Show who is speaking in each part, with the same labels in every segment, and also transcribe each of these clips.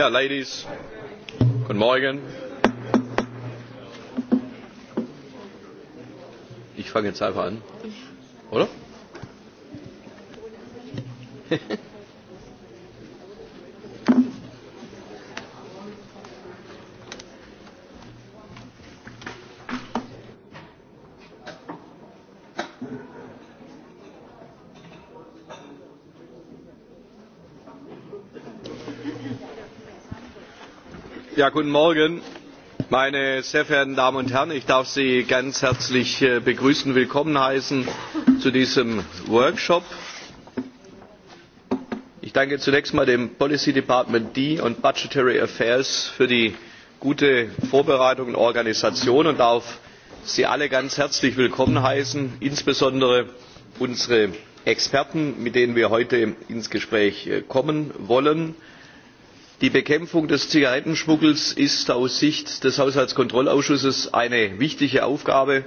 Speaker 1: Ja, Ladies, guten Morgen. Ich fange jetzt einfach an, oder? Ja, guten Morgen, meine sehr verehrten Damen und Herren. Ich darf Sie ganz herzlich äh, begrüßen, willkommen heißen zu diesem Workshop. Ich danke zunächst mal dem Policy Department D und Budgetary Affairs für die gute Vorbereitung und Organisation und darf Sie alle ganz herzlich willkommen heißen, insbesondere unsere Experten, mit denen wir heute ins Gespräch äh, kommen wollen die bekämpfung des zigarettenschmuggels ist aus sicht des haushaltskontrollausschusses eine wichtige aufgabe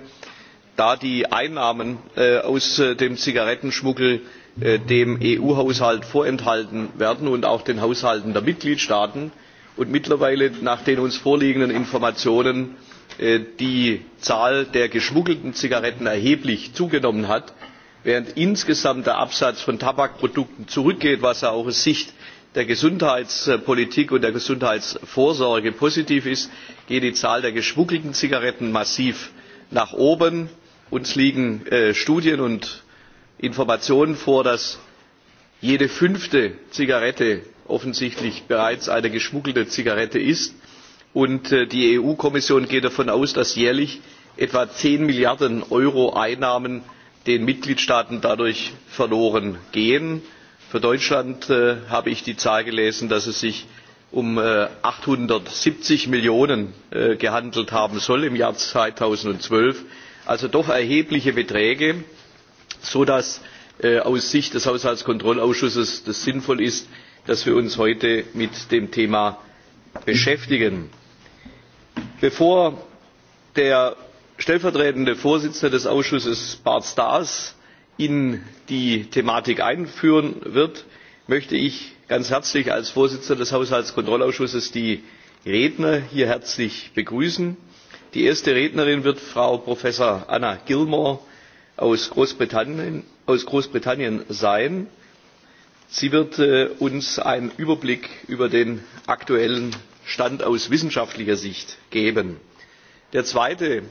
Speaker 1: da die einnahmen äh, aus äh, dem zigarettenschmuggel äh, dem eu haushalt vorenthalten werden und auch den haushalten der mitgliedstaaten und mittlerweile nach den uns vorliegenden informationen die zahl der geschmuggelten zigaretten erheblich zugenommen hat während insgesamt der absatz von tabakprodukten zurückgeht was ja auch aus sicht der gesundheitspolitik und der gesundheitsvorsorge positiv ist geht die zahl der geschmuggelten zigaretten massiv nach oben. uns liegen äh, studien und informationen vor dass jede fünfte zigarette offensichtlich bereits eine geschmuggelte zigarette ist und äh, die eu kommission geht davon aus dass jährlich etwa zehn milliarden euro einnahmen den mitgliedstaaten dadurch verlorengehen für deutschland äh, habe ich die zahl gelesen dass es sich um äh, achthundertsiebzig millionen euro äh, gehandelt haben soll im jahr zweitausendzwölf also doch erhebliche beträge sodass aus sicht des haushaltskontrollausschusses es sinnvoll ist dass wir uns heute mit dem thema beschäftigen. bevor der stellvertretende vorsitzende des ausschusses bart staes in die thematik einführen wird möchte ich ganz herzlich als vorsitzender des haushaltskontrollausschusses die redner hier herzlich begrüßen. die erste rednerin wird frau prof. anna gilmore aus großbritannien, aus großbritannien sein. sie wird äh, uns einen überblick über den aktuellen stand aus wissenschaftlicher sicht geben. der zweite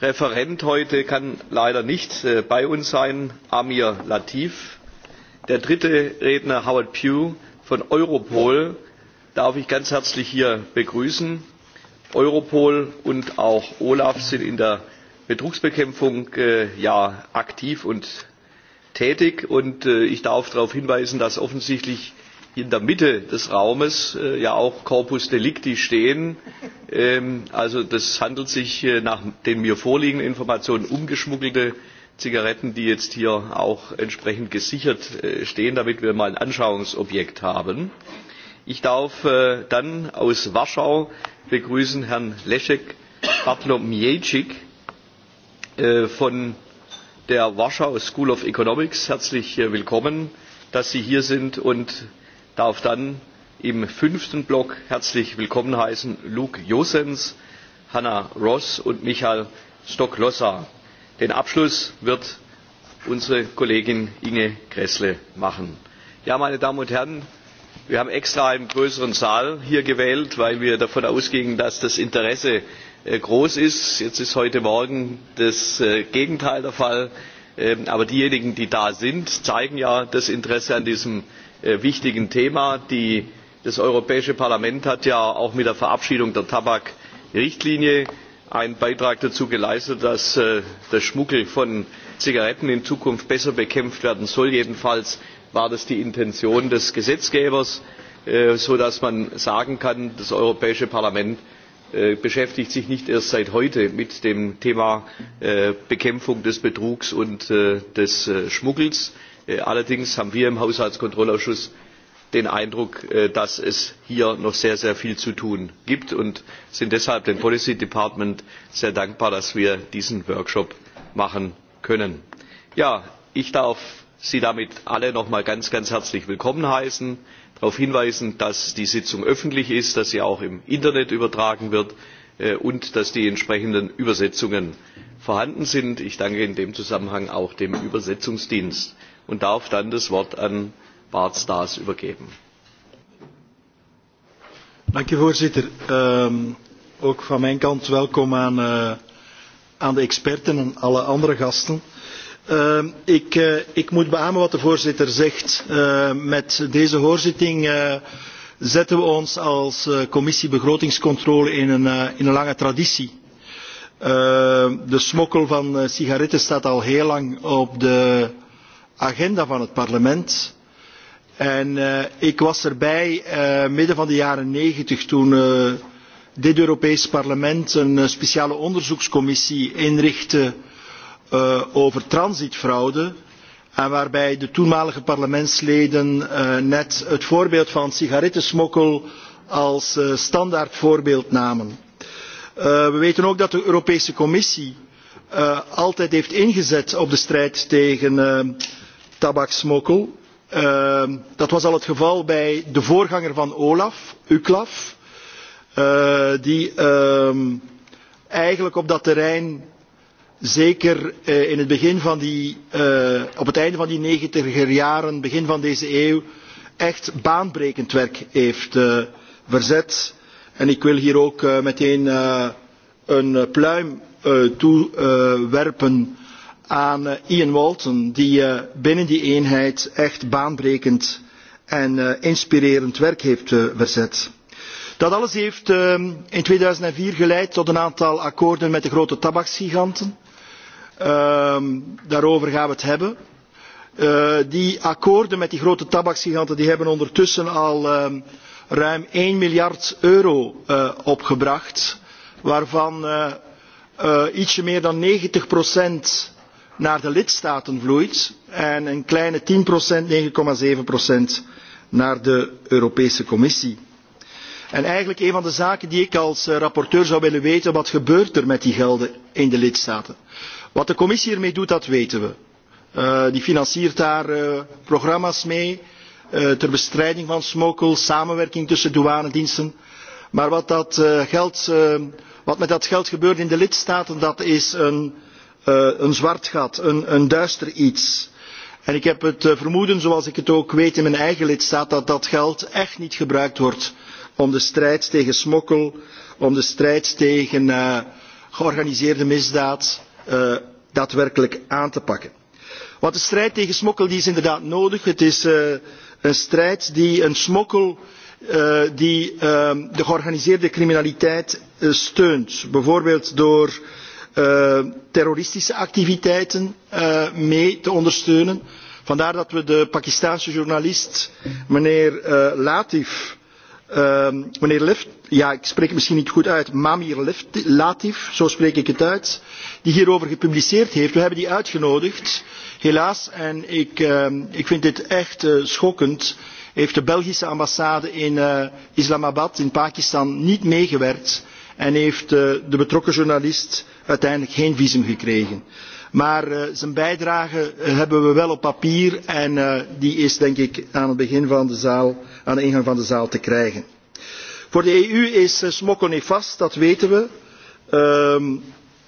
Speaker 1: referent heute kann leider nicht äh, bei uns sein amir latif. der dritte redner howard pugh von europol darf ich ganz herzlich hier begrüßen. europol und auch olaf sind in der betrugsbekämpfung äh, ja aktiv und tätig und äh, ich darf darauf hinweisen dass offensichtlich in der Mitte des Raumes äh, ja auch Corpus Delicti stehen. Ähm, also das handelt sich äh, nach den mir vorliegenden Informationen um geschmuggelte Zigaretten, die jetzt hier auch entsprechend gesichert äh, stehen, damit wir mal ein Anschauungsobjekt haben. Ich darf äh, dann aus Warschau begrüßen Herrn Leszek Bartlomiejczyk äh, von der Warschau School of Economics. Herzlich äh, willkommen, dass Sie hier sind und darf dann im fünften block herzlich willkommen heißen luc josens hanna ross und michael stocklosa. den abschluss wird unsere kollegin inge gräßle machen. Ja, meine damen und herren wir haben extra einen größeren saal hier gewählt weil wir davon ausgingen dass das interesse äh, groß ist. jetzt ist heute morgen das äh, gegenteil der fall ähm, aber diejenigen die da sind zeigen ja das interesse an diesem Äh, wichtigen thema. Die, das europäische parlament hat ja auch mit der verabschiedung der tabakrichtlinie einen beitrag dazu geleistet dass äh, der schmuggel von zigaretten in zukunft besser bekämpft werden soll. jedenfalls war das die intention des gesetzgebers äh, sodass man sagen kann das europäische parlament äh, beschäftigt sich nicht erst seit heute mit dem thema äh, bekämpfung des betrugs und äh, des schmuggels Äh, allerdings haben wir im haushaltskontrollausschuss den eindruck äh, dass es hier noch sehr sehr viel zu tun gibt und sind deshalb dem policy department sehr dankbar dass wir diesen workshop machen können. Ja, ich darf sie damit alle noch einmal ganz ganz herzlich willkommen heißen darauf hinweisen dass die sitzung öffentlich ist dass sie auch im internet übertragen wird äh, und dass die entsprechenden übersetzungen vorhanden sind. ich danke in dem zusammenhang auch dem übersetzungsdienst und darf dann das Wort an Bart Staes übergeben.
Speaker 2: Dank u voorzitter. Um, ook van mijn kant welkom aan, uh, aan de experten en alle andere gasten. Uh, ik, uh, ik moet beamen wat de voorzitter zegt. Uh, met deze hoorzitting uh, zetten we ons als uh, commissie begrotingscontrole in een, uh, in een lange traditie. Uh, de smokkel van uh, sigaretten staat al heel lang op de agenda van het parlement. En uh, ik was erbij uh, midden van de jaren negentig toen uh, dit Europees parlement een uh, speciale onderzoekscommissie inrichtte uh, over transitfraude. En waarbij de toenmalige parlementsleden uh, net het voorbeeld van sigarettensmokkel als uh, standaard voorbeeld namen. Uh, we weten ook dat de Europese Commissie uh, altijd heeft ingezet op de strijd tegen uh, tabaksmokkel. Uh, ehm, dat was al het geval bij de voorganger van olaf uclaf uh, eh, die uh, eigenlijk op dat terrein zeker eh, in het begin van die eh, op het einde van die negentiger jaren begin van deze eeuw echt baanbrekend werk heeft verzet en ik wil hier ook meteen een pluim toewerpen aan eh, Ian Walton, die eh, binnen die eenheid echt baanbrekend en eh, inspirerend werk heeft verzet. Dat alles heeft ehm, in 2004 geleid tot een aantal akkoorden met de grote tabaksgiganten. Ehm, daarover gaan we het hebben. Die akkoorden met die grote tabaksgiganten die hebben ondertussen al ehm, ruim 1 miljard euro opgebracht, waarvan ietsje meer dan 90 procent naar de lidstaten vloeit en een kleine tien procent negen zeven procent naar de europese commissie. En eigenlijk een van de zaken die ik als eh, rapporteur zou willen weten wat gebeurt er met die gelden in de lidstaten? Wat de commissie ermee doet, dat weten we. Uh, die financiert daar uh, programma's mee uh, ter bestrijding van smokkel, samenwerking tussen douanediensten. Maar wat, dat, uh, geld, uh, wat met dat geld gebeurt in de lidstaten, dat is een uh, uh, een zwart gat, een, een duister iets. En ik heb het uh, vermoeden, zoals ik het ook weet in mijn eigen lidstaat, dat dat geld echt niet gebruikt wordt om de strijd tegen smokkel, om de strijd tegen uh, georganiseerde misdaad uh, daadwerkelijk aan te pakken. Want de strijd tegen smokkel die is inderdaad nodig. Het is uh, een strijd die een smokkel uh, die uh, de georganiseerde criminaliteit uh, steunt. Bijvoorbeeld door uh, uh, terroristische activiteiten uh, mee te ondersteunen. Vandaar dat we de Pakistaanse journalist meneer uh, Latif, uh, meneer Lef, ja ik spreek het misschien niet goed uit, Mamir Lef, Latif, zo spreek ik het uit, die hierover gepubliceerd heeft. We hebben die uitgenodigd, helaas, en ik, uh, ik vind dit echt uh, schokkend, heeft de Belgische ambassade in uh, Islamabad in Pakistan niet meegewerkt en heeft eh, de betrokken journalist uiteindelijk geen visum gekregen. Maar eh, zijn bijdrage eh, hebben we wel op papier en die is denk ik aan, het begin van de, zaal, aan de ingang van de zaal te krijgen. Voor de EU is smokkel nefast, dat weten we. Ehm,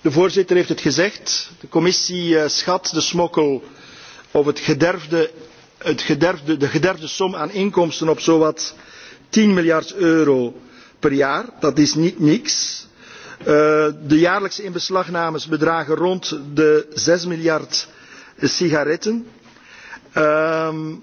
Speaker 2: de voorzitter heeft het gezegd. De commissie schat de smokkel of het gederfde, het gederfde, de gederfde som aan inkomsten op zowat 10 miljard euro per jaar. Dat is niet niks. Uh, de jaarlijkse inbeslagnames bedragen rond de 6 miljard sigaretten. Um,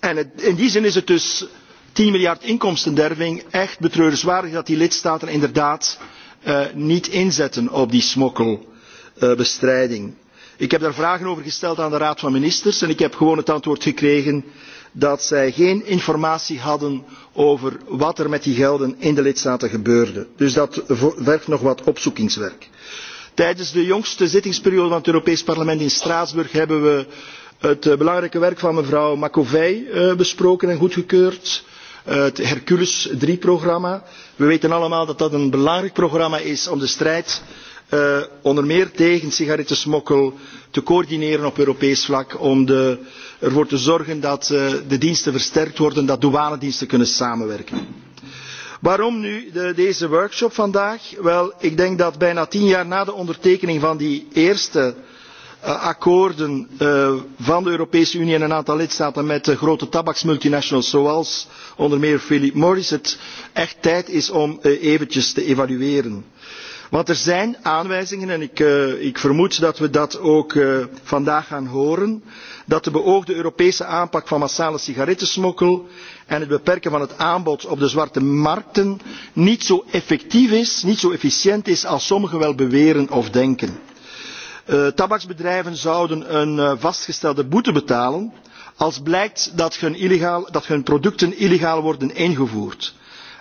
Speaker 2: en het, in die zin is het dus 10 miljard inkomstenderving echt betreurenswaardig dat die lidstaten inderdaad uh, niet inzetten op die smokkelbestrijding. Uh, ik heb daar vragen over gesteld aan de Raad van Ministers en ik heb gewoon het antwoord gekregen dat zij geen informatie hadden over wat er met die gelden in de lidstaten gebeurde. Dus dat vergt nog wat opzoekingswerk. Tijdens de jongste zittingsperiode van het Europees Parlement in Straatsburg hebben we het eh, belangrijke werk van mevrouw Macovei eh, besproken en goedgekeurd. Eh, het Hercules 3-programma. We weten allemaal dat dat een belangrijk programma is om de strijd uh, onder meer tegen sigarettensmokkel te coördineren op Europees vlak om de, ervoor te zorgen dat uh, de diensten versterkt worden, dat douanediensten kunnen samenwerken. Waarom nu de, deze workshop vandaag? Wel, ik denk dat bijna tien jaar na de ondertekening van die eerste uh, akkoorden uh, van de Europese Unie en een aantal lidstaten met de grote tabaksmultinationals zoals onder meer Philip Morris het echt tijd is om uh, eventjes te evalueren want er zijn aanwijzingen en ik, uh, ik vermoed dat we dat ook uh, vandaag gaan horen dat de beoogde europese aanpak van massale sigarettensmokkel en het beperken van het aanbod op de zwarte markten niet zo effectief is niet zo efficiënt is als sommigen wel beweren of denken. Uh, tabaksbedrijven zouden een vastgestelde boete betalen als blijkt dat hun, illegaal, dat hun producten illegaal worden ingevoerd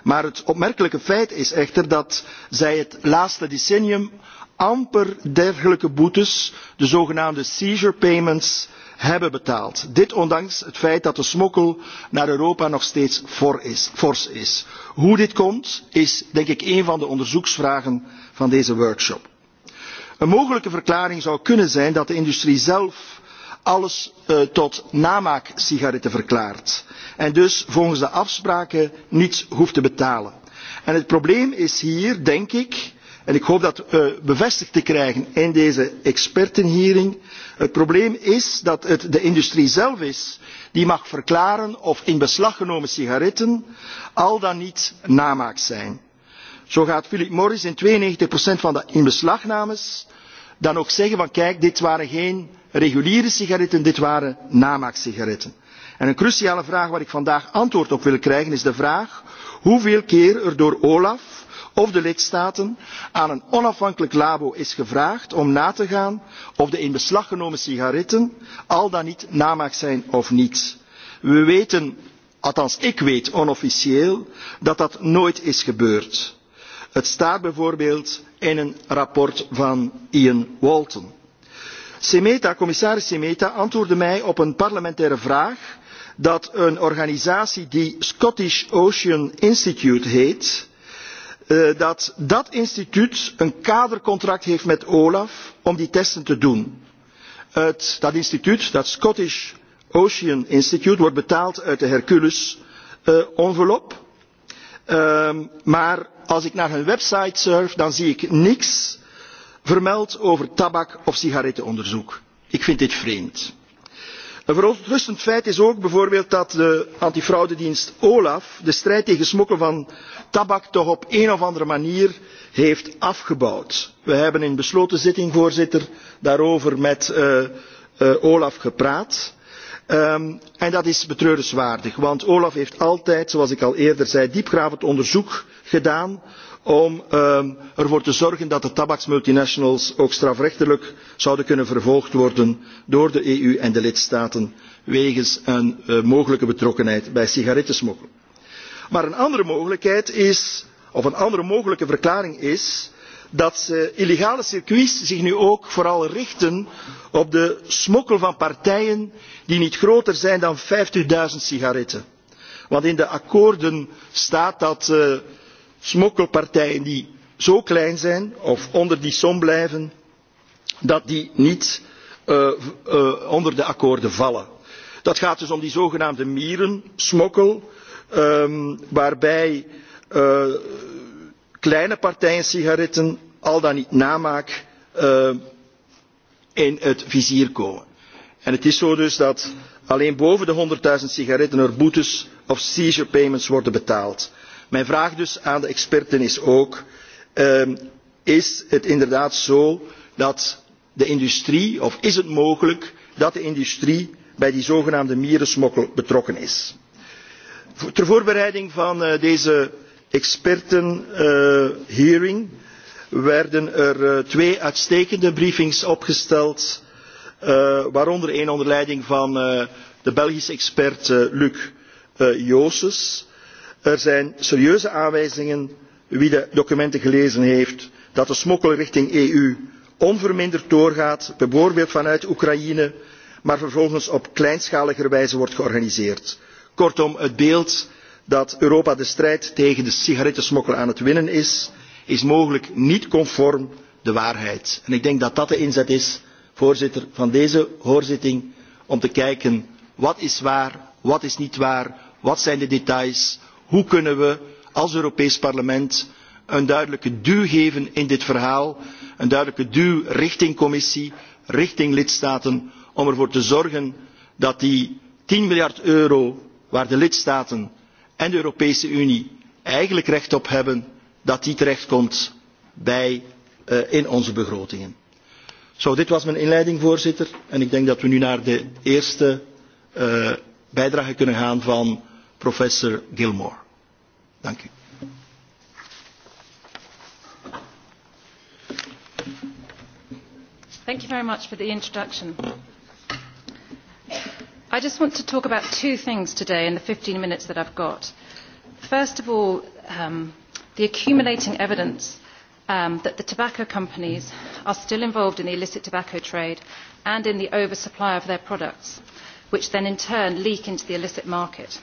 Speaker 2: maar het opmerkelijke feit is echter dat zij het laatste decennium amper dergelijke boetes de zogenaamde seizure payments hebben betaald. dit ondanks het feit dat de smokkel naar europa nog steeds fors is. hoe dit komt is denk ik een van de onderzoeksvragen van deze workshop. een mogelijke verklaring zou kunnen zijn dat de industrie zelf alles uh, tot namaaksigaretten verklaart en dus volgens de afspraken niets hoeft te betalen. En het probleem is hier denk ik en ik hoop dat uh, bevestigd te krijgen in deze expertenhearing het probleem is dat het de industrie zelf is die mag verklaren of in beslag genomen sigaretten al dan niet namaak zijn. zo gaat philip morris in tweeënnegentig van de inbeslagnames dan ook zeggen van kijk, dit waren geen reguliere sigaretten, dit waren namaaksigaretten. En een cruciale vraag waar ik vandaag antwoord op wil krijgen is de vraag hoeveel keer er door Olaf of de lidstaten aan een onafhankelijk labo is gevraagd om na te gaan of de in beslag genomen sigaretten al dan niet namaak zijn of niet. We weten, althans ik weet onofficieel, dat dat nooit is gebeurd. Het staat bijvoorbeeld in een rapport van Ian Walton. Semeta, commissaris Semeta antwoordde mij op een parlementaire vraag dat een organisatie die Scottish Ocean Institute heet, eh, dat dat instituut een kadercontract heeft met Olaf om die testen te doen. Het, dat instituut, dat Scottish Ocean Institute, wordt betaald uit de Hercules-envelop. Eh, Um, maar als ik naar hun website surf, dan zie ik niks vermeld over tabak of sigarettenonderzoek. Ik vind dit vreemd. Een verontrustend feit is ook bijvoorbeeld dat de antifraudedienst Olaf de strijd tegen smokkel van tabak toch op een of andere manier heeft afgebouwd. We hebben in besloten zitting, voorzitter, daarover met uh, uh, Olaf gepraat. Um, en dat is betreurenswaardig want olaf heeft altijd zoals ik al eerder zei diepgravend onderzoek gedaan om um, ervoor te zorgen dat de tabaksmultinationals ook strafrechtelijk zouden kunnen vervolgd worden door de eu en de lidstaten wegens een uh, mogelijke betrokkenheid bij sigarettensmokkel. maar een andere mogelijkheid is of een andere mogelijke verklaring is dat eh, illegale circuits zich nu ook vooral richten op de smokkel van partijen die niet groter zijn dan vijftig nul sigaretten want in de akkoorden staat dat eh, smokkelpartijen die zo klein zijn of onder die som blijven niet eh, onder de akkoorden vallen. het gaat dus om die zogenaamde mierensmokkel ehm, waarbij kleine partijsigaretten al dan niet namaak uh, in het vizier komen. En het is zo dus dat alleen boven de honderdduizend sigaretten er boetes of seizure payments worden betaald. Mijn vraag dus aan de experten is ook, uh, is het inderdaad zo dat de industrie, of is het mogelijk dat de industrie bij die zogenaamde mierensmokkel betrokken is? Ter voorbereiding van uh, deze expertenhearing eh, uh, werden er uh, twee uitstekende briefings opgesteld, uh, waaronder één onder leiding van uh, de Belgische expert uh, Luc uh, Joosses. Er zijn serieuze aanwijzingen, wie de documenten gelezen heeft, dat de smokkel richting EU onverminderd doorgaat, bijvoorbeeld vanuit Oekraïne, maar vervolgens op kleinschaliger wijze wordt georganiseerd. Kortom, het beeld dat europa de strijd tegen de sigarettensmokkel aan het winnen is is mogelijk niet conform de waarheid. en ik denk dat dat de inzet is voorzitter van deze hoorzitting om te kijken wat is waar wat is niet waar wat zijn de details hoe kunnen we als europees parlement een duidelijke duw geven in dit verhaal een duidelijke duw richting commissie richting lidstaten om ervoor te zorgen dat die tien miljard euro waar de lidstaten en de Europese Unie eigenlijk recht op hebben, dat die terechtkomt bij, uh, in onze begrotingen. Zo, dit was mijn inleiding, voorzitter. En ik denk dat we nu naar de eerste uh, bijdrage kunnen gaan van professor Gilmore. Dank u.
Speaker 3: Thank you very much for the introduction. I just want to talk about two things today in the 15 minutes that I've got. First of all, um, the accumulating evidence um, that the tobacco companies are still involved in the illicit tobacco trade and in the oversupply of their products, which then in turn leak into the illicit market.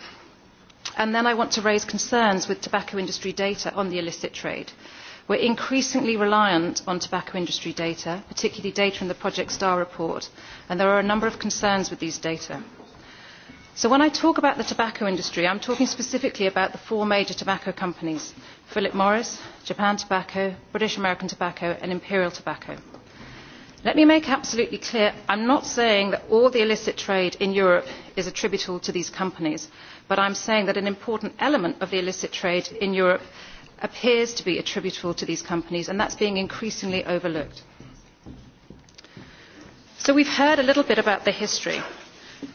Speaker 3: And then I want to raise concerns with tobacco industry data on the illicit trade. Uh, we are increasingly reliant on tobacco industry data particularly data in the project star report and there are a number of concerns with these data. so when i talk about the tobacco industry i am talking specifically about the four major tobacco companies philip morris japan tobacco british american tobacco and imperial tobacco. let me make absolutely clear i am not saying that all the illicit trade in europe is attributable to these companies but i am saying that an important element of the illicit trade in europe appears to be attributable to these companies, and that's being increasingly overlooked. So we've heard a little bit about the history.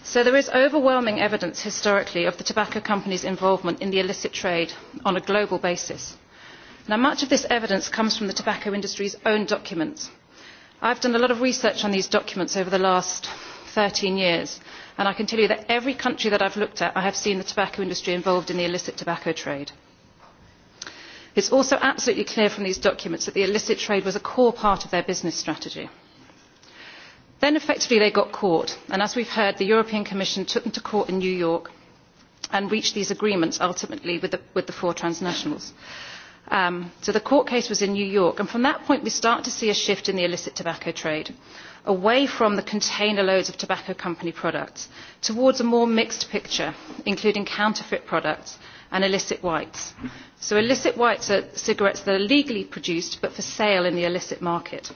Speaker 3: So there is overwhelming evidence historically of the tobacco companies' involvement in the illicit trade on a global basis. Now, much of this evidence comes from the tobacco industry's own documents. I've done a lot of research on these documents over the last 13 years, and I can tell you that every country that I've looked at, I have seen the tobacco industry involved in the illicit tobacco trade it is also absolutely clear from these documents that the illicit trade was a core part of their business strategy. then effectively they got caught and as we have heard the european commission took them to court in new york and reached these agreements ultimately with the, with the four transnationals. Um, so the court case was in New York, and from that point we start to see a shift in the illicit tobacco trade, away from the container loads of tobacco company products, towards a more mixed picture, including counterfeit products and illicit whites. So illicit whites are cigarettes that are legally produced but for sale in the illicit market.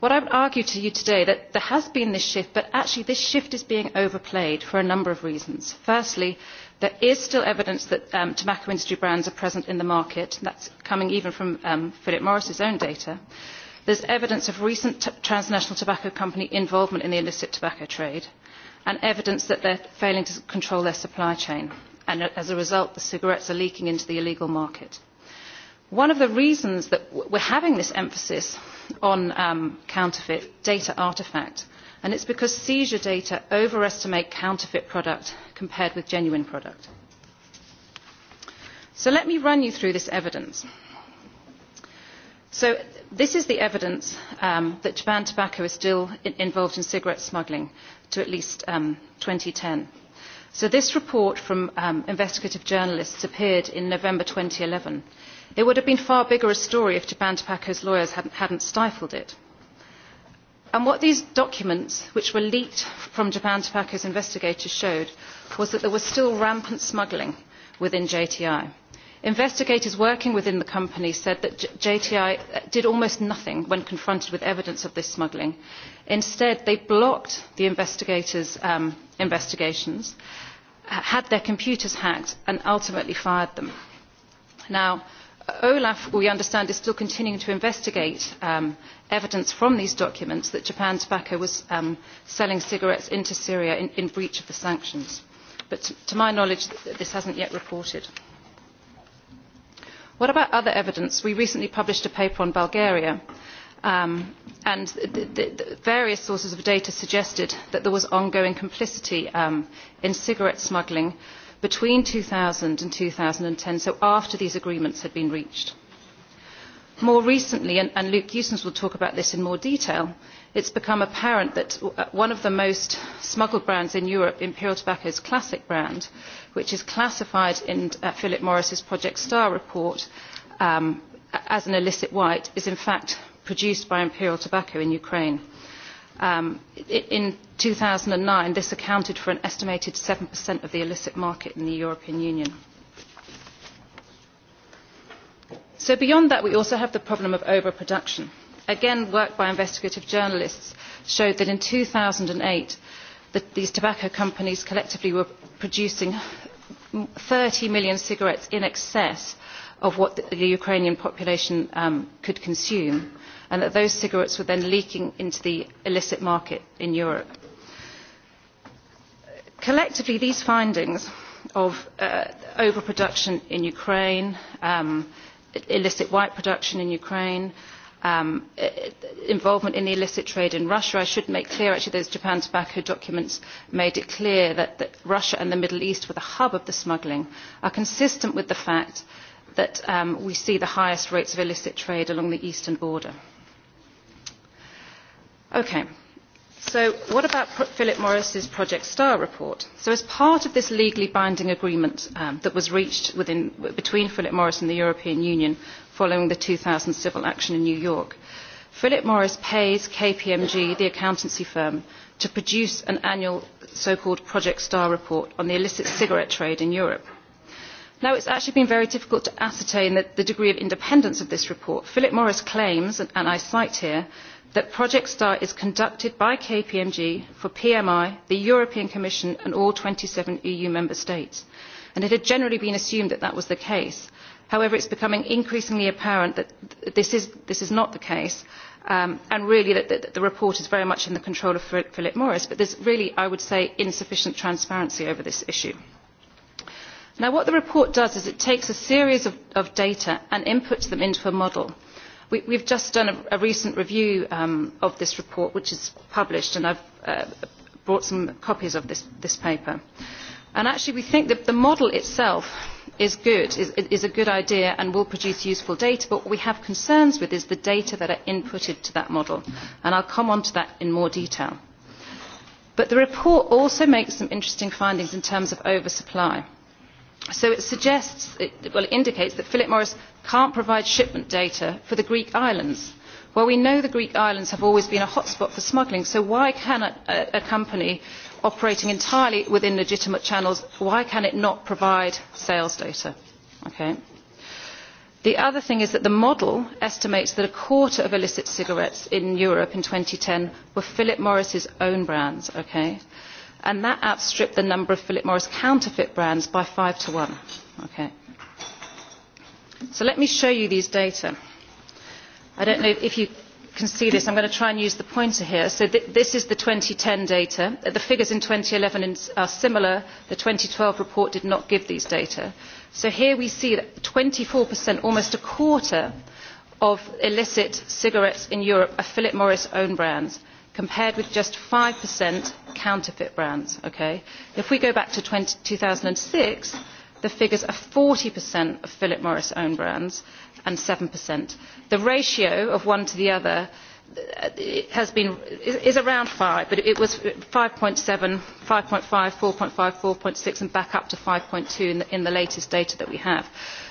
Speaker 3: What I would argue to you today that there has been this shift, but actually this shift is being overplayed for a number of reasons. Firstly, there is still evidence that um, tobacco industry brands are present in the market. That's coming even from um, Philip Morris's own data. There's evidence of recent t- transnational tobacco company involvement in the illicit tobacco trade and evidence that they're failing to control their supply chain and as a result the cigarettes are leaking into the illegal market. One of the reasons that we're having this emphasis on um, counterfeit data artifact and it's because seizure data overestimate counterfeit product compared with genuine product. So let me run you through this evidence. So this is the evidence um, that Japan Tobacco is still in involved in cigarette smuggling to at least um, 2010 So this report from um, investigative journalists appeared in November 2011. It would have been far bigger a story if Japan Tobacco's lawyers hadn't, hadn't stifled it. And what these documents, which were leaked from Japan Tobacco's investigators, showed was that there was still rampant smuggling within JTI investigators working within the company said that jti uh, did almost nothing when confronted with evidence of this smuggling. instead they blocked the investigators' um, investigations uh, had their computers hacked and ultimately fired them. now olaf we understand is still continuing to investigate um, evidence from these documents that japan tobacco was um, selling cigarettes into syria in, in breach of the sanctions but to, to my knowledge this has not yet reported what about other evidence? we recently published a paper on bulgaria um, and the, the, the various sources of data suggested that there was ongoing complicity um, in cigarette smuggling between 2000 and 2010, so after these agreements had been reached. More recently, and, and Luke Eusens will talk about this in more detail, it has become apparent that uh, one of the most smuggled brands in europe imperial tobacco's classic brand which is classified in uh, philip morris's project star report um, as an illicit white is in fact produced by imperial tobacco in ukraine. Um, in two thousand and nine this accounted for an estimated seven of the illicit market in the european union. so beyond that we also have the problem of overproduction again work by investigative journalists showed that in two thousand and eight these tobacco companies collectively were producing thirty million cigarettes in excess of what the ukrainian population um, could consume and that those cigarettes were then leaking into the illicit market in europe. collectively these findings of uh, overproduction in ukraine um, illicit white production in ukraine and um, eh, involvement in the illicit trade in Russia. I should make clear, actually, those Japan tobacco documents made it clear that, that Russia and the Middle East were the hub of the smuggling, are consistent with the fact that um, we see the highest rates of illicit trade along the eastern border. Okay. So what about Philip Morris's Project Star report? So as part of this legally binding agreement um, that was reached within, between Philip Morris and the European Union, following the 2000 civil action in New York. Philip Morris pays KPMG, the accountancy firm, to produce an annual so-called Project Star report on the illicit cigarette trade in Europe. Now, it's actually been very difficult to ascertain the, the degree of independence of this report. Philip Morris claims, and, and I cite here, that Project Star is conducted by KPMG for PMI, the European Commission and all 27 EU member states. And it had generally been assumed that that was the case. However, it's becoming increasingly apparent that this is, this is not the case, um, and really that the, the report is very much in the control of Philip Morris, but there's really, I would say, insufficient transparency over this issue. Now, what the report does is it takes a series of, of data and inputs them into a model. We, we've just done a, a recent review um, of this report, which is published, and I've uh, brought some copies of this, this paper. And actually, we think that the model itself is good, is, is a good idea and will produce useful data, but what we have concerns with is the data that are inputted to that model, and I'll come on to that in more detail. But the report also makes some interesting findings in terms of oversupply. So it suggests, it, well it indicates that Philip Morris can't provide shipment data for the Greek islands. Well, we know the Greek islands have always been a hotspot for smuggling, so why can a, a, a company operating entirely within legitimate channels, why can it not provide sales data? Okay. The other thing is that the model estimates that a quarter of illicit cigarettes in Europe in 2010 were Philip Morris's own brands, okay? And that outstripped the number of Philip Morris counterfeit brands by five to one, okay? So let me show you these data. I don't know if you can see this, I'm going to try and use the pointer here. So th this is the 2010 data. The figures in 2011 are similar. The 2012 report did not give these data. So here we see that 24%, almost a quarter, of illicit cigarettes in Europe are Philip Morris own brands, compared with just 5% counterfeit brands. Okay? If we go back to 20, 2006, the figures are 40% of Philip Morris own brands and 7% the ratio of one to the other uh, has been is around five but it was five point seven five point five four point five four point six and back up to five point two in the, in the latest data that we have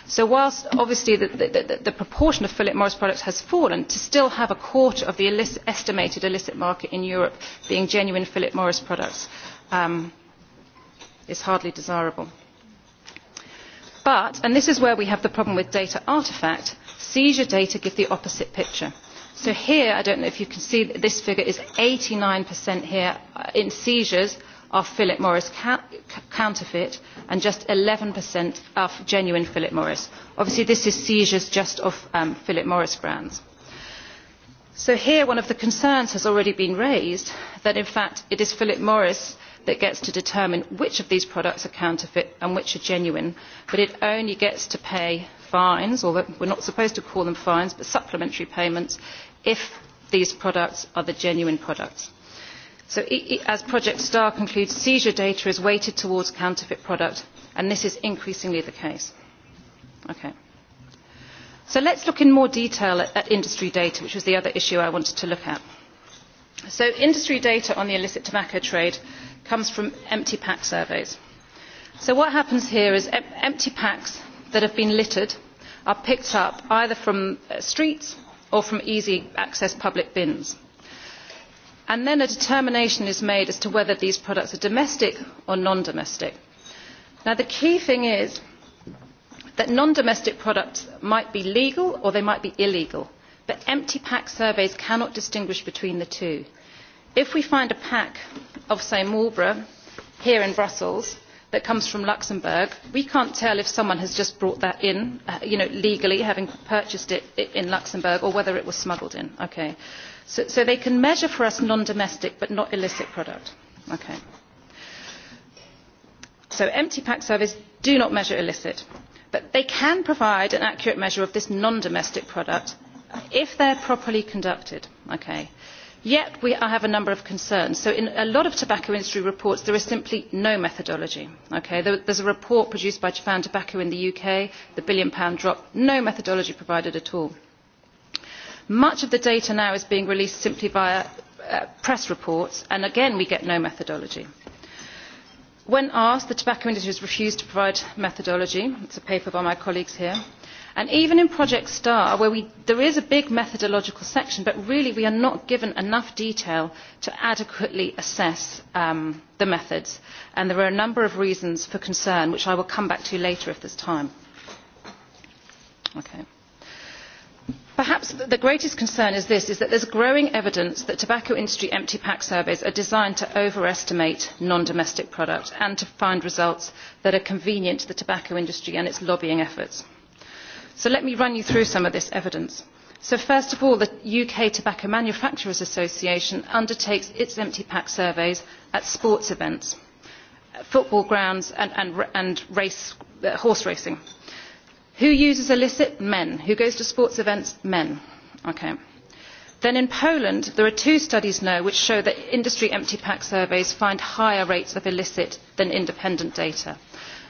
Speaker 3: so whilst obviously the, the, the proportion of philip morris products has fallen to still have a quarter of the illicit, estimated illicit market in europe being genuine philip morris products um, is hardly desirable but and this is where we have the problem with data artifact seizure data give the opposite picture. So here, I don't know if you can see, that this figure is 89% here uh, in seizures are Philip Morris ca counterfeit and just 11% are genuine Philip Morris. Obviously, this is seizures just of um, Philip Morris brands. So here, one of the concerns has already been raised that, in fact, it is Philip Morris that gets to determine which of these products are counterfeit and which are genuine, but it only gets to pay fines, or we're not supposed to call them fines, but supplementary payments if these products are the genuine products. So as Project STAR concludes, seizure data is weighted towards counterfeit product, and this is increasingly the case. Okay. So let's look in more detail at, at industry data, which was the other issue I wanted to look at. So industry data on the illicit tobacco trade comes from empty pack surveys. So what happens here is empty packs that have been littered are picked up either from uh, streets or from easy access public bins. And then a determination is made as to whether these products are domestic or non-domestic. Now the key thing is that non-domestic products might be legal or they might be illegal, but empty pack surveys cannot distinguish between the two. If we find a pack of, say, Marlborough here in Brussels, that comes from Luxembourg, we can't tell if someone has just brought that in, uh, you know, legally, having purchased it in Luxembourg, or whether it was smuggled in. Okay. So, so they can measure for us non-domestic but not illicit product. Okay. So empty pack surveys do not measure illicit, but they can provide an accurate measure of this non-domestic product if they're properly conducted. Okay. Uh, yet we, i have a number of concerns. so in a lot of tobacco industry reports there is simply no methodology. Okay? there is a report produced by japan tobacco in the uk the billion pound drop no methodology provided at all. much of the data now is being released simply via uh, press reports and again we get no methodology when asked the tobacco industry has refused to provide methodology it is a paper by my colleagues here and even in project star where we, there is a big methodological section but really we are not given enough detail to adequately assess um, the methods and there are a number of reasons for concern which i will come back to later if there is time. Okay perhaps the greatest concern is this is that there is growing evidence that tobacco industry empty pack surveys are designed to overestimate non domestic products and to find results that are convenient to the tobacco industry and its lobbying efforts. so let me run you through some of this evidence. So first of all, the UK Tobacco Manufacturers Association undertakes its empty pack surveys at sports events, football grounds and, and, and race, uh, horse racing who uses illicit men who goes to sports events men okay then in poland there are two studies now which show that industry empty pack surveys find higher rates of illicit than independent data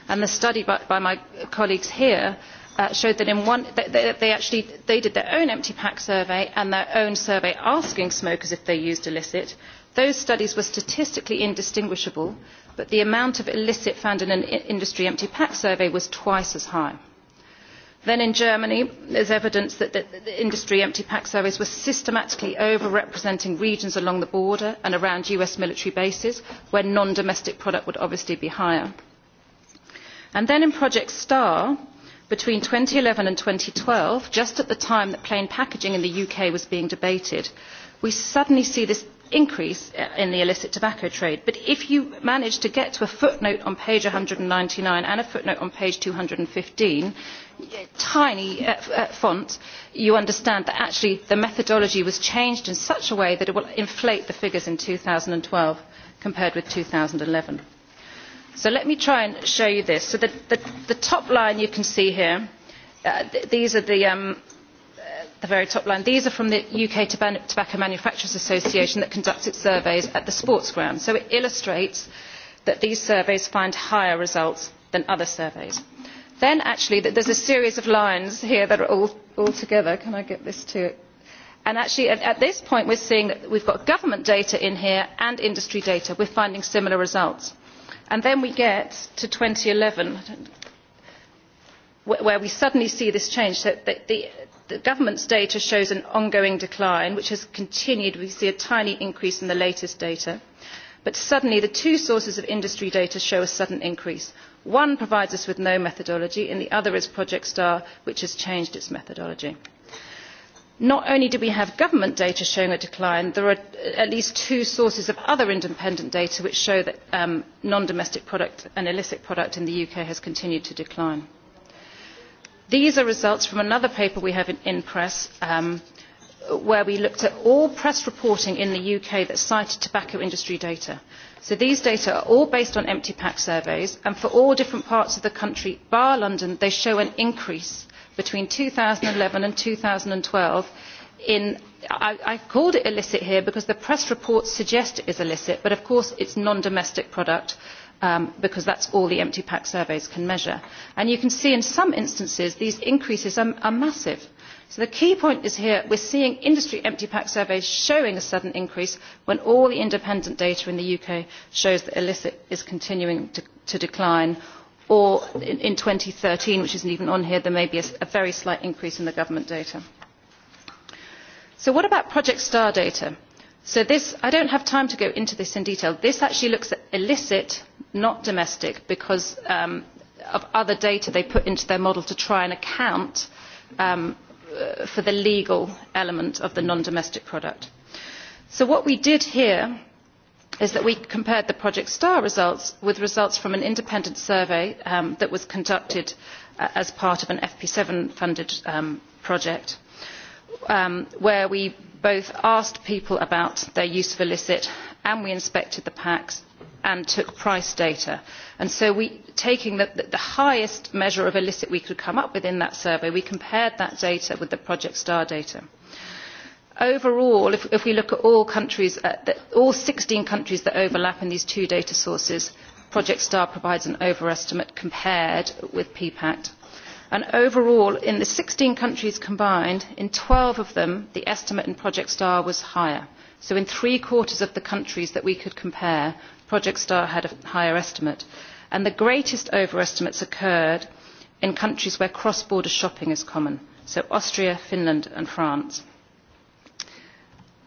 Speaker 3: and the study by, by my colleagues here uh, showed that in one that they, they actually they did their own empty pack survey and their own survey asking smokers if they used illicit those studies were statistically indistinguishable but the amount of illicit found in an industry empty pack survey was twice as high then in germany there is evidence that the, the industry empty pack surveys were systematically over representing regions along the border and around us military bases where non domestic product would obviously be higher. and then in project star between two thousand and eleven and two thousand and twelve just at the time that plain packaging in the uk was being debated we suddenly see this increase uh, in the illicit tobacco trade but if you manage to get to a footnote on page one hundred and ninety nine and a footnote on page two hundred and fifteen tiny uh, uh, font you understand that actually the methodology was changed in such a way that it will inflate the figures in two thousand and twelve compared with two thousand and eleven so let me try and show you this so the, the, the top line you can see here uh, th these are the um, the very top line these are from the uk tobacco manufacturers association that conducted surveys at the sports ground so it illustrates that these surveys find higher results than other surveys. then actually there is a series of lines here that are all, all together can i get this to and actually at, at this point we are seeing that we have got government data in here and industry data we are finding similar results and then we get to two thousand and eleven where we suddenly see this change so that the the government's data shows an ongoing decline which has continued we see a tiny increase in the latest data but suddenly the two sources of industry data show a sudden increase one provides us with no methodology and the other is project star which has changed its methodology. not only do we have government data showing a decline there are at least two sources of other independent data which show that um, non domestic product and illicit product in the uk has continued to decline these are results from another paper we have in, in press um, where we looked at all press reporting in the uk that cited tobacco industry data. so these data are all based on empty pack surveys and for all different parts of the country bar london they show an increase between two thousand and eleven and two thousand and twelve in I, I called it illicit here because the press reports suggest it is illicit, but of course it's non-domestic product. Uh, um, because that's all the empty pack surveys can measure. And you can see in some instances these increases are, are massive. So the key point is here we're seeing industry empty pack surveys showing a sudden increase when all the independent data in the UK shows that illicit is continuing to, to decline or in, in 2013, which isn't even on here, there may be a, a very slight increase in the government data. So what about Project STAR data? so this i do not have time to go into this in detail this actually looks at illicit not domestic because um, of other data they put into their model to try and account um, uh, for the legal element of the non domestic product. so what we did here is that we compared the project star results with results from an independent survey um, that was conducted uh, as part of an fp7 funded um, project um, where we both asked people about their use of illicit and we inspected the packs and took price data. And so we, taking the, the highest measure of illicit we could come up with in that survey, we compared that data with the Project STAR data. Overall, if, if we look at all countries, uh, the, all 16 countries that overlap in these two data sources, Project STAR provides an overestimate compared with PPACT and overall in the sixteen countries combined in twelve of them the estimate in project star was higher so in three quarters of the countries that we could compare project star had a higher estimate and the greatest overestimates occurred in countries where cross border shopping is common so austria finland and france.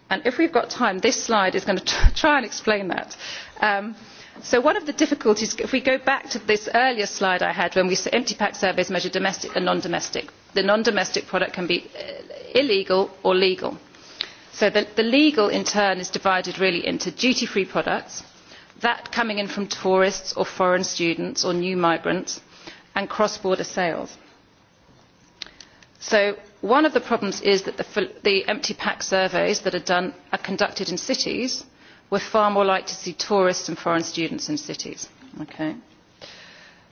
Speaker 3: And if we have got time this slide is going to try and explain that. Um, so one of the difficulties if we go back to this earlier slide i had when we empty pack surveys measure domestic and non domestic the non domestic product can be uh, illegal or legal so the, the legal in turn is divided really into duty free products that coming in from tourists or foreign students or new migrants and cross border sales so one of the problems is that the, the empty pack surveys that are done are conducted in cities we are far more likely to see tourists and foreign students in cities. Okay.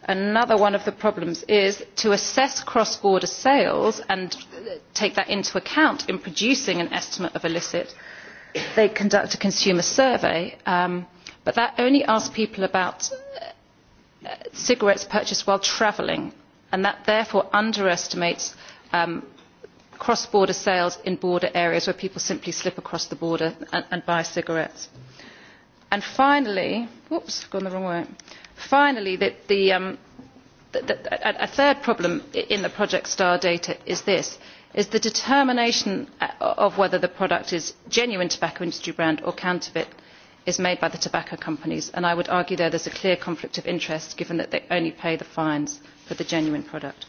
Speaker 3: another one of the problems is to assess cross border sales and take that into account in producing an estimate of illicit they conduct a consumer survey um, but that only asks people about uh, cigarettes purchased while travelling and that therefore underestimates um, cross border sales in border areas where people simply slip across the border and, and buy cigarettes. And finally, whoops, gone the wrong way. Finally, the, the, um, the, the, a third problem in the Project STAR data is this is the determination uh, of whether the product is genuine tobacco industry brand or counterfeit is made by the tobacco companies and i would argue there is a clear conflict of interest given that they only pay the fines for the genuine product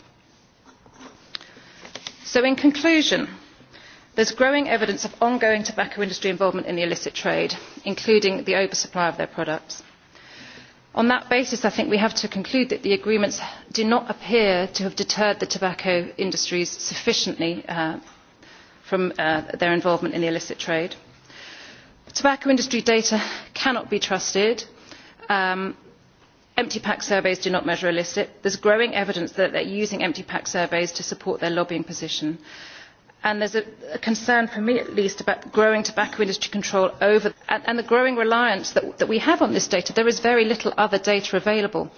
Speaker 3: so in conclusion there is growing evidence of ongoing tobacco industry involvement in the illicit trade including the oversupply of their products. on that basis i think we have to conclude that the agreements do not appear to have deterred the tobacco industries sufficiently uh, from uh, their involvement in the illicit trade. tobacco industry data cannot be trusted um, empty pack surveys do not measure illicit there is growing evidence that they are using empty pack surveys to support their lobbying position and there is a, a concern for me at least about growing tobacco industry control over and, and the growing reliance that, that we have on this data. there is very little other data available.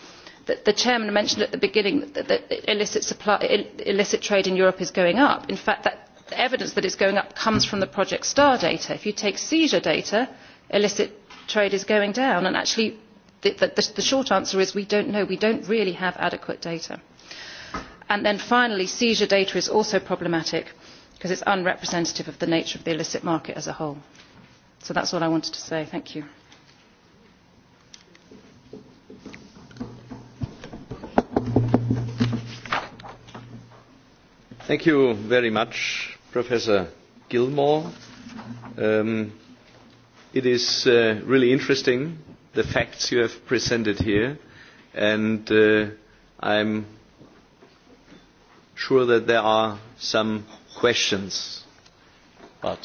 Speaker 3: the, the chairman mentioned at the beginning that, that illicit, supply, illicit trade in europe is going up. in fact that, the evidence that it is going up comes from the project star data. if you take seizure data illicit trade is going down and actually the, the, the short answer is we don't know. We don't really have adequate data. And then finally, seizure data is also problematic because it's unrepresentative of the nature of the illicit market as a whole. So that's all I wanted to say. Thank you.
Speaker 1: Thank you very much, Professor Gilmore. Um, it is uh, really interesting the facts you have presented here, and uh, I'm sure that there are some questions. But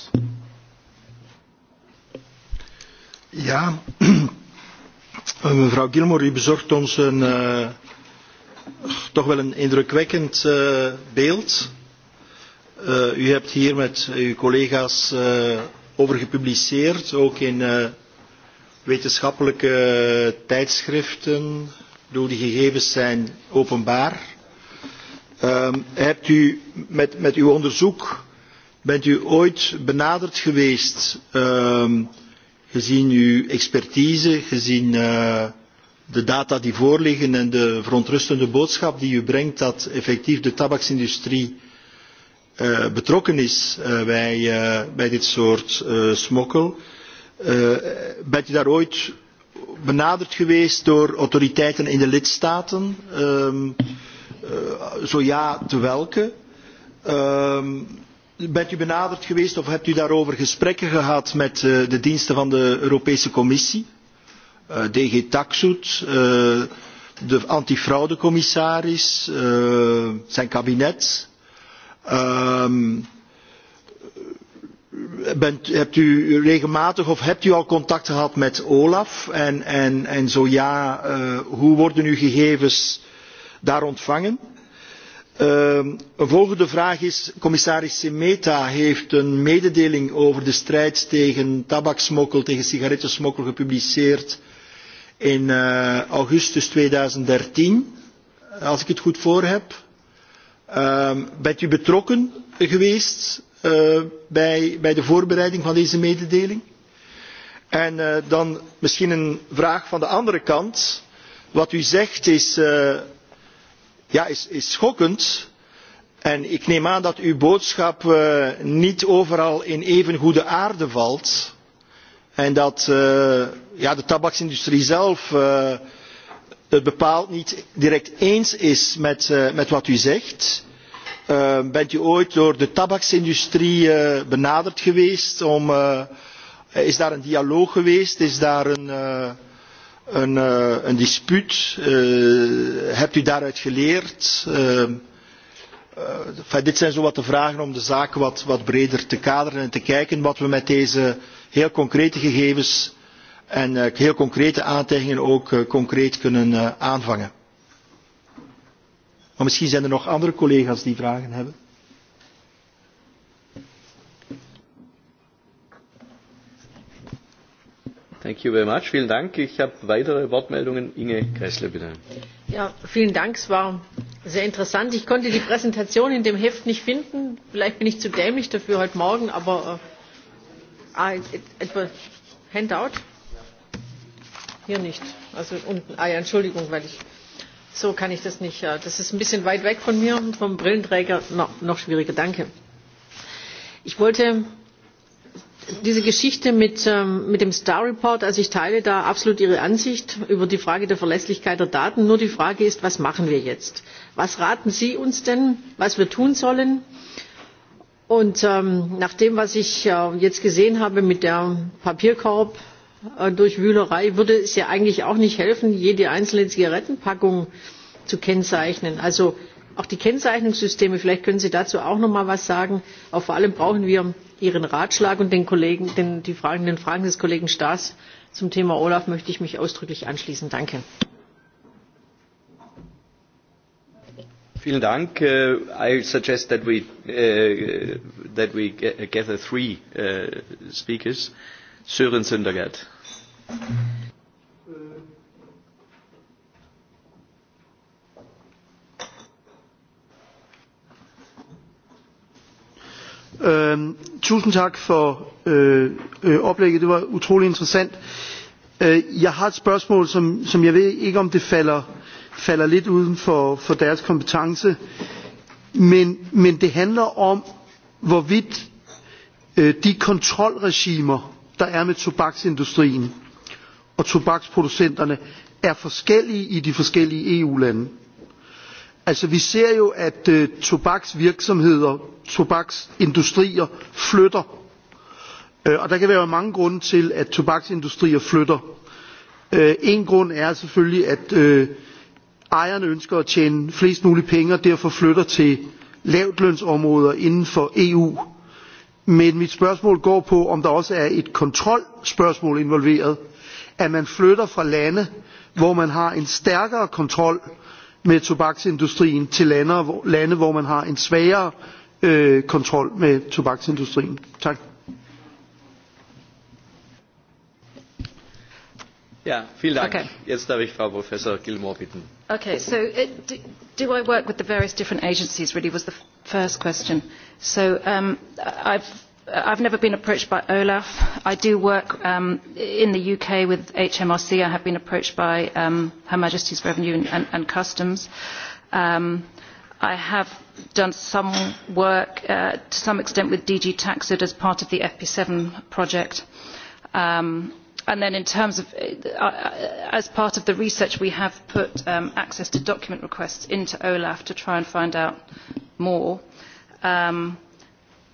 Speaker 2: ja, eh, mevrouw Gilmore, u bezorgt ons een, uh, toch wel een indrukwekkend uh, beeld. Uh, u hebt hier met uw collega's uh, over gepubliceerd, ook in uh, wetenschappelijke eh, tijdschriften. Ik bedoel, die gegevens zijn openbaar. Um, hebt u met, met uw onderzoek, bent u ooit benaderd geweest, um, gezien uw expertise, gezien uh, de data die voorliggen en de verontrustende boodschap die u brengt dat effectief de tabaksindustrie uh, betrokken is uh, bij, uh, bij dit soort uh, smokkel? Uh, Uh, bent u daar ooit benaderd geweest door autoriteiten in de lidstaten? Um, uh, zo ja, te welke? Um, bent u benaderd geweest of hebt u daarover gesprekken gehad met uh, de diensten van de Europese Commissie? Uh, DG Taxoet, uh, de antifraudecommissaris, uh, zijn kabinet. Um, uh, Bent, hebt u regelmatig of hebt u al contact gehad met Olaf? En, en, en zo ja, uh, hoe worden uw gegevens daar ontvangen? Uh, een volgende vraag is, commissaris Semeta heeft een mededeling over de strijd tegen tabaksmokkel, tegen sigarettensmokkel gepubliceerd in uh, augustus 2013, als ik het goed voor heb. Uh, bent u betrokken geweest uh, bij, bij de voorbereiding van deze mededeling. En uh, dan misschien een vraag van de andere kant. Wat u zegt is, uh, ja, is, is schokkend. En ik neem aan dat uw boodschap uh, niet overal in even goede aarde valt. En dat uh, ja, de tabaksindustrie zelf uh, het bepaald niet direct eens is met, uh, met wat u zegt. Uh, bent u ooit door de tabaksindustrie uh, benaderd geweest? Om, uh, is daar een dialoog geweest? Is daar een, uh, een, uh, een dispuut? Uh, hebt u daaruit geleerd? Uh, uh, dit zijn zowat de vragen om de zaak wat, wat breder te kaderen en te kijken wat we met deze heel concrete gegevens en uh, heel concrete aantijgingen ook uh, concreet kunnen uh, aanvangen. Maar misschien zijn er nog andere collega's die vragen hebben.
Speaker 1: Thank you very much. Vielen Dank. Ich habe weitere Wortmeldungen. Inge Kressle, bitte.
Speaker 4: Ja, vielen Dank. Es war sehr interessant. Ich konnte die Präsentation in dem Heft nicht finden. Vielleicht bin ich zu dämlich dafür heute Morgen, aber äh, ah, etwa Handout? Hier nicht. Also unten. Ah ja, Entschuldigung, weil ich So kann ich das nicht. Äh, das ist ein bisschen weit weg von mir und vom Brillenträger no, noch schwieriger. Danke. Ich wollte diese Geschichte mit, ähm, mit dem Star Report, also ich teile da absolut Ihre Ansicht über die Frage der Verlässlichkeit der Daten. Nur die Frage ist, was machen wir jetzt? Was raten Sie uns denn, was wir tun sollen? Und ähm, nach dem, was ich äh, jetzt gesehen habe mit der Papierkorb, Äh, durch Wühlerei würde es ja eigentlich auch nicht helfen, jede einzelne Zigarettenpackung zu kennzeichnen. Also auch die Kennzeichnungssysteme, vielleicht können Sie dazu auch noch mal was sagen. Aber vor allem brauchen wir Ihren Ratschlag und den Kollegen, den, die Fragen, den Fragen des Kollegen Staes zum Thema Olaf möchte ich mich ausdrücklich anschließen. Danke.
Speaker 1: Vielen Dank. Uh, äh, I suggest that we, uh, that we gather three uh, speakers. Uh, Sören Sündergaard.
Speaker 5: Øh, tusind tak for øh, øh, oplægget. Det var utrolig interessant. Øh, jeg har et spørgsmål, som, som jeg ved ikke, om det falder, falder lidt uden for, for deres kompetence. Men, men det handler om, hvorvidt øh, de kontrolregimer, der er med tobaksindustrien og tobaksproducenterne er forskellige i de forskellige eu lande. Altså, vi ser jo at øh, tobaksvirksomheder tobaksindustrier flytter øh, og der kan være mange grunde til at tobaksindustrier flytter. Øh, en grund er selvfølgelig at øh, ejerne ønsker at tjene flest mulige penge og derfor flytter til lavtlønsområder inden for eu men mit spørgsmål går på om der også er et kontrolspørgsmål involveret at man flytter fra lande hvor man har en stærkere kontrol med tobaksindustrien til lande, lande hvor man har en svagere øh, kontrol med tobaksindustrien. Tak.
Speaker 1: Yeah, vielen Dank. Okay. Jetzt darf ich Frau Professor Gilmore bitten. Okay, so
Speaker 3: it, do, do I work with the various different agencies really was the first question. Uh, So um, I've, I've never been approached by Olaf. I do work um, in the UK with HMRC. I have been approached by um, Her Majesty's Revenue and, and, and Customs. Um, I have done some work uh, to some extent with DG Taxid as part of the FP7 project. Um, and then in terms of, uh, as part of the research, we have put um, access to document requests into OLAF to try and find out more um,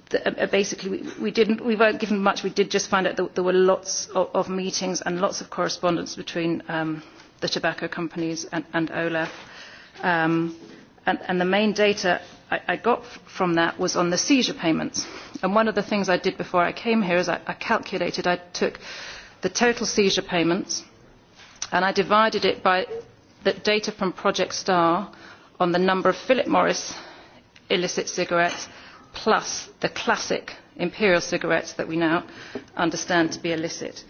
Speaker 3: the, uh, uh, basically we, we, didn't, we weren't given much. We did just find out that there were lots of, of meetings and lots of correspondence between um, the tobacco companies and, and OLAF. Um, and, and the main data I, I got from that was on the seizure payments. And one of the things I did before I came here is I, I calculated, I took the total seizure payments and I divided it by the data from Project STAR on the number of Philip Morris illicit cigarettes plus the classic imperial cigarettes that we now understand to be illicit,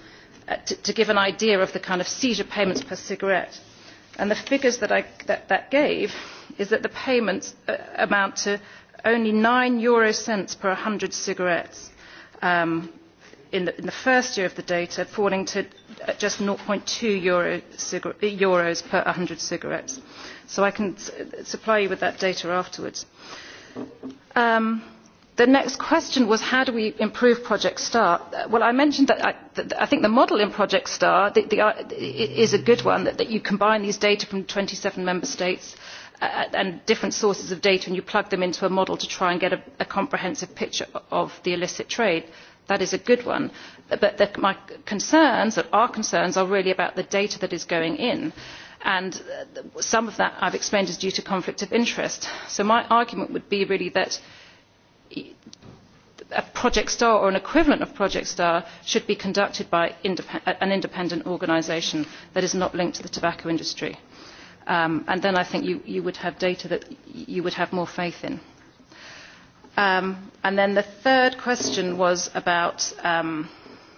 Speaker 3: uh, to, to give an idea of the kind of seizure payments per cigarette. And the figures that I that, that gave is that the payments uh, amount to only 9 euro cents per 100 cigarettes um, in, the, in the first year of the data, falling to uh, just 0.2 euro cigar- euros per 100 cigarettes. So I can s- uh, supply you with that data afterwards. Uh, Um, the next question was how do we improve project star? well i mentioned that i, uh, that I think the model in project star the, the, uh, is a good one that, that you combine these data from twenty seven member states uh, uh, and different sources of data and you plug them into a model to try and get a, a comprehensive picture of the illicit trade. that is a good one but the, my concerns our concerns are really about the data that is going in and uh, some of that i have explained is due to conflict of interest. so my argument would be really that a project star or an equivalent of project star should be conducted by independ an independent organisation that is not linked to the tobacco industry um, and then i think you, you would have data that you would have more faith in. Um, and then the third question was about um,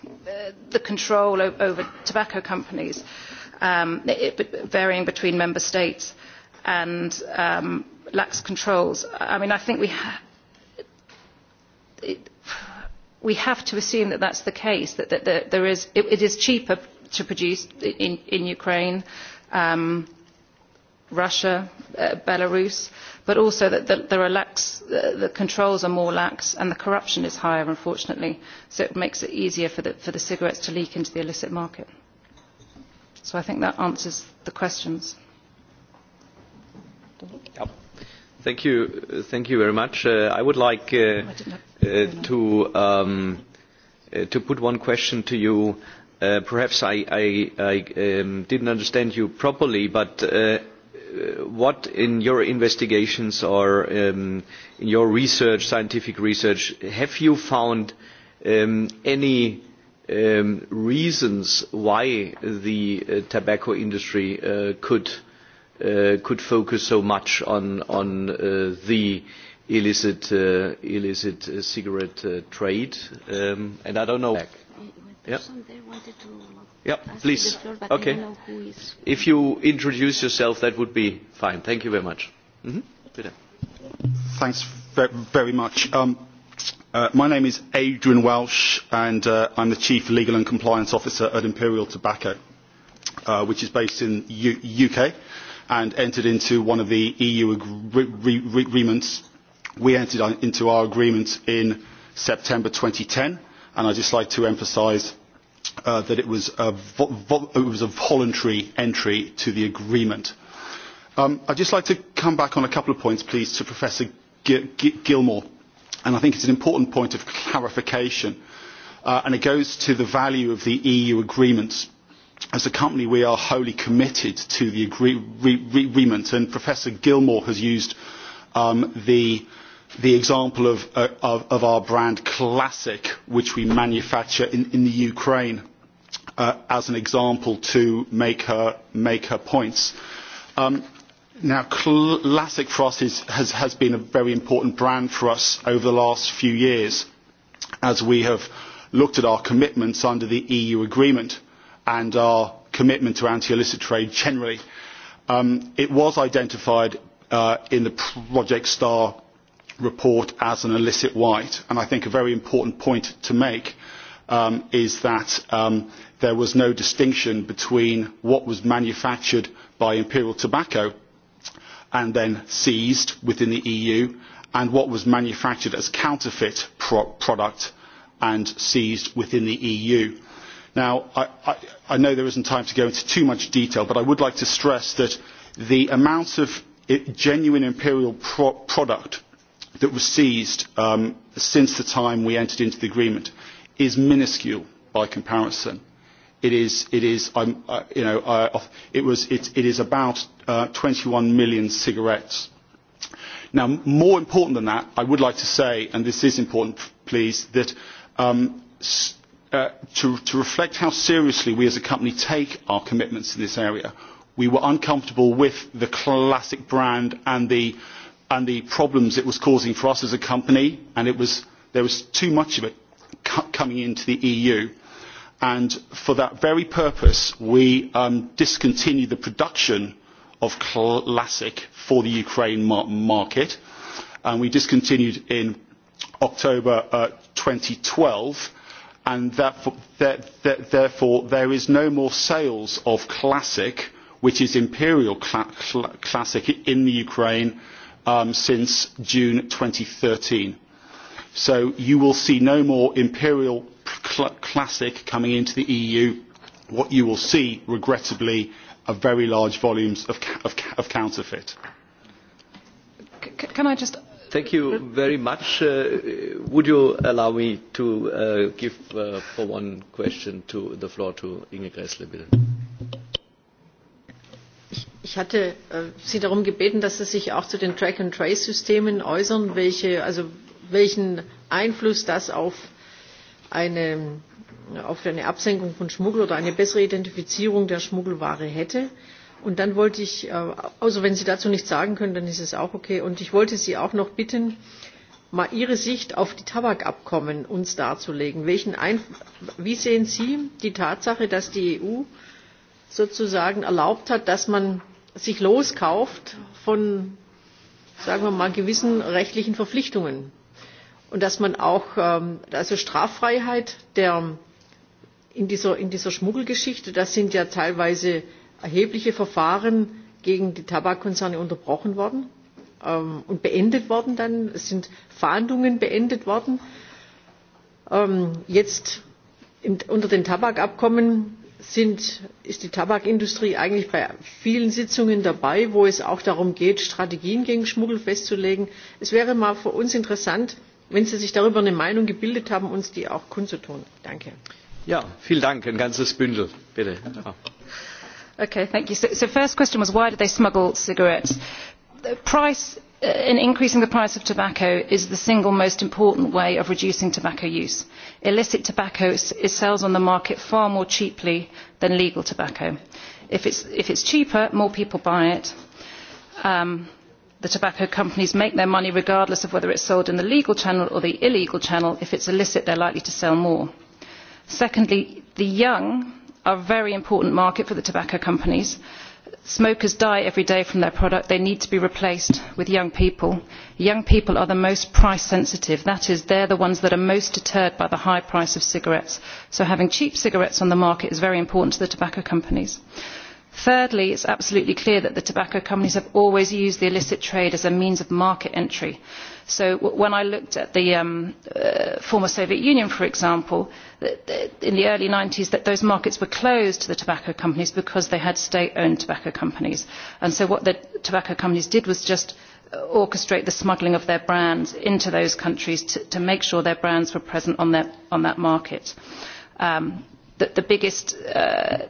Speaker 3: uh, the control over tobacco companies. Uh, um, it, varying between member states and um, lacks controls. I mean, I think we, ha it, we have to assume that that's the case, that, that, that there is, it, it is cheaper to produce in, in Ukraine, um, Russia, uh, Belarus, but also that, that there are lax, uh, the controls are more lax and the corruption is higher, unfortunately. So it makes it easier for the, for the cigarettes to leak into the illicit market. So I think that answers the questions.
Speaker 1: Yep. Thank you. Thank you very much. Uh, I would like uh, uh, to, um, uh, to put one question to you. Uh, perhaps I, I, I um, didn't understand you properly, but uh, uh what in your investigations or um, in your research, scientific research, have you found um, any um, reasons why the uh, tobacco industry uh, could uh, could focus so much on on uh, the illicit uh, illicit uh, cigarette uh, trade, um, and I don't know. Back. Yep.
Speaker 6: Yep, please. Floor, okay. Is...
Speaker 1: If you introduce yourself, that would be fine. Thank you very much. Mm -hmm. Bitte.
Speaker 7: Thanks very much. Um, Uh, my name is Adrian Welsh, and uh, I'm the Chief Legal and Compliance Officer at Imperial Tobacco, uh, which is based in U- UK and entered into one of the EU agree- re- agreements. We entered into our agreement in September 2010, and I'd just like to emphasise uh, that it was, a vo- vo- it was a voluntary entry to the agreement. Um, I'd just like to come back on a couple of points, please, to Professor G- G- Gilmore. Uh, and I think it's an important point of clarification, uh, and it goes to the value of the EU agreements. As a company, we are wholly committed to the agree- re- re- agreement, and Professor Gilmore has used um, the the example of, uh, of, of our brand Classic, which we manufacture in, in the Ukraine, uh, as an example to make her, make her points. Um, Now, Classic Frost is, has, has been a very important brand for us over the last few years as we have looked at our commitments under the EU agreement and our commitment to anti-illicit trade generally. Um, it was identified uh, in the Project Star report as an illicit white, and I think a very important point to make um, is that um, there was no distinction between what was manufactured by Imperial Tobacco and then seized within the EU, and what was manufactured as counterfeit pro- product and seized within the EU. Now, I, I, I know there isn't time to go into too much detail, but I would like to stress that the amount of it, genuine imperial pro- product that was seized um, since the time we entered into the agreement is minuscule by comparison it is, it is, um, uh, you know, uh, it was, it, it is about uh, 21 million cigarettes. Now, more important than that, I would like to say, and this is important, please, that um, uh, to, to reflect how seriously we as a company take our commitments in this area, we were uncomfortable with the classic brand and the, and the problems it was causing for us as a company, and it was, there was too much of it coming into the EU and for that very purpose we um, discontinued the production of classic for the ukraine mar market and we discontinued in october uh, 2012 and therefore, there, there, therefore there is no more sales of classic which is imperial cla cl classic in the ukraine um, since june 2013 so you will see no more imperial cl- classic coming into the EU, what you will see, regrettably, are very large volumes of, ca- of, ca- of counterfeit.
Speaker 3: C- can I just
Speaker 7: Thank you
Speaker 1: very much. Uh, would you allow me to uh, give uh, for one question to the floor to Inge Gressle, bitte?
Speaker 4: Ich hatte äh, Sie darum gebeten, dass Sie sich auch zu den Track-and-Trace-Systemen äußern, welche, also welchen Einfluss das auf eine, auf eine Absenkung von Schmuggel oder eine bessere Identifizierung der Schmuggelware hätte. Und dann wollte ich, äh, also wenn Sie dazu nichts sagen können, dann ist es auch okay. Und ich wollte Sie auch noch bitten, mal Ihre Sicht auf die Tabakabkommen uns darzulegen. Welchen Einf Wie sehen Sie die Tatsache, dass die EU sozusagen erlaubt hat, dass man sich loskauft von, sagen wir mal, gewissen rechtlichen Verpflichtungen? und dass man auch ähm, also Straffreiheit der, in, dieser, in dieser Schmuggelgeschichte, das sind ja teilweise erhebliche Verfahren gegen die Tabakkonzerne unterbrochen worden ähm, und beendet worden dann. Es sind Fahndungen beendet worden. Ähm, jetzt im, unter dem Tabakabkommen sind, ist die Tabakindustrie eigentlich bei vielen Sitzungen dabei, wo es auch darum geht, Strategien gegen Schmuggel festzulegen. Es wäre mal für uns interessant, wenn Sie sich darüber eine Meinung gebildet haben, uns die auch kundzutun. Danke.
Speaker 1: Ja, vielen Dank. Ein ganzes Bündel, bitte. Ja.
Speaker 3: Okay, thank you. So, so first question was why did they smuggle cigarettes? The price uh, in increasing the price of tobacco is the single most important way of reducing tobacco use. illicit tobacco is, is sells on the market far more cheaply than legal tobacco. if it is cheaper more people buy it. Um, the tobacco companies make their money regardless of whether it is sold in the legal channel or the illegal channel if it is illicit they are likely to sell more. secondly the young are a very important market for the tobacco companies. smokers die every day from their product they need to be replaced with young people. young people are the most price sensitive that is they are the ones that are most deterred by the high price of cigarettes so having cheap cigarettes on the market is very important to the tobacco companies. thirdly thirdly it is absolutely clear that the tobacco companies have always used the illicit trade as a means of market entry so when i looked at the um, uh, former soviet union for example in the early 90s that those markets were closed to the tobacco companies because they had state owned tobacco companies and so what the tobacco companies did was just uh, orchestrate the smuggling of their brands into those countries to, to make sure their brands were present on, their, on that market. Um, that the biggest uh,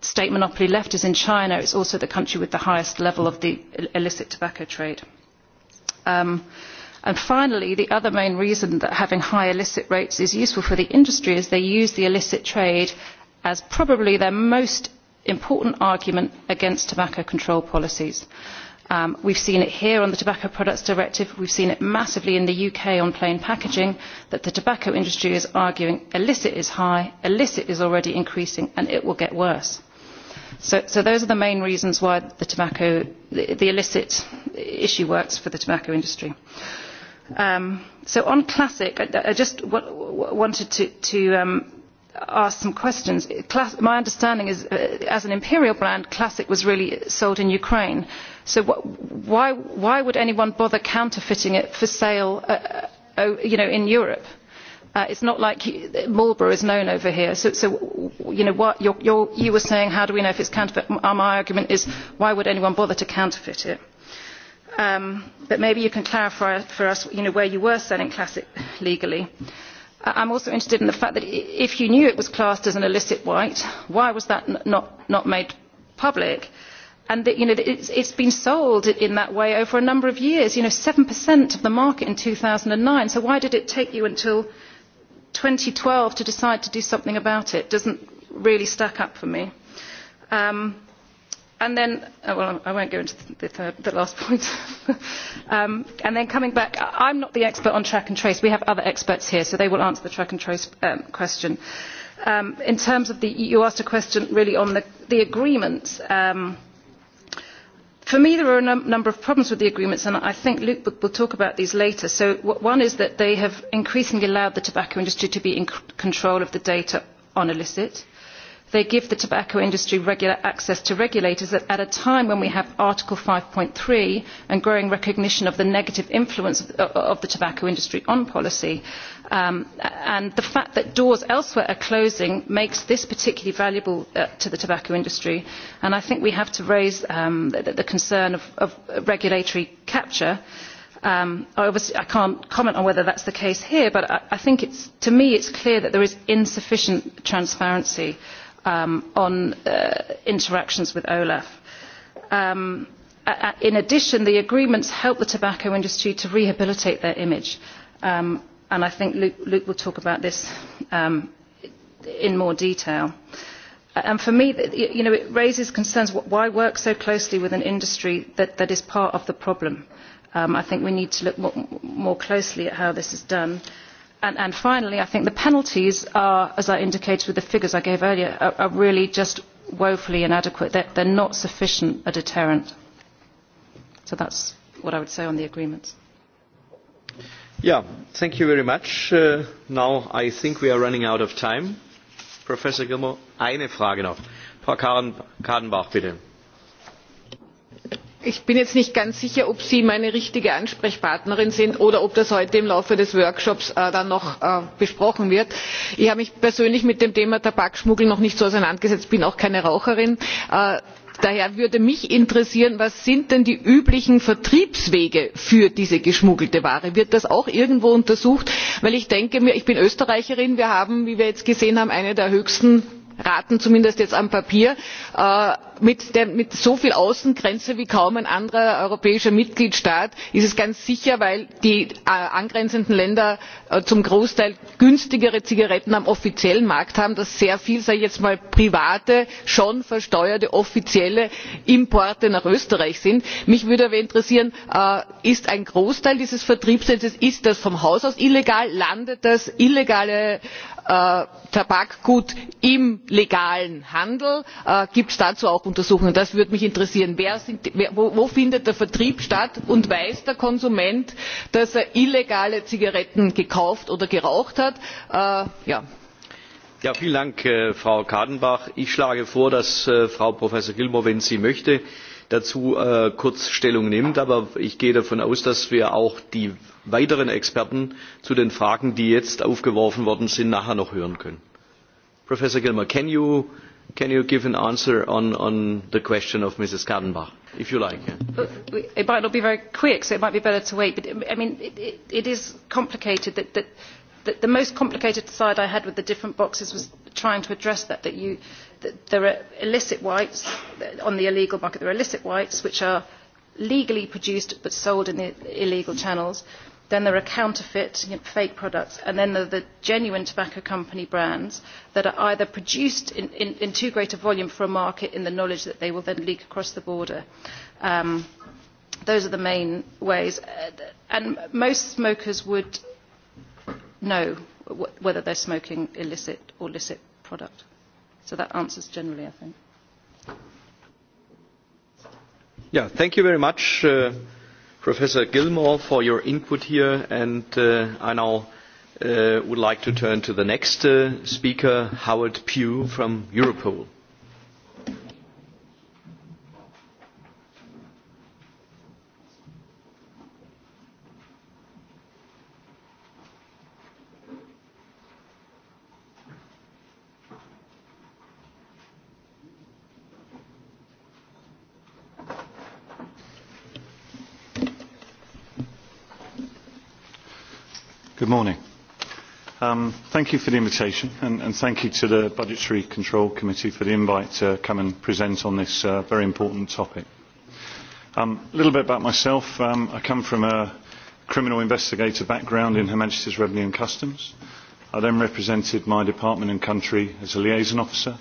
Speaker 3: state monopoly left is in China. It's also the country with the highest level of the illicit tobacco trade. Um, and finally, the other main reason that having high illicit rates is useful for the industry is they use the illicit trade as probably their most important argument against tobacco control policies. Uh, Um, we've seen it here on the Tobacco Products Directive, we've seen it massively in the UK on plain packaging, that the tobacco industry is arguing illicit is high, illicit is already increasing, and it will get worse. So, so those are the main reasons why the tobacco, the, the illicit issue works for the tobacco industry. Um, so on classic, I, I just w- wanted to, to um, ask some questions. Class- my understanding is, uh, as an imperial brand, classic was really sold in Ukraine So wh why, why would anyone bother counterfeiting it for sale uh, uh, you know, in Europe? Uh, it's not like Marlborough is known over here. So, so you know, what you're, you're, you were saying, how do we know if it's counterfeit? Uh, my argument is, why would anyone bother to counterfeit it? Um, but maybe you can clarify for us, you know, where you were selling classic legally. Uh, I'm also interested in the fact that if you knew it was classed as an illicit white, why was that not, not made public? Uh, and the, you know, it's, it's been sold in that way over a number of years. You know, 7% of the market in 2009. So why did it take you until 2012 to decide to do something about it? Doesn't really stack up for me. Um, and then, oh, well, I won't go into the, third, the last point. um, and then coming back, I'm not the expert on track and trace. We have other experts here, so they will answer the track and trace um, question. Um, in terms of the, you asked a question really on the, the agreements. Um, for me there are a num number of problems with the agreements and i think luc will talk about these later. So, one is that they have increasingly allowed the tobacco industry to be in control of the data on illicit they give the tobacco industry regular access to regulators at, at a time when we have article 5.3 and growing recognition of the negative influence of, of the tobacco industry on policy. Um, and the fact that doors elsewhere are closing makes this particularly valuable uh, to the tobacco industry. And I think we have to raise um, the, the concern of, of regulatory capture. Um, obviously i cannot comment on whether that is the case here but I, I think to me it is clear that there is insufficient transparency um, on uh, interactions with olaf. Um, uh, in addition the agreements help the tobacco industry to rehabilitate their image um, and i think luke, luke will talk about this um, in more detail. Uh, and for me, you know, it raises concerns. Why work so closely with an industry that, that is part of the problem? Um, I think we need to look more, more closely at how this is done. And, and finally, I think the penalties are, as I indicated with the figures I gave earlier, are, are really just woefully inadequate. They're, they're not sufficient a deterrent. So that's what I would say on the agreements.
Speaker 1: Yeah, thank you very much. Uh, now I think we are running out of time. Professor Gilmour, eine Frage noch. Frau Kadenbach, bitte
Speaker 6: ich bin jetzt nicht ganz sicher ob sie meine richtige ansprechpartnerin sind oder ob das heute im laufe des workshops äh, dann noch äh, besprochen wird. ich habe mich persönlich mit dem thema tabakschmuggel noch nicht so auseinandergesetzt bin auch keine raucherin. Äh, daher würde mich interessieren was sind denn die üblichen vertriebswege für diese geschmuggelte ware? wird das auch irgendwo untersucht? denn ich denke mir ich bin österreicherin wir haben wie wir jetzt gesehen haben eine der höchsten raten zumindest jetzt am papier äh, mit, der, mit so viel außengrenze wie kaum ein anderer europäischer mitgliedstaat ist es ganz sicher weil die äh, angrenzenden länder äh, zum großteil günstigere zigaretten am offiziellen markt haben dass sehr viel sage ich jetzt mal private schon versteuerte offizielle importe nach österreich sind. mich würde aber interessieren ist ein großteil dieses vertriebsnetzes vom haus aus illegal landet das illegale Äh, tabakgut im legalen handel? Äh, gibt es dazu auch untersuchungen? das würde mich interessieren. Sind, wo findet der vertrieb statt und weiß der konsument dass er illegale zigaretten gekauft oder geraucht hat? Äh, ja.
Speaker 1: Ja, vielen dank frau kadenbach. ich schlage vor dass frau professor gilmore wenn sie möchte dazu kurz stellung nimmt aber ich gehe davon aus dass wir auch die weiteren Experten zu den Fragen, die jetzt aufgeworfen worden sind, nachher noch hören können. Professor Gilmer, can you, can you give an answer on, on the question of Mrs. Kadenbach? if you like.
Speaker 3: Yeah. Uh, it might not be very quick, so it might be better to wait. But I mean, it, it, it is complicated. That, that, that the most complicated side I had with the different boxes was trying to address that. That you, that there are illicit whites on the illegal market. There are illicit whites which are legally produced but sold in the illegal channels then there are counterfeit you know, fake products and then there are the genuine tobacco company brands that are either produced in, in, in too great a volume for a market in the knowledge that they will then leak across the border. Um, those are the main ways. Uh, and most smokers would know wh whether they're smoking illicit or licit product. So that answers generally, I think.
Speaker 1: Yeah, thank you very much. Uh, Professor Gilmore for your input here, and uh, I now uh, would like to turn to the next uh, speaker, Howard Pugh from Europol.
Speaker 8: morning. Um, thank you for the invitation and, and thank you to the Budgetary Control Committee for the invite to come and present on this uh, very important topic. Um, a little bit about myself. Um, I come from a criminal investigator background in Her Majesty's Revenue and Customs. I then represented my department and country as a liaison officer.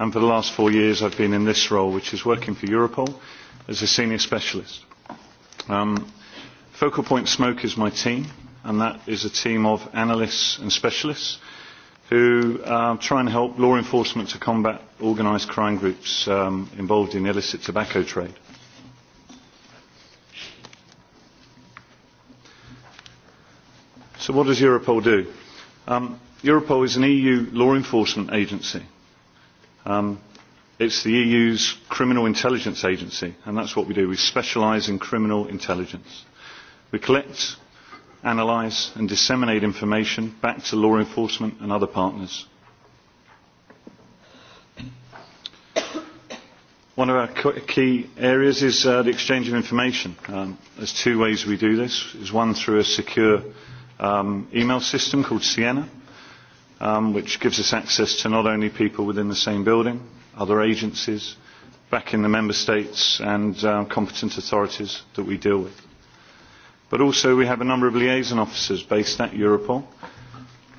Speaker 8: And for the last four years, I've been in this role, which is working for Europol as a senior specialist. Um, Focal Point Smoke is my team and that is a team of analysts and specialists who uh, try and help law enforcement to combat organised crime groups um, involved in the illicit tobacco trade. So what does Europol do? Um, Europol is an EU law enforcement agency. Um, it's the EU's criminal intelligence agency, and that's what we do. We specialise in criminal intelligence. We collect analyse and disseminate information back to law enforcement and other partners. One of our key areas is uh, the exchange of information. Um, there's two ways we do this. There's one through a secure um, email system called Siena, um, which gives us access to not only people within the same building, other agencies, back in the member states and um, competent authorities that we deal with. But also we have a number of liaison officers based at Europol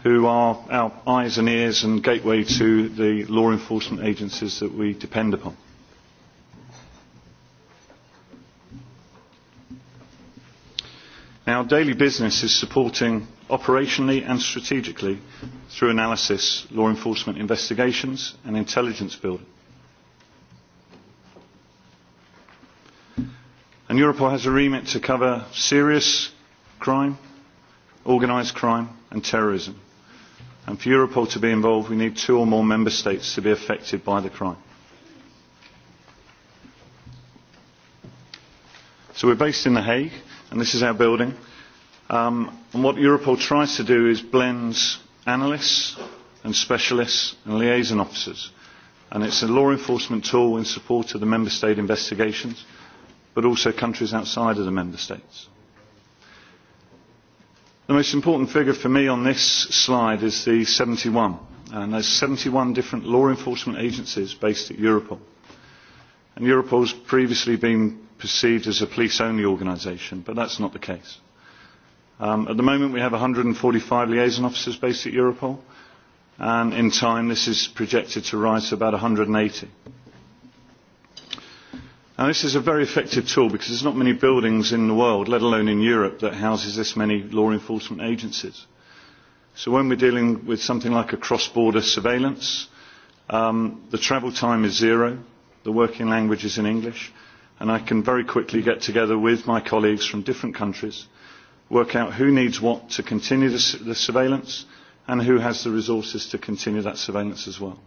Speaker 8: who are our eyes and ears and gateway to the law enforcement agencies that we depend upon. Now, daily business is supporting operationally and strategically through analysis, law enforcement investigations and intelligence building. And Europol has a remit to cover serious crime, organised crime and terrorism. And for Europol to be involved, we need two or more member states to be affected by the crime. So we're based in The Hague, and this is our building. Um, and what Europol tries to do is blends analysts and specialists and liaison officers. And it's a law enforcement tool in support of the member state investigations – but also countries outside of the member states. The most important figure for me on this slide is the 71. And there's 71 different law enforcement agencies based at Europol. And Europol's previously been perceived as a police-only organisation, but that's not the case. Um, at the moment, we have 145 liaison officers based at Europol, and in time, this is projected to rise to about 180 Now, this is a very effective tool because there's not many buildings in the world, let alone in Europe, that houses this many law enforcement agencies. So when we're dealing with something like a cross-border surveillance, um, the travel time is zero, the working language is in English, and I can very quickly get together with my colleagues from different countries, work out who needs what to continue the, the surveillance, and who has the resources to continue that surveillance as well.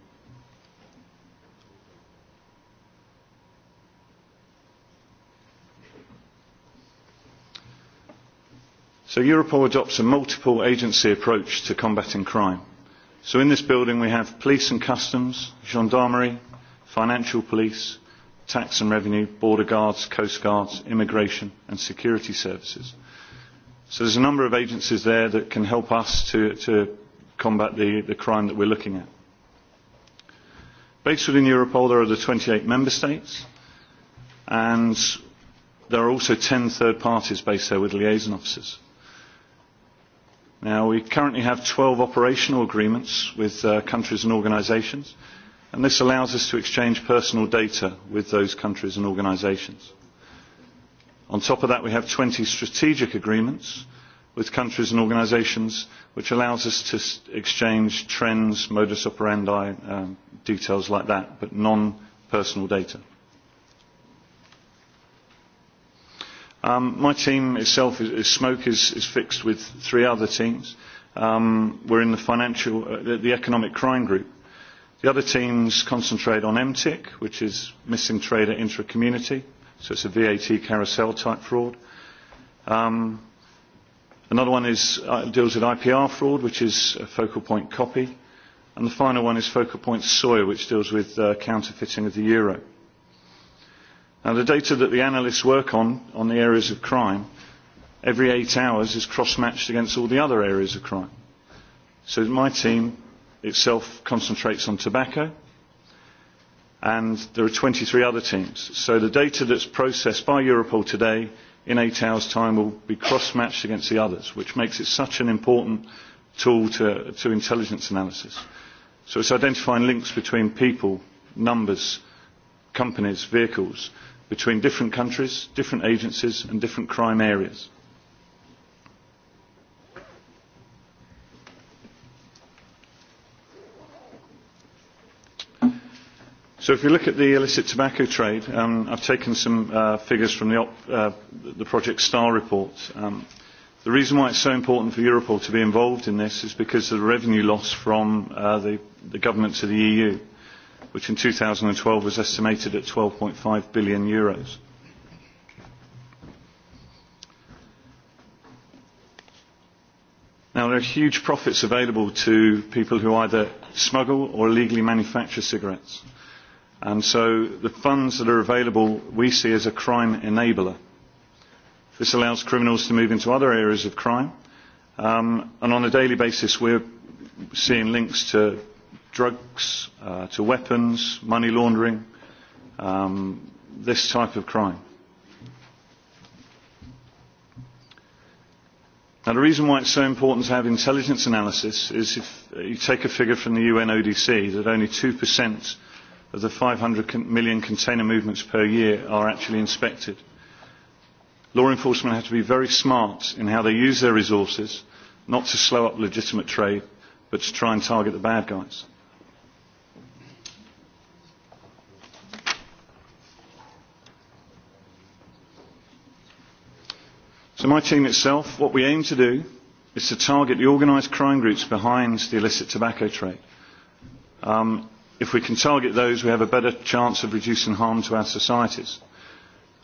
Speaker 8: So Europol adopts a multiple agency approach to combating crime. So in this building we have police and customs, gendarmerie, financial police, tax and revenue, border guards, coast guards, immigration and security services. So there's a number of agencies there that can help us to, to combat the, the crime that we're looking at. Based within Europol, there are the 28 member states, and there are also 10 third parties based there with liaison officers. Now, we currently have 12 operational agreements with uh, countries and organisations, and this allows us to exchange personal data with those countries and organisations. On top of that, we have 20 strategic agreements with countries and organisations, which allows us to exchange trends, modus operandi, um, details like that, but non-personal data. Um, my team itself is, is Smoke is, is fixed with three other teams. Um, we're in the financial, uh, the, the economic crime group. The other teams concentrate on MTIC, which is missing trader intra-community, so it's a VAT carousel type fraud. Um, another one is, uh, deals with IPR fraud, which is a focal point copy. And the final one is focal point soy, which deals with uh, counterfeiting of the euro. Uh, Now, the data that the analysts work on, on the areas of crime, every eight hours is cross-matched against all the other areas of crime. So my team itself concentrates on tobacco, and there are 23 other teams. So the data that's processed by Europol today in eight hours' time will be cross-matched against the others, which makes it such an important tool to, to intelligence analysis. So it's identifying links between people, numbers, companies, vehicles, between different countries, different agencies and different crime areas. So if you look at the illicit tobacco trade, um, I've taken some uh, figures from the, op, uh, the Project STAR report. Um, the reason why it's so important for Europol to be involved in this is because of the revenue loss from uh, the, the governments of the EU which in 2012 was estimated at 12.5 billion euros. Now, there are huge profits available to people who either smuggle or illegally manufacture cigarettes. And so the funds that are available we see as a crime enabler. This allows criminals to move into other areas of crime. Um, and on a daily basis, we're seeing links to drugs uh, to weapons, money laundering, um, this type of crime. Now, the reason why it's so important to have intelligence analysis is if you take a figure from the UN ODC that only 2% of the 500 million container movements per year are actually inspected. Law enforcement have to be very smart in how they use their resources, not to slow up legitimate trade, but to try and target the bad guys. So my team itself, what we aim to do is to target the organised crime groups behind the illicit tobacco trade. Um, if we can target those, we have a better chance of reducing harm to our societies.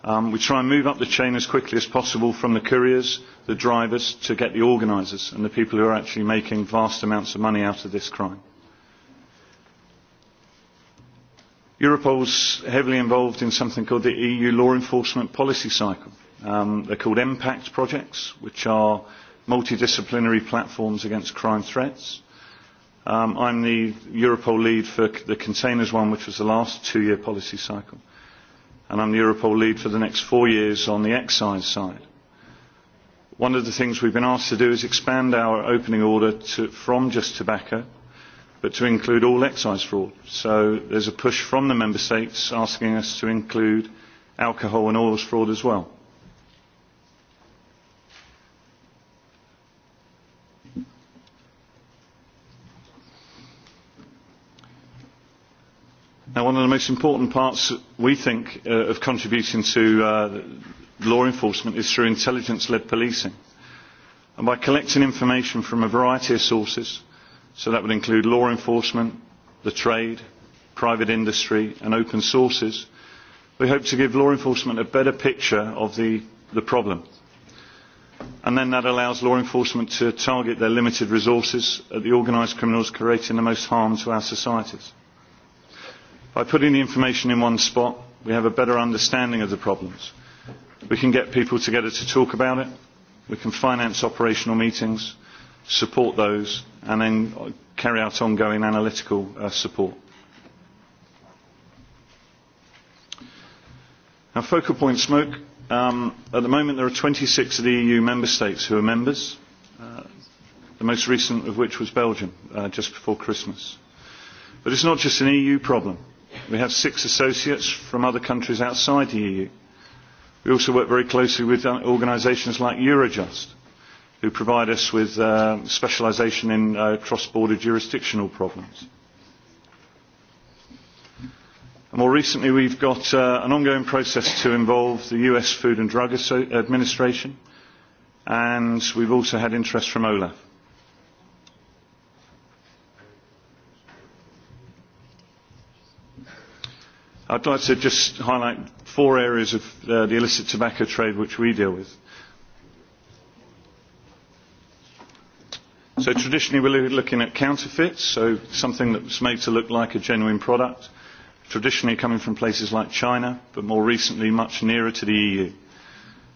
Speaker 8: Um, we try and move up the chain as quickly as possible from the couriers, the drivers, to get the organisers and the people who are actually making vast amounts of money out of this crime. Europol's heavily involved in something called the EU Law Enforcement Policy Cycle. Um, they're called MPACT projects, which are multidisciplinary platforms against crime threats. Um, I'm the Europol lead for the containers one, which was the last two-year policy cycle. Uh, and I'm the Europol lead for the next four years on the excise side. One of the things we've been asked to do is expand our opening order to, from just tobacco, but to include all excise fraud. So there's a push from the Member States asking us to include alcohol and oils fraud as well. Now, one of the most important parts, we think, uh, of contributing to uh, law enforcement is through intelligence-led policing. And by collecting information from a variety of sources, so that would include law enforcement, the trade, private industry and open sources, we hope to give law enforcement a better picture of the, the problem. And then that allows law enforcement to target their limited resources at the organised criminals creating the most harm to our societies. By putting the information in one spot, we have a better understanding of the problems. We can get people together to talk about it. We can finance operational meetings, support those, and then carry out ongoing analytical uh, support. Now, focal point smoke. Um, at the moment, there are 26 of the EU member states who are members, uh, the most recent of which was Belgium uh, just before Christmas. But it's not just an EU problem. We have six associates from other countries outside the EU. We also work very closely with uh, organisations like Eurojust, who provide us with uh, specialisation in uh, cross-border jurisdictional problems. And more recently, we've got uh, an ongoing process to involve the US Food and Drug Administration, and we've also had interest from OLAF. I'd like to just highlight four areas of uh, the illicit tobacco trade which we deal with. So traditionally we're looking at counterfeits, so something that's made to look like a genuine product, traditionally coming from places like China, but more recently much nearer to the EU,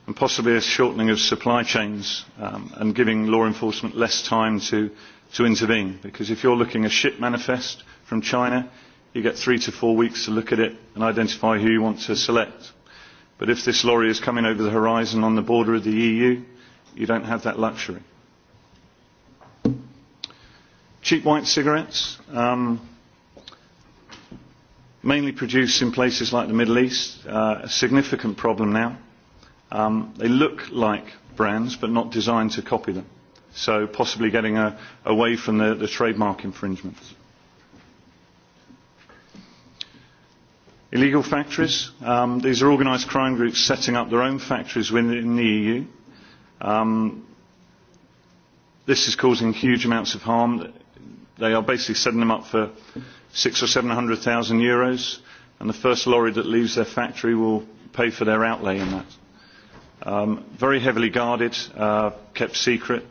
Speaker 8: and possibly a shortening of supply chains um, and giving law enforcement less time to, to intervene. Because if you're looking a ship manifest from China, you get three to four weeks to look at it and identify who you want to select. But if this lorry is coming over the horizon on the border of the EU, you don't have that luxury. Cheap white cigarettes, um, mainly produced in places like the Middle East, uh, a significant problem now. Um, they look like brands, but not designed to copy them. So possibly getting a, away from the, the trademark infringements. Illegal factories. Um, these are organised crime groups setting up their own factories within the EU. Um, this is causing huge amounts of harm. They are basically setting them up for six or seven hundred thousand euros, and the first lorry that leaves their factory will pay for their outlay in that. Um, very heavily guarded, uh, kept secret,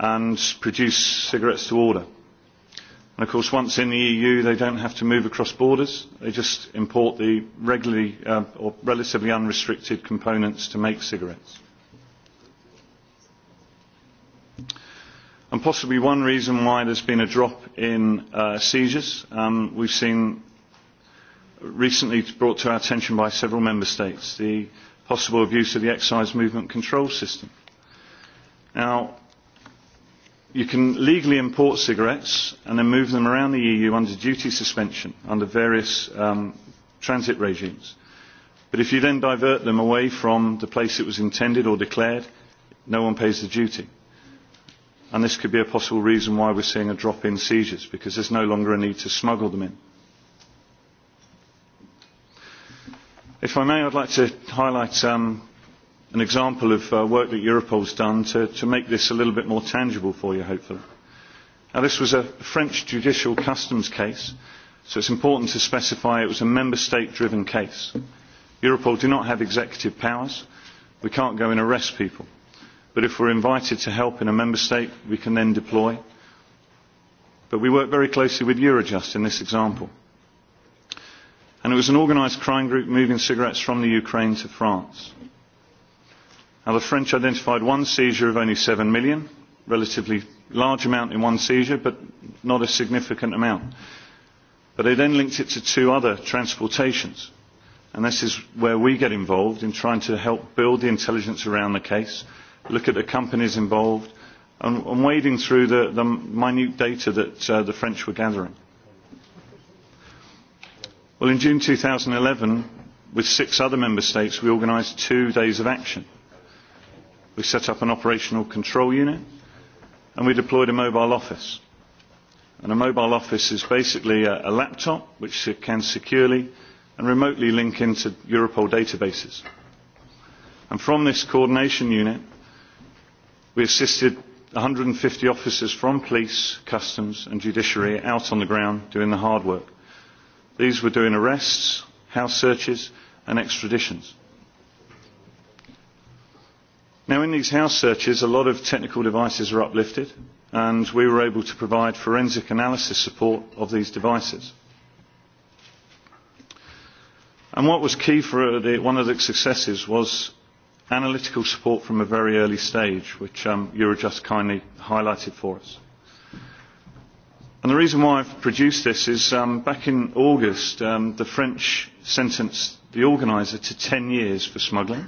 Speaker 8: and produce cigarettes to order. And of course, once in the EU, they don't have to move across borders. They just import the regularly uh, or relatively unrestricted components to make cigarettes. And possibly one reason why there's been a drop in uh, seizures, um, we've seen recently brought to our attention by several member states, the possible abuse of the excise movement control system. Now, You can legally import cigarettes and then move them around the EU under duty suspension under various um, transit regimes. But if you then divert them away from the place it was intended or declared, no one pays the duty. And this could be a possible reason why we're seeing a drop in seizures, because there's no longer a need to smuggle them in. If I may, I'd like to highlight um, an example of uh, work that Europol's done to, to make this a little bit more tangible for you, hopefully. Now, this was a French judicial customs case, so it's important to specify it was a member state-driven case. Europol do not have executive powers. We can't go and arrest people. But if we're invited to help in a member state, we can then deploy. But we work very closely with Eurojust in this example. And it was an organised crime group moving cigarettes from the Ukraine to France. Now, the French identified one seizure of only 7 million, relatively large amount in one seizure, but not a significant amount. But they then linked it to two other transportations. And this is where we get involved in trying to help build the intelligence around the case, look at the companies involved, and, and wading through the, the minute data that uh, the French were gathering. Well, in June 2011, with six other member states, we organised two days of action – We set up an operational control unit and we deployed a mobile office. And a mobile office is basically a, a laptop which can securely and remotely link into Europol databases. And from this coordination unit, we assisted 150 officers from police, customs and judiciary out on the ground doing the hard work. These were doing arrests, house searches and extraditions. Now, in these house searches, a lot of technical devices are uplifted, and we were able to provide forensic analysis support of these devices. And what was key for uh, the, one of the successes was analytical support from a very early stage, which um, Eurojust kindly highlighted for us. And the reason why I've produced this is um, back in August, um, the French sentenced the organiser to 10 years for smuggling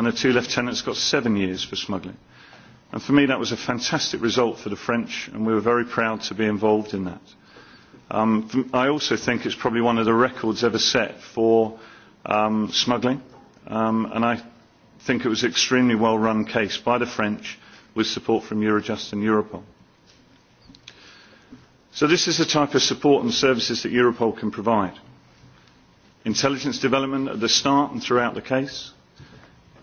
Speaker 8: and the two lieutenants got seven years for smuggling. And for me, that was a fantastic result for the French, and we were very proud to be involved in that. Um, I also think it's probably one of the records ever set for um, smuggling, um, and I think it was an extremely well-run case by the French with support from Eurojust and Europol. So this is the type of support and services that Europol can provide. Intelligence development at the start and throughout the case,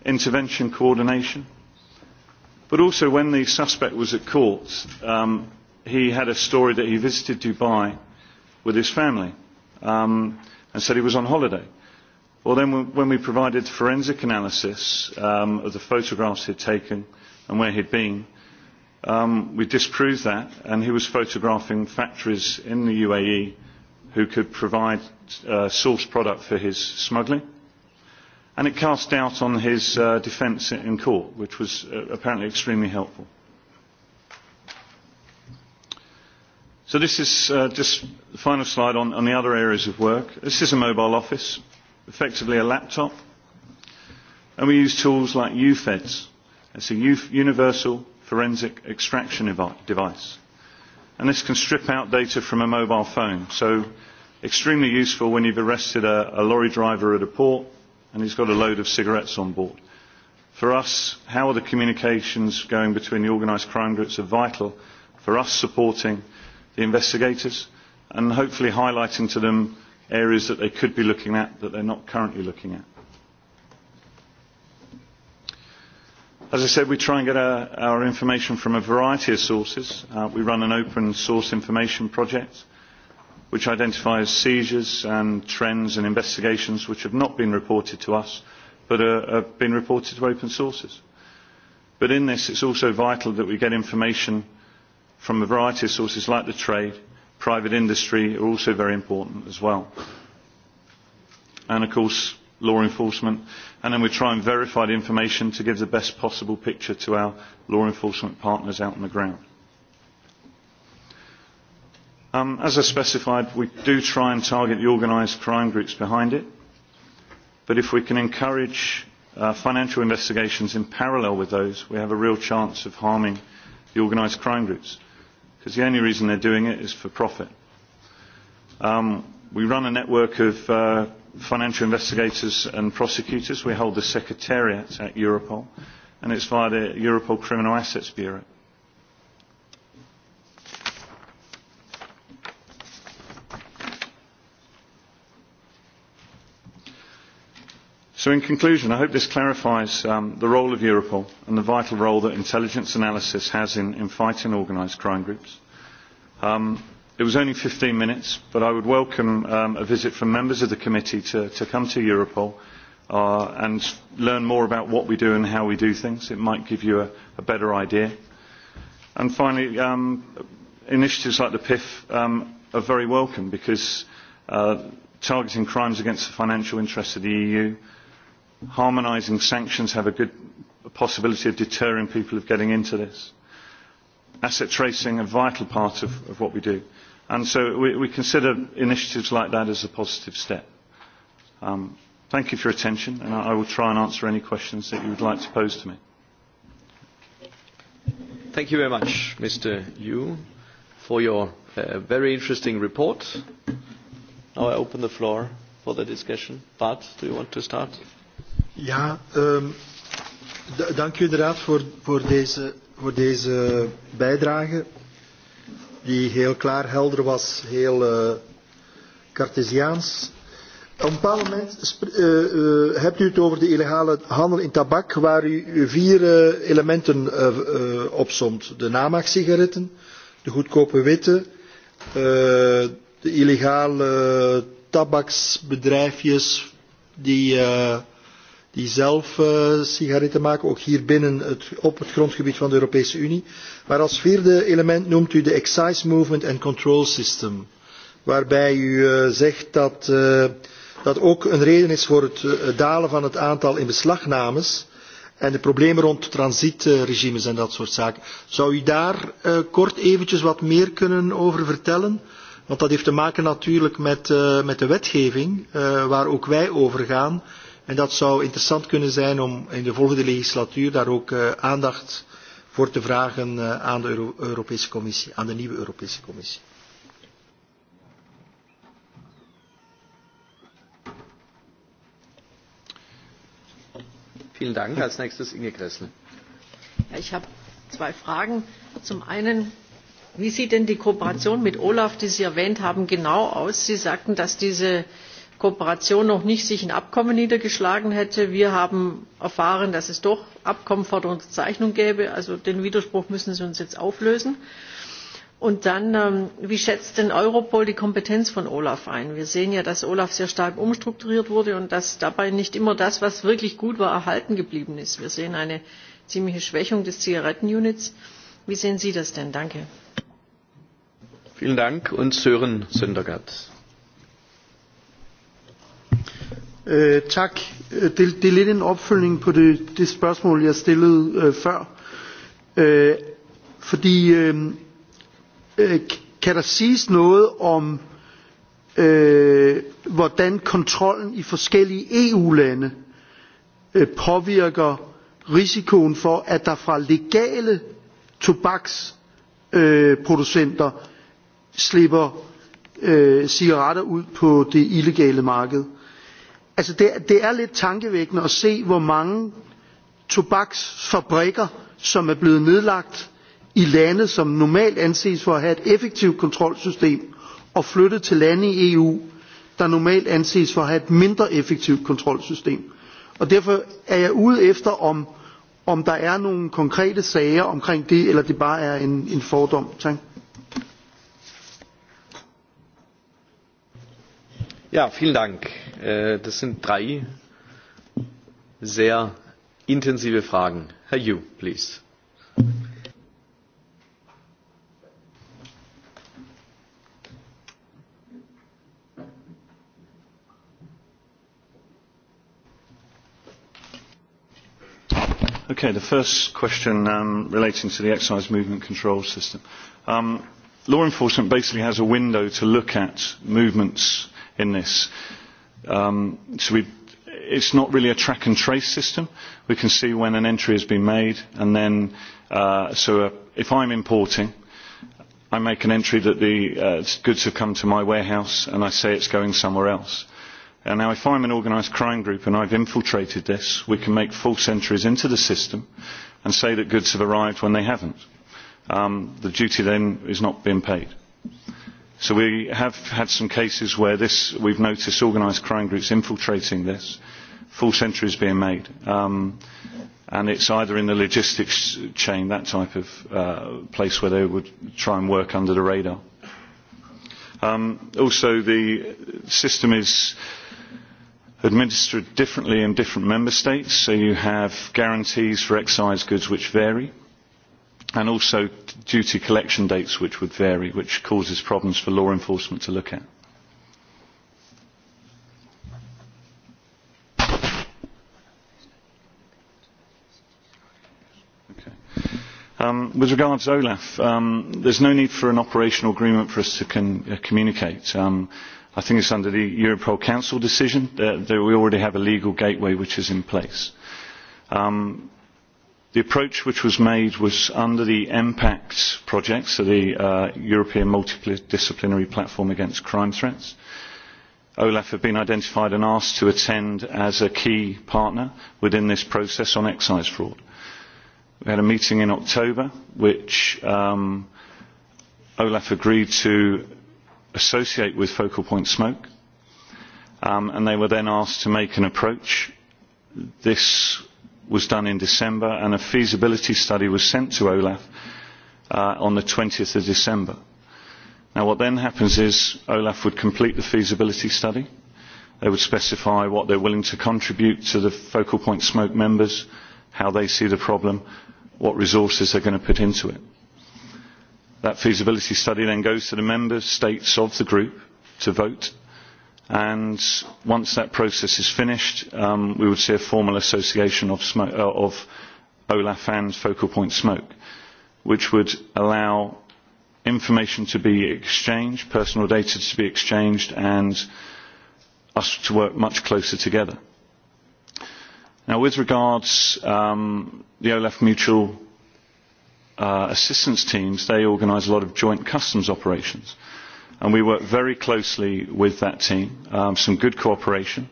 Speaker 8: intervention coordination. But also when the suspect was at court, um, he had a story that he visited Dubai with his family um, and said he was on holiday. Well, then when we provided forensic analysis um, of the photographs he'd taken and where he'd been, um, we disproved that, and he was photographing factories in the UAE who could provide uh, source product for his smuggling and it cast doubt on his uh, defence in court, which was uh, apparently extremely helpful. So this is uh, just the final slide on, on the other areas of work. This is a mobile office, effectively a laptop, and we use tools like UFEDS. It's a universal forensic extraction device. And this can strip out data from a mobile phone, so extremely useful when you've arrested a, a lorry driver at a port and he's got a load of cigarettes on board. For us, how are the communications going between the organised crime groups are vital for us supporting the investigators and hopefully highlighting to them areas that they could be looking at that they're not currently looking at. As I said, we try and get our, our information from a variety of sources. Uh, we run an open source information project. Uh, which identifies seizures and trends and investigations which have not been reported to us but are, have been reported to open sources. But in this, it's also vital that we get information from a variety of sources like the trade, private industry are also very important as well. And of course, law enforcement. And then we try and verify the information to give the best possible picture to our law enforcement partners out on the ground. Um, as I specified, we do try and target the organised crime groups behind it. But if we can encourage uh, financial investigations in parallel with those, we have a real chance of harming the organised crime groups. Because the only reason they're doing it is for profit. Um, we run a network of uh, financial investigators and prosecutors. We hold the secretariat at Europol, and it's via the Europol Criminal Assets Bureau. So in conclusion, I hope this clarifies um, the role of Europol and the vital role that intelligence analysis has in, in fighting organised crime groups. Um, it was only 15 minutes, but I would welcome um, a visit from members of the committee to, to come to Europol uh, and learn more about what we do and how we do things. It might give you a, a better idea. And finally, um, initiatives like the PIF um, are very welcome because uh, targeting crimes against the financial interests of the EU harmonising sanctions have a good possibility of deterring people of getting into this. Asset tracing, a vital part of, of what we do. And so we, we consider initiatives like that as a positive step. Um, thank you for your attention, and I, I will try and answer any questions that you would like to pose to me.
Speaker 1: Thank you very much, Mr. Yu, for your uh, very interesting report. Now I open the floor for the discussion. Bart, do you want to start? Yes.
Speaker 2: Ja, um, dank u inderdaad voor, voor, deze, voor deze bijdrage, die heel klaar, helder was, heel uh, Cartesiaans. Op een bepaald moment uh, uh, hebt u het over de illegale handel in tabak, waar u vier uh, elementen uh, uh, opzomt. De namaaksigaretten, de goedkope witte, uh, de illegale tabaksbedrijfjes die... Uh, die zelf uh, sigaretten maken, ook hier binnen het, op het grondgebied van de Europese Unie. Maar als vierde element noemt u de excise movement and control system, waarbij u uh, zegt dat uh, dat ook een reden is voor het uh, dalen van het aantal inbeslagnames en de problemen rond transitregimes en dat soort zaken. Zou u daar uh, kort eventjes wat meer kunnen over vertellen? Want dat heeft te maken natuurlijk met, uh, met de wetgeving uh, waar ook wij over gaan. Uh, En dat zou interessant kunnen zijn om in de volgende legislatuur daar ook uh, aandacht voor te vragen uh, aan de Euro Europese Commissie, aan de nieuwe Europese Commissie.
Speaker 1: Vielen Dank. Als nächstes Inge Kressel.
Speaker 4: Ja, ich habe zwei Fragen. Zum einen, wie sieht denn die Kooperation mit Olaf, die Sie erwähnt haben, genau aus? Sie sagten, dass diese äh, kooperation noch nicht sich in abkommen niedergeschlagen hätte. wir haben erfahren dass es doch abkommen vor der unterzeichnung gäbe. also den widerspruch müssen sie uns jetzt auflösen. und dann ähm, wie schätzt denn europol die kompetenz von olaf ein? wir sehen ja dass olaf sehr stark umstrukturiert wurde und dass dabei nicht immer das was wirklich gut war erhalten geblieben ist. wir sehen eine ziemliche schwächung des zigarettenunits. wie sehen sie das denn? danke.
Speaker 1: vielen dank. uns hören Sündergaard.
Speaker 5: Øh, tak. Det, det er lidt en opfølgning på det, det spørgsmål, jeg stillede øh, før. Øh, fordi øh, øh, kan der siges noget om, øh, hvordan kontrollen i forskellige EU-lande øh, påvirker risikoen for, at der fra legale tobaksproducenter øh, slipper øh, cigaretter ud på det illegale marked altså det, det er lidt tankevækkende at se, hvor mange tobaksfabrikker, som er blevet nedlagt i lande, som normalt anses for at have et effektivt kontrolsystem, og flyttet til lande i EU, der normalt anses for at have et mindre effektivt kontrolsystem. Og derfor er jeg ude efter, om, om der er nogle konkrete sager omkring det, eller det bare er en, en fordom. Tak.
Speaker 1: Ja, vielen Dank. Äh, das sind drei sehr intensive Fragen. Herr Yu, please.
Speaker 8: Okay, the first question um, relating to the excise movement control system. Um, law enforcement basically has a window to look at movements in this. Um, so we, it's not really a track and trace system. We can see when an entry has been made, and then uh, so uh, if I'm importing, I make an entry that the uh, goods have come to my warehouse, and I say it's going somewhere else. And now, if I'm an organised crime group and I've infiltrated this, we can make false entries into the system and say that goods have arrived when they haven't. Um, the duty then is not being paid. Uh, So we have had some cases where this, we've noticed organised crime groups infiltrating this. Full centuries being made. Um, and it's either in the logistics chain, that type of uh, place where they would try and work under the radar. Um, also, the system is administered differently in different member states, so you have guarantees for excise goods which vary. Uh, and also duty collection dates which would vary, which causes problems for law enforcement to look at. Um, with regards to OLAF, um, there's no need for an operational agreement for us to con- uh, communicate. Um, I think it's under the Europol Council decision that, that we already have a legal gateway which is in place. Um, The approach which was made was under the MPACT project, so the uh, European Multidisciplinary Platform Against Crime Threats. Olaf have been identified and asked to attend as a key partner within this process on excise fraud. We had a meeting in October which um, Olaf agreed to associate with Focal Point Smoke, um, and they were then asked to make an approach. This was done in December and a feasibility study was sent to OLAF uh, on the 20th of December. Now what then happens is OLAF would complete the feasibility study. They would specify what they're willing to contribute to the focal point smoke members, how they see the problem, what resources they're going to put into it. That feasibility study then goes to the member states of the group to vote and once that process is finished, um, we would see a formal association of, smoke, uh, of OLAF and focal point smoke, which would allow information to be exchanged, personal data to be exchanged, and us to work much closer together. Now, with regards um, the OLAF mutual uh, assistance teams, they organise a lot of joint customs operations. Uh, and we worked very closely with that team, um, some good cooperation.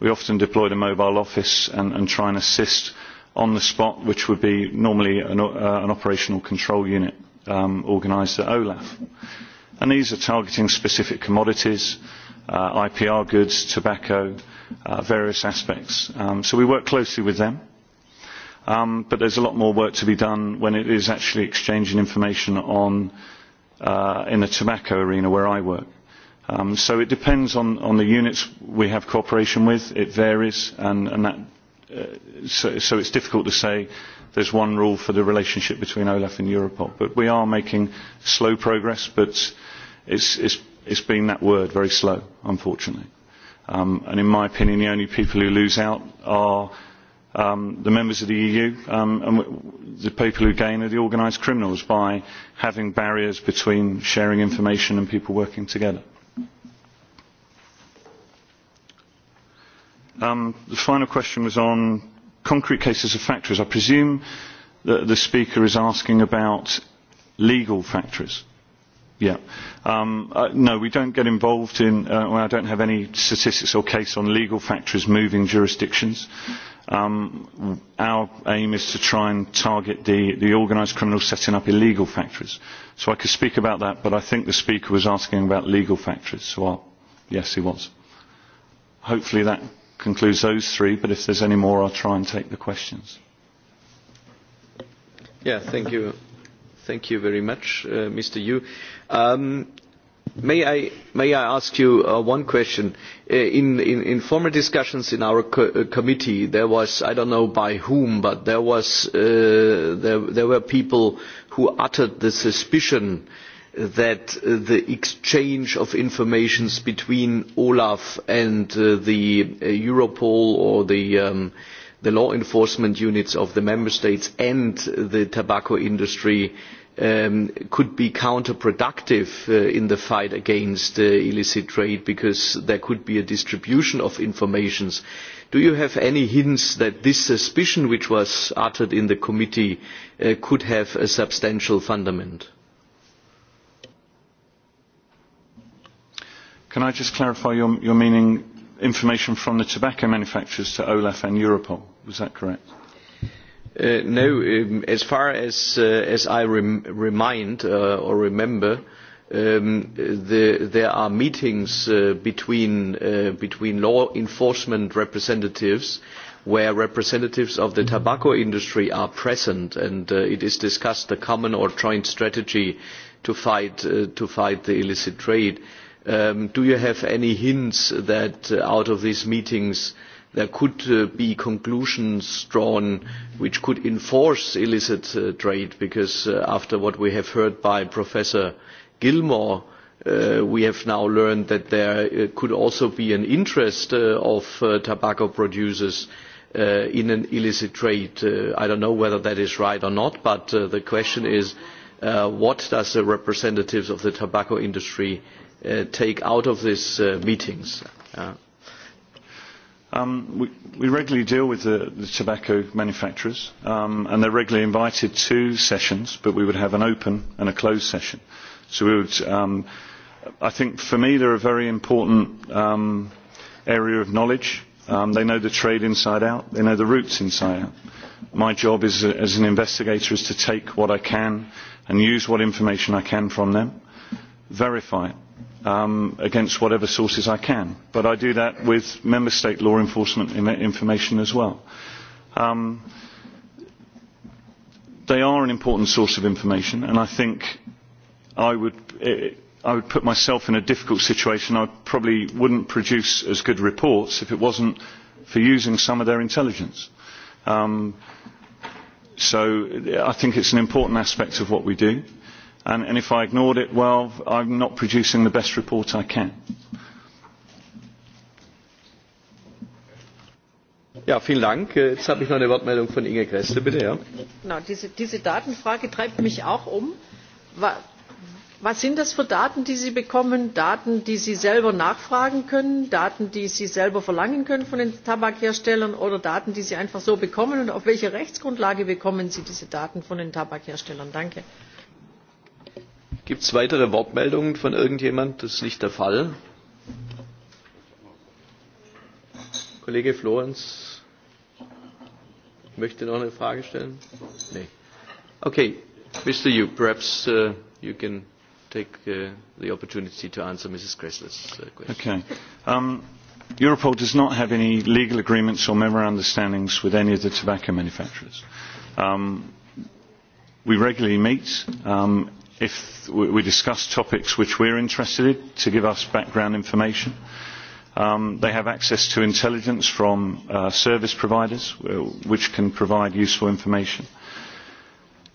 Speaker 8: We often deployed a mobile office and, and try and assist on the spot, which would be normally an, uh, an operational control unit um, organised at OLAF. And these are targeting specific commodities, uh, IPR goods, tobacco, uh, various aspects. Um, so we work closely with them. Um, but there's a lot more work to be done when it is actually exchanging information on uh, uh, in the tobacco arena where I work. Um, so it depends on, on the units we have cooperation with. It varies, and, and that, uh, so, so it's difficult to say there's one rule for the relationship between OLAF and Europol. But we are making slow progress, but it's, it's, it's been that word, very slow, unfortunately. Um, and in my opinion, the only people who lose out are um, the members of the EU um, and the people who gain are the organised criminals by having barriers between sharing information and people working together. Um, the final question was on concrete cases of factories. I presume that the speaker is asking about legal factories. Yeah. Um, uh, no, we don't get involved in, uh, well, I don't have any statistics or case on legal factories moving jurisdictions. Um, our aim is to try and target the, the organised criminals setting up illegal factories. So I could speak about that, but I think the speaker was asking about legal factories. So I'll, yes, he was. Hopefully that concludes those three, but if there's any more, I'll try and take the questions.
Speaker 1: Yeah, thank you. Thank you very much, uh, Mr. Yu. Um, May I, may I ask you uh, one question? Uh, in, in, in former discussions in our co uh, committee, there was, I don't know by whom, but there, was, uh, there, there were people who uttered the suspicion that uh, the exchange of information between Olaf and uh, the uh, Europol or the, um, the law enforcement units of the member states and the tobacco industry uh, um, could be counterproductive uh, in the fight against uh, illicit trade because there could be a distribution of information. Do you have any hints that this suspicion which was uttered in the committee uh, could have a substantial fundament?
Speaker 8: Can I just clarify your, your meaning information from the tobacco manufacturers to OLAF and Europol? Was that correct? Uh,
Speaker 1: Uh, no, um, as far as, uh, as I rem remind uh, or remember, um, the, there are meetings uh, between, uh, between law enforcement representatives where representatives of the mm-hmm. tobacco industry are present and uh, it is discussed the common or joint strategy to fight, uh, to fight the illicit trade. Um, do you have any hints that uh, out of these meetings uh, there could uh, be conclusions drawn which could enforce illicit uh, trade because uh, after what we have heard by Professor Gilmore, uh, we have now learned that there uh, could also be an interest uh, of uh, tobacco producers uh, in an illicit trade. Uh, I don't know whether that is right or not, but uh, the question is uh, what does the representatives of the tobacco industry uh, take out of these uh,
Speaker 8: meetings? Uh, Um, we, we regularly deal with the, the tobacco manufacturers, um, and they're regularly invited to sessions, but we would have an open and a closed session. So we would, um, I think for me they're a very important um, area of knowledge. Um, they know the trade inside out, they know the routes inside out. My job is, as an investigator is to take what I can and use what information I can from them, verify it, um, against whatever sources I can. But I do that with member state law enforcement information as well. Um, they are an important source of information, and I think I would, it, eh, I would put myself in a difficult situation. I probably wouldn't produce as good reports if it wasn't for using some of their intelligence. Um, so eh, I think it's an important aspect of what we do and, and if I ignored it, well, I'm not producing the best report I can.
Speaker 1: Ja, vielen Dank. Äh, jetzt habe ich noch eine Wortmeldung von Inge Kressle, bitte. Ja.
Speaker 4: Genau, diese, diese Datenfrage treibt mich auch um. Was sind das für Daten, die Sie bekommen? Daten, die Sie selber nachfragen können, Daten, die Sie selber verlangen können von den Tabakherstellern oder Daten, die Sie einfach so bekommen? Und auf welcher Rechtsgrundlage bekommen Sie diese Daten von den Tabakherstellern? Danke.
Speaker 1: Gibt es weitere Wortmeldungen von irgendjemand? Das ist nicht der Fall. Kollege Florenz möchte noch eine Frage stellen? Nee. Okay, Mr. Yu, perhaps uh, you can take uh, the opportunity to answer Mrs. Gressler's uh, question. Okay.
Speaker 8: Um, Europol does not have any legal agreements or memorandum understandings with any of the tobacco manufacturers. Um, we regularly meet. Um, if we discuss topics which we're interested in to give us background information. Um, they have access to intelligence from uh, service providers uh, which can provide useful information.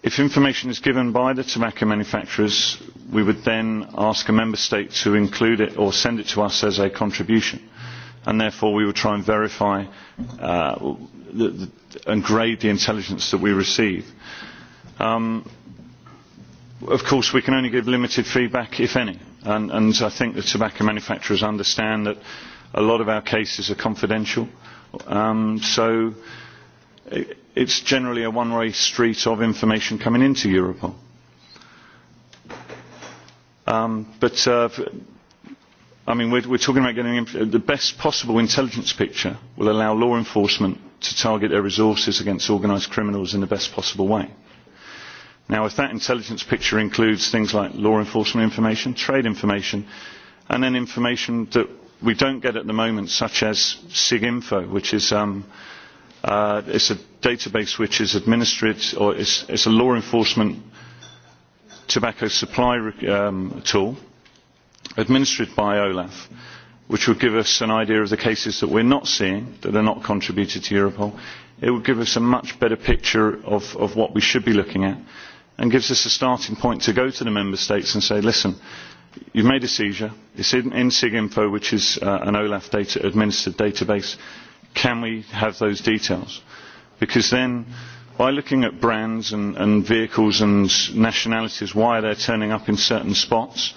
Speaker 8: If information is given by the tobacco manufacturers, we would then ask a member state to include it or send it to us as a contribution. And therefore, we would try and verify uh, the, the, and grade the intelligence that we receive. Um, of course we can only give limited feedback if any and, and I think the tobacco manufacturers understand that a lot of our cases are confidential um, so it, it's generally a one-way street of information coming into Europol um, but uh, I mean we're, we're talking about getting the best possible intelligence picture will allow law enforcement to target their resources against organised criminals in the best possible way Now, if that intelligence picture includes things like law enforcement information, trade information, and then information that we don't get at the moment, such as SIGINFO, which is um, uh, it's a database which is administered, or it's, it's a law enforcement tobacco supply um, tool administered by OLAF, which would give us an idea of the cases that we're not seeing, that are not contributed to Europol. It would give us a much better picture of, of what we should be looking at and gives us a starting point to go to the member states and say, listen, you've made a seizure, it's in, in SIGINFO, which is uh, an OLAF data, administered database, can we have those details? Because then, by looking at brands and, and vehicles and nationalities, why they're turning up in certain spots,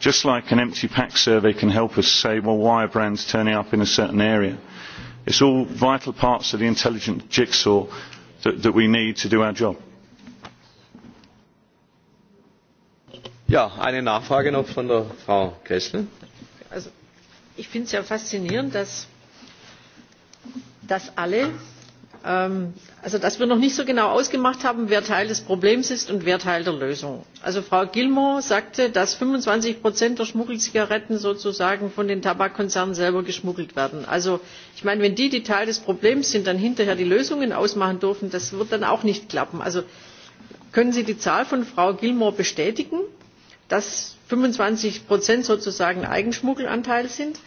Speaker 8: just like an empty pack survey can help us say, well, why are brands turning up in a certain area? It's all vital parts of the intelligent jigsaw that, that we need to do our job.
Speaker 1: Ja, eine Nachfrage noch von der Frau
Speaker 8: Kressel.
Speaker 4: Also, ich finde es ja faszinierend, dass, dass alle, ähm, also dass wir noch nicht so genau ausgemacht haben, wer Teil des Problems ist und wer Teil der Lösung. Also Frau Gilmore sagte, dass 25 Prozent der Schmuggelzigaretten sozusagen von den Tabakkonzernen selber geschmuggelt werden. Also ich meine, wenn die, die Teil des Problems sind, dann hinterher die Lösungen ausmachen dürfen, das wird dann auch nicht klappen. Also können Sie die Zahl von Frau Gilmore bestätigen? dass 25 Prozent sozusagen Eigenschmuggelanteil sind.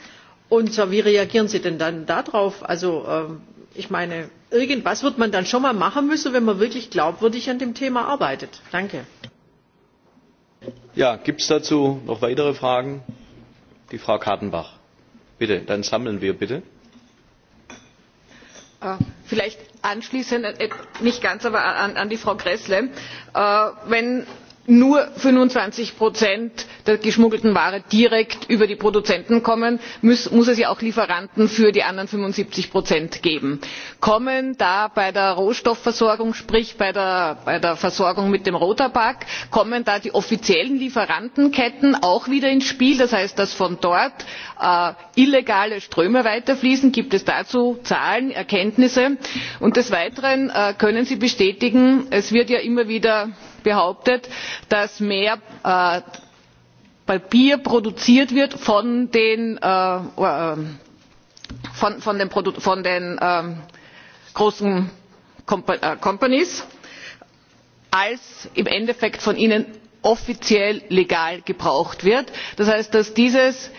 Speaker 4: Und so, wie reagieren Sie denn dann darauf? Also äh, ich meine, irgendwas wird man dann schon mal machen müssen, wenn man wirklich glaubwürdig an dem Thema arbeitet. Danke.
Speaker 1: Ja, gibt es dazu noch weitere Fragen? Die Frau Kadenbach. Bitte, dann sammeln wir bitte.
Speaker 6: Ah, vielleicht anschließend, äh, nicht ganz, aber an, an die Frau Gressle. Äh, wenn nur fünfundzwanzig der geschmuggelten ware direkt über die produzenten kommen muss es ja auch lieferanten für die anderen fünfundsiebzig geben. kommen da bei der rohstoffversorgung sprich bei der versorgung mit dem rohtabak die offiziellen lieferantenketten auch wieder ins spiel das heißt dass von dort äh, illegale ströme weiterfließen? gibt es dazu zahlen erkenntnisse? und des weiteren äh, können sie bestätigen es wird ja immer wieder behauptet dass mehr äh, papier produziert wird von den, äh, äh von, von den, Produ von den äh, großen äh, companies als im endeffekt von ihnen offiziell legal gebraucht wird. das heißt dass dieses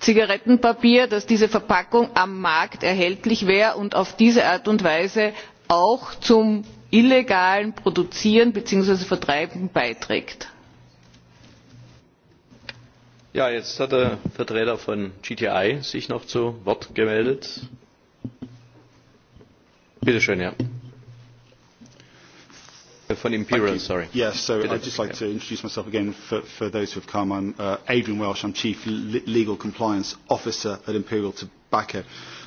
Speaker 6: zigarettenpapier dass diese verpackung am markt erhältlich wäre und auf diese art und weise auch zum illegalen Produzieren bzw. Vertreiben beiträgt.
Speaker 1: Ja, jetzt hat der Vertreter von GTI sich noch zu Wort gemeldet. Bitte schön, ja. Von Imperial, sorry. Yes, so Bitte. I'd just like
Speaker 7: to introduce myself again for, for those who have come. I'm uh, Adrian Welsh. I'm Chief Le Legal Compliance Officer at Imperial Tobacco.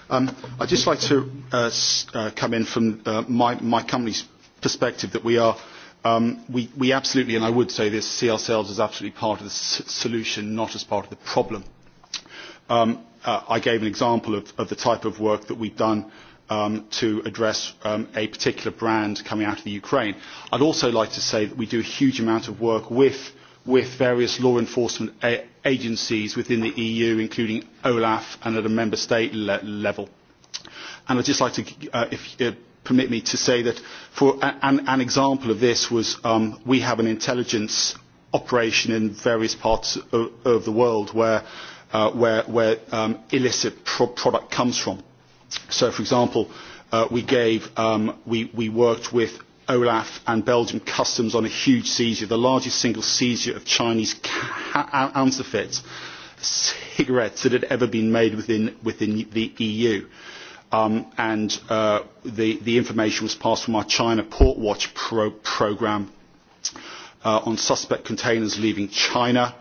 Speaker 7: Um, I'd just like to uh, uh, come in from uh, my, my company's perspective that we are um, we, we absolutely, and I would say this, see ourselves as absolutely part of the s- solution, not as part of the problem. Um, uh, I gave an example of, of the type of work that we've done um, to address um, a particular brand coming out of the Ukraine. I'd also like to say that we do a huge amount of work with, with various law enforcement a- agencies within the EU, including OLAF and at a member state le- level. And I'd just like to, uh, if, uh, permit me to say that for an, an example of this was um, we have an intelligence operation in various parts of, of the world where, uh, where, where um, illicit pro product comes from. So, for example, uh, we, gave, um, we, we worked with Olaf and Belgium Customs on a huge seizure, the largest single seizure of Chinese counterfeit cigarettes that had ever been made within, within the EU um, and uh, the, the information was passed from our China Port Watch pro program uh, on suspect containers leaving China.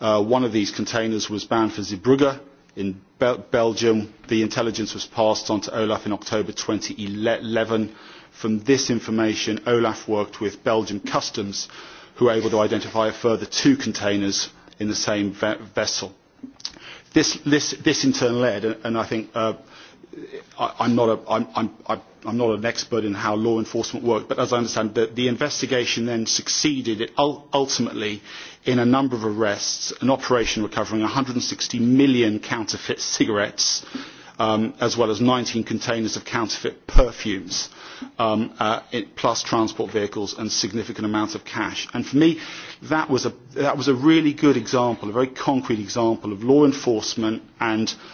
Speaker 7: Uh, one of these containers was bound for Zeebrugge in Bel Belgium. The intelligence was passed on to Olaf in October 2011. From this information, Olaf worked with Belgian customs, who were able to identify a further two containers in the same ve vessel. This, this, this in turn led, and I think uh, I, I'm, not a, I'm, I'm, I'm not an expert in how law enforcement worked, but as I understand, the, the investigation then succeeded it ultimately in a number of arrests, an operation recovering 160 million counterfeit cigarettes, um, as well as 19 containers of counterfeit perfumes, um, uh, it, plus transport vehicles and significant amounts of cash. And for me, that was a, that was a really good example, a very concrete example of law enforcement and uh,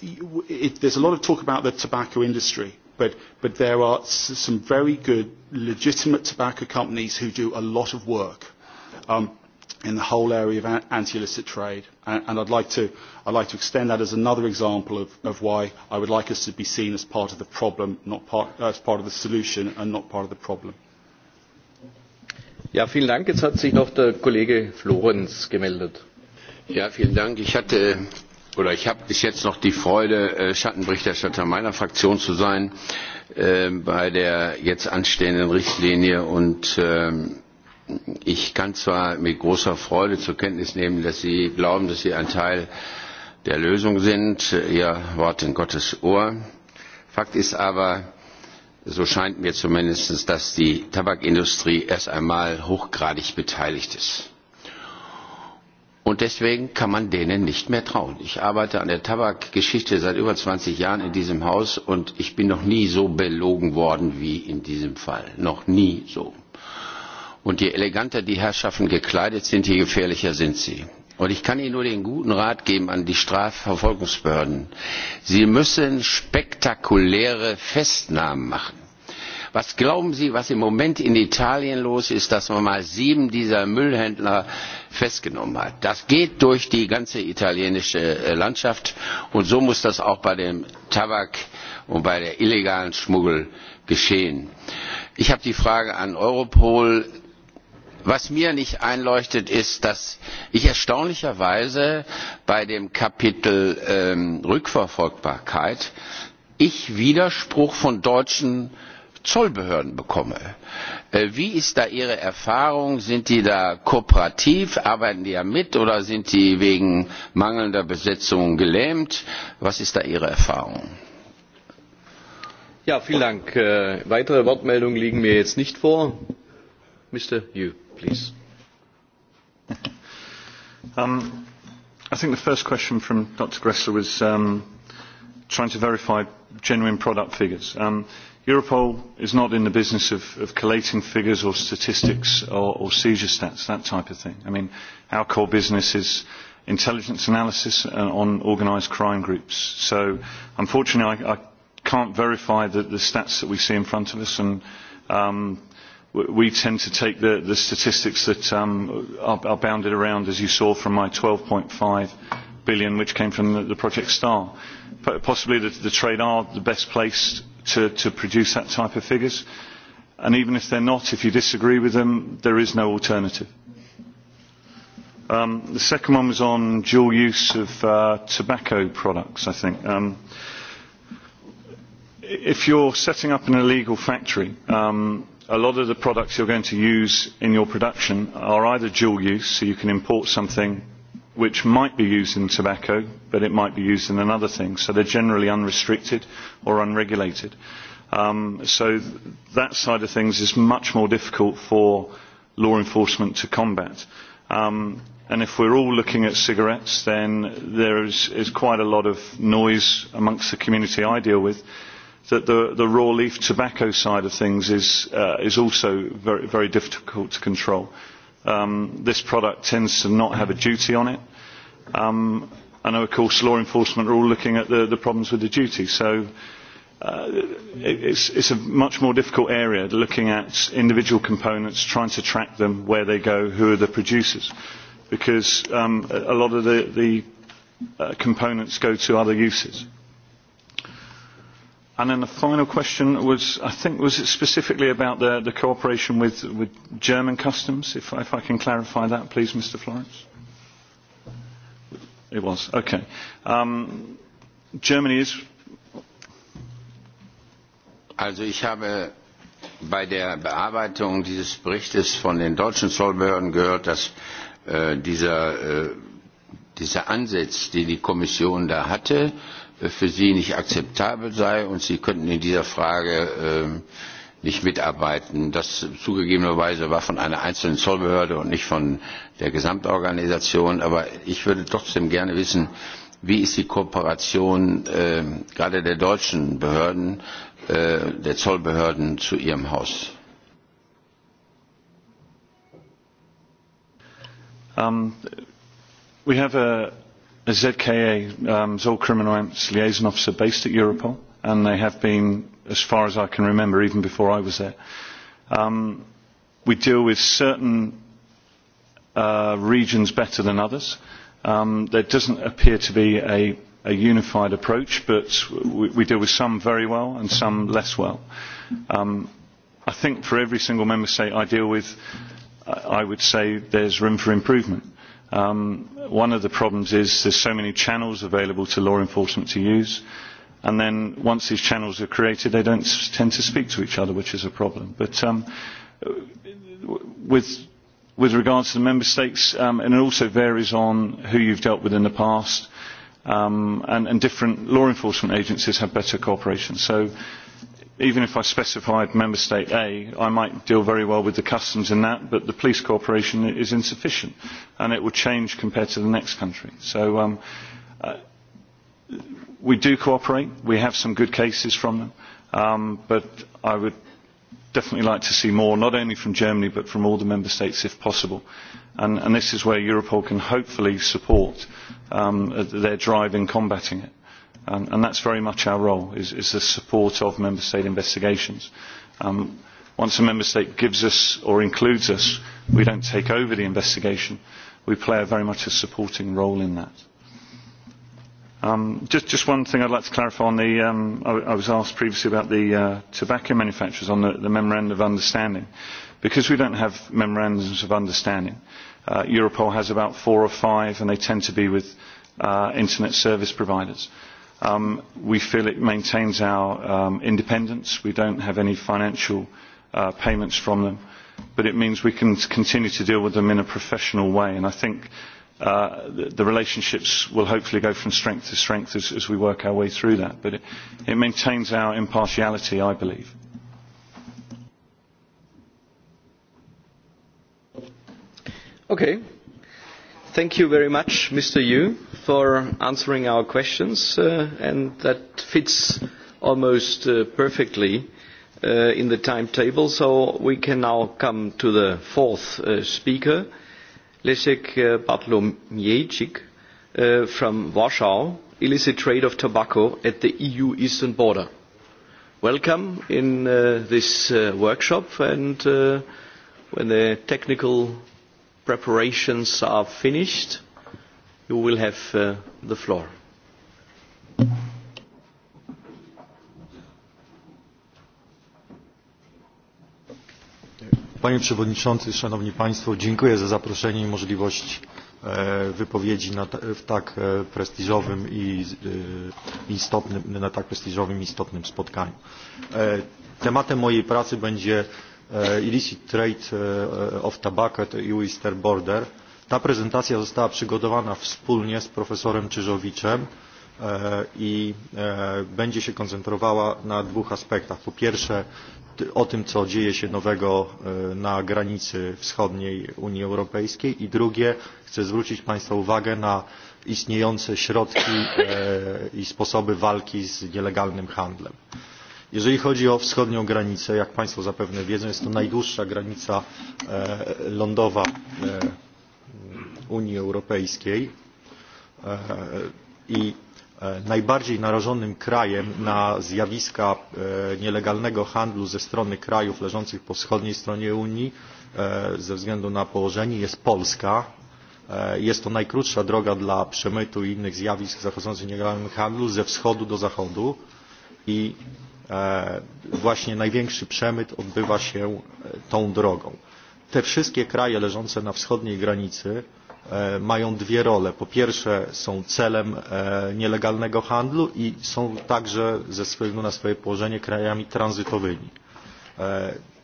Speaker 7: it, there's a lot of talk about the tobacco industry, but, but there are s- some very good, legitimate tobacco companies who do a lot of work um, in the whole area of a- anti-illicit trade. And, and I'd, like to, I'd like to extend that as another example of, of why I would like us to be seen as part of the problem, not part, as part of the
Speaker 9: solution and not part of the problem. Ja, vielen Dank. Jetzt hat sich noch der Kollege Florenz gemeldet. Ja, vielen Dank. Ich hatte oder ich habe bis jetzt noch die Freude, äh, Schattenberichterstatter meiner Fraktion zu sein äh, bei der jetzt anstehenden Richtlinie. Und äh, ich kann zwar mit großer Freude zur Kenntnis nehmen, dass Sie glauben, dass Sie ein Teil der Lösung sind. Ihr Wort in Gottes Ohr. Fakt ist aber, so scheint mir zumindest, dass die Tabakindustrie erst einmal hochgradig beteiligt ist Und deswegen kann man denen nicht mehr trauen. Ich arbeite an der Tabakgeschichte seit über 20 Jahren in diesem Haus und ich bin noch nie so belogen worden wie in diesem Fall. Noch nie so. Und je eleganter die Herrschaften gekleidet sind, je gefährlicher sind sie. Und ich kann Ihnen nur den guten Rat geben an die Strafverfolgungsbehörden. Sie müssen spektakuläre Festnahmen machen Was glauben Sie, was im Moment in Italien los ist, dass man mal sieben dieser Müllhändler festgenommen hat? Das geht durch die ganze italienische äh, Landschaft und so muss das auch bei dem Tabak und bei der illegalen Schmuggel geschehen. Ich habe die Frage an Europol. Was mir nicht einleuchtet, ist, dass ich erstaunlicherweise bei dem Kapitel ähm, Rückverfolgbarkeit ich Widerspruch von deutschen zollbehörden bekomme. Äh, wie ist da Ihre Erfahrung? Sind die da kooperativ? Arbeiten die ja mit oder sind die wegen mangelnder Besetzung gelähmt? Was ist da Ihre Erfahrung?
Speaker 1: Ja, vielen Dank. Äh, weitere Wortmeldungen liegen mir jetzt nicht vor. Mr. Yu, please.
Speaker 8: Um, I think the first question from Dr. Gressler was um, trying to verify genuine product figures. Um, uh, Europol is not in the business of, of collating figures or statistics or, or seizure stats, that type of thing. I mean, our core business is intelligence analysis on organised crime groups. So, unfortunately, I, I can't verify the, the stats that we see in front of us, and um, we tend to take the, the statistics that um, are, are bounded around, as you saw from my 12.5 billion which came from the, the Project Star. P possibly the, the trade are the best place to, to produce that type of figures. And even if they're not, if you disagree with them, there is no alternative. Um, the second one was on dual use of uh, tobacco products, I think. Um, if you're setting up an illegal factory, um, a lot of the products you're going to use in your production are either dual use, so you can import something which might be used in tobacco, but it might be used in another thing. So they're generally unrestricted or unregulated. Um, so th that side of things is much more difficult for law enforcement to combat. Um, and if we're all looking at cigarettes, then there is, is quite a lot of noise amongst the community I deal with that the, the raw leaf tobacco side of things is, uh, is also very, very difficult to control. Uh, um, this product tends to not have a duty on it. Um, I know, of course, law enforcement are all looking at the, the problems with the duty. So uh, it, it's, it's a much more difficult area, looking at individual components, trying to track them, where they go, who are the producers. Because um, a lot of the, the uh, components go to other uses. And then the final question was, I think, was it specifically about the, the cooperation with, with German customs? If, if I can clarify that, please, Mr. Florence. It was, okay. Um, Germany ist.
Speaker 9: Also ich habe bei der Bearbeitung dieses Berichtes von den deutschen Zollbehörden gehört, dass äh, dieser, äh, dieser Ansatz, den die Kommission da hatte, äh, für Sie nicht akzeptabel sei und Sie könnten in dieser Frage ähm, nicht mitarbeiten. Das zugegebenerweise war von einer einzelnen Zollbehörde und nicht von der Gesamtorganisation. Aber ich würde trotzdem gerne wissen, wie ist die Kooperation äh, gerade der deutschen Behörden, äh, der Zollbehörden zu Ihrem Haus?
Speaker 8: Um, we have a ZKA, um, Zol Criminal Amps Liaison Officer based at Europol, and they have been, as far as I can remember, even before I was there. Um, we deal with certain uh, regions better than others. Um, there doesn't appear to be a, a unified approach, but we, we deal with some very well and some less well. Um, I think for every single member state I deal with, I would say there's room for improvement. Um, one of the problems is there's so many channels available to law enforcement to use, and then once these channels are created, they don't tend to speak to each other, which is a problem. But um, with with regards to the member states, um, and it also varies on who you've dealt with in the past, um, and, and different law enforcement agencies have better cooperation. So even if I specified Member State A, I might deal very well with the customs in that, but the police cooperation is insufficient, and it will change compared to the next country. So um, uh, we do cooperate. We have some good cases from them, um, but I would definitely like to see more, not only from Germany, but from all the Member States if possible. And, and this is where Europol can hopefully support um, uh, their drive in combating it Um, and that's very much our role, is, is the support of member state investigations. Um, once a member state gives us or includes us, we don't take over the investigation. We play a very much a supporting role in that. Um, just, just one thing I'd like to clarify on the, um, I, I was asked previously about the uh, tobacco manufacturers on the, the memorandum of understanding. Because we don't have memorandums of understanding, uh, Europol has about four or five and they tend to be with uh, internet service providers. Uh, Um, we feel it maintains our um, independence. We don't have any financial uh, payments from them, but it means we can continue to deal with them in a professional way. And I think uh, the, the relationships will hopefully go from strength to strength as, as we work our way through that. But it, it maintains our impartiality, I believe. Okay.
Speaker 1: Thank you very much, Mr. Yu, for answering our questions, uh, and that fits almost uh, perfectly uh, in the timetable. So we can now come to the fourth uh, speaker, Leszek uh, Bartłomiejczyk uh, from Warsaw, illicit trade of tobacco at the EU eastern border. Welcome in uh, this uh, workshop, and uh, when the technical preparations are finished, you will have uh, the floor.
Speaker 10: Panie Przewodniczący, Szanowni Państwo, dziękuję za zaproszenie i możliwość e, wypowiedzi na, w tak e, prestiżowym i e, istotnym, na tak prestiżowym i istotnym spotkaniu. Tematem mojej pracy będzie e, illicit trade e, e of tobacco at EU eastern border. Ta prezentacja została przygotowana wspólnie z profesorem Czyżowiczem e, i e, będzie się koncentrowała na dwóch aspektach. Po pierwsze o tym, co dzieje się nowego e, na granicy wschodniej Unii Europejskiej i drugie chcę zwrócić Państwa uwagę na istniejące środki i sposoby walki z nielegalnym handlem. Jeżeli chodzi o wschodnią granicę, jak Państwo zapewne wiedzą, jest to najdłuższa granica e, lądowa e, Unii Europejskiej e, i e, najbardziej narażonym krajem na zjawiska e, nielegalnego handlu ze strony krajów leżących po wschodniej stronie Unii e, ze względu na położenie jest Polska. Jest to najkrótsza droga dla przemytu i innych zjawisk zachodzących w nielegalnym handlu ze wschodu do zachodu i E, właśnie największy przemyt odbywa się e, tą drogą. Te wszystkie kraje leżące na wschodniej granicy e, mają dwie role. Po pierwsze są celem nielegalnego handlu i są także ze względu na swoje położenie krajami tranzytowymi.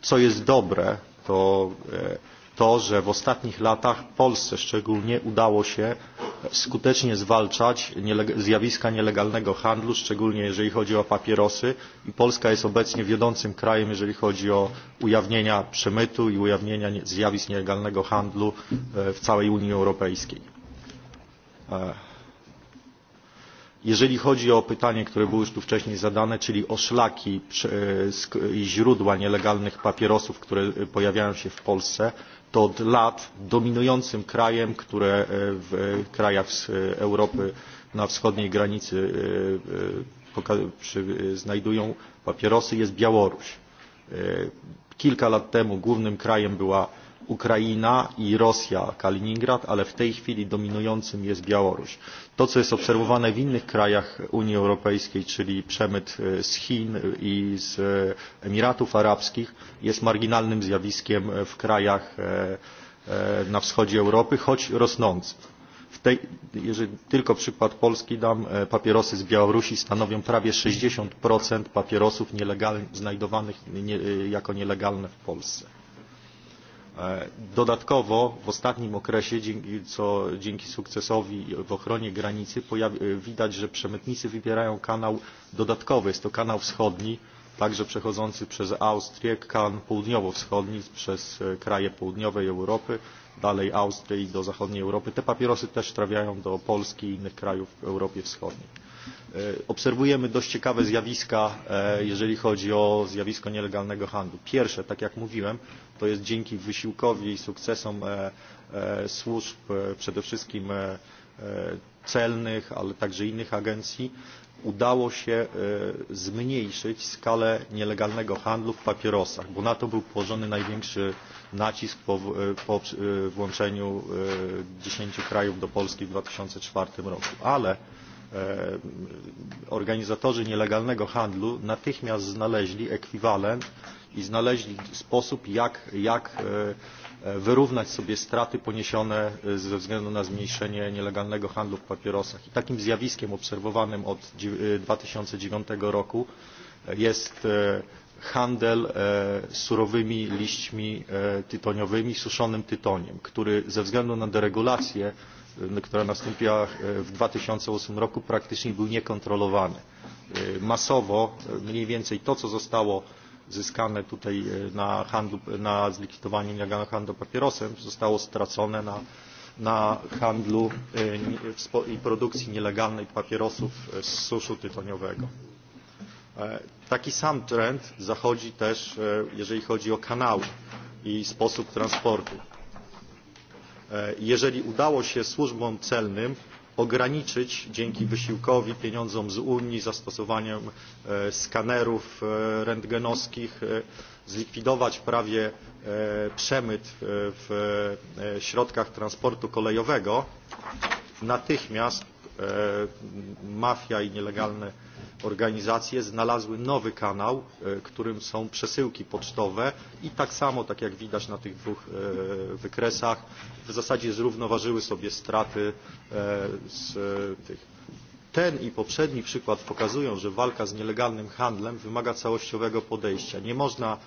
Speaker 10: Co jest dobre, to to że w ostatnich latach polsce szczególnie udało się skutecznie zwalczać zjawiska nielegalnego handlu szczególnie jeżeli chodzi o papierosy i polska jest obecnie wiodącym krajem jeżeli chodzi o ujawnienia przemytu i ujawnienia zjawisk nielegalnego handlu e, w całej unii europejskiej. E, jeżeli chodzi o pytanie które było już tu wcześniej zadane czyli o szlaki e, i źródła nielegalnych papierosów które pojawiają się w polsce to od lat dominującym krajem które e, w krajach e, europy na wschodniej granicy e, znajdują papierosy jest białoruś. kilka lat temu głównym krajem była Ukraina i Rosja, Kaliningrad, ale w tej chwili dominującym jest Białoruś. To, co jest obserwowane w innych krajach Unii Europejskiej, czyli przemyt e, z Chin i z e, Emiratów Arabskich, jest marginalnym zjawiskiem e, w krajach na wschodzie Europy, choć rosnącym. W tej, jeżeli tylko przykład Polski dam, papierosy z Białorusi stanowią prawie 60% papierosów nielegal, znajdowanych nie, jako nielegalne w Polsce. E, dodatkowo w ostatnim okresie, dzięki, co dzięki sukcesowi w ochronie granicy, pojawi, e, widać, że przemytnicy wybierają kanał dodatkowy. Jest to kanał wschodni, także przechodzący przez Austrię, kan południowo-wschodni, przez e, kraje południowej Europy, dalej Austrii do zachodniej Europy. Te papierosy też trafiają do Polski i innych krajów w Europie Wschodniej E, obserwujemy dość ciekawe zjawiska e, jeżeli chodzi o zjawisko nielegalnego handlu. pierwsze tak jak mówiłem to jest dzięki wysiłkowi i sukcesom e, służb przede wszystkim celnych ale także innych agencji udało się zmniejszyć skalę nielegalnego handlu w papierosach bo na to był położony największy nacisk po, po włączeniu dziesięciu krajów do polski w dwa tysiące cztery roku ale E, organizatorzy nielegalnego handlu natychmiast znaleźli ekwiwalent i znaleźli sposób jak, jak e, e, wyrównać sobie straty poniesione ze względu na zmniejszenie nielegalnego handlu w papierosach. I takim zjawiskiem obserwowanym od 2009 roku jest handel surowymi liśćmi tytoniowymi, suszonym tytoniem, który ze względu na deregulację E, która nastąpiła e, w dwa tysiące osiem roku praktycznie był niekontrolowany. E, masowo mniej więcej to co zostało zyskane tutaj na, handlu, na zlikwidowaniu nielegalnego handlu papierosem zostało stracone na, na handlu i produkcji nielegalnej papierosów z suszu tytoniowego. Taki sam trend zachodzi też, jeżeli chodzi o kanały i sposób transportu E, jeżeli udało się służbom celnym ograniczyć dzięki wysiłkowi, pieniądzom z Unii, zastosowaniem skanerów e, rentgenowskich, e, zlikwidować prawie przemyt w środkach transportu kolejowego, natychmiast E, mafia i nielegalne organizacje znalazły nowy kanał, e, którym są przesyłki pocztowe i tak samo, tak jak widać na tych dwóch e, wykresach, w zasadzie zrównoważyły sobie straty z tych ten i poprzedni przykład pokazują, że walka z nielegalnym handlem wymaga całościowego podejścia. Nie można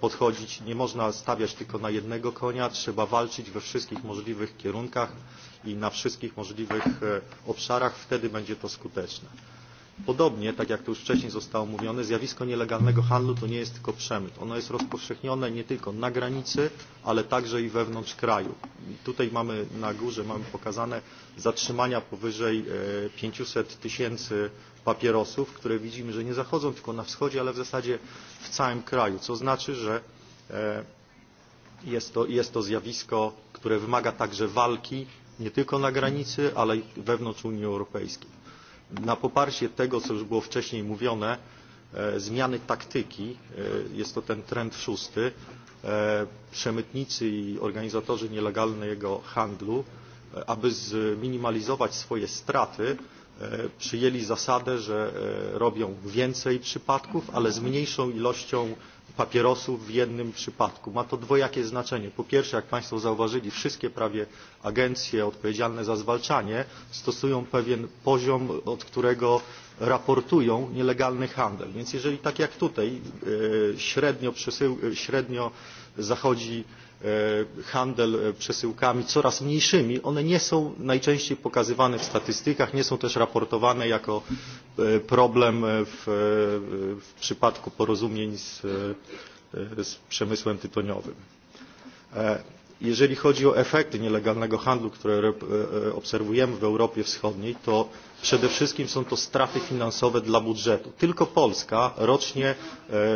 Speaker 10: podchodzić, nie można stawiać tylko na jednego konia, trzeba walczyć we wszystkich możliwych kierunkach i na wszystkich możliwych e, obszarach, wtedy będzie to skuteczne. Podobnie, tak jak to już wcześniej zostało mówione, zjawisko nielegalnego handlu to nie jest tylko przemyt. Ono jest rozpowszechnione nie tylko na granicy, ale także i wewnątrz kraju. I tutaj mamy na górze mamy pokazane zatrzymania powyżej 500 e, tysięcy papierosów, które widzimy, że nie zachodzą tylko na wschodzie, ale w zasadzie w całym kraju, co znaczy, że e, jest to, jest to zjawisko, które wymaga także walki nie tylko na granicy, ale i wewnątrz Unii Europejskiej. Na poparcie tego, co już było wcześniej mówione, e, zmiany taktyki, e, jest to ten trend szósty, e, przemytnicy i organizatorzy nielegalnego handlu, aby zminimalizować swoje straty, przyjęli zasadę, że robią więcej przypadków, ale z mniejszą ilością papierosów w jednym przypadku. Ma to dwojakie znaczenie. Po pierwsze, jak Państwo zauważyli, wszystkie prawie agencje odpowiedzialne za zwalczanie stosują pewien poziom, od którego raportują nielegalny handel. Więc jeżeli tak jak tutaj e, średnio, przesył, e, średnio zachodzi E, handel e, przesyłkami coraz mniejszymi one nie są najczęściej pokazywane w statystykach nie są też raportowane jako e, problem w, w przypadku porozumień z, z przemysłem tytoniowym. Jeżeli chodzi o efekty nielegalnego handlu, które obserwujemy w Europie Wschodniej, to przede wszystkim są to straty finansowe dla budżetu. Tylko Polska rocznie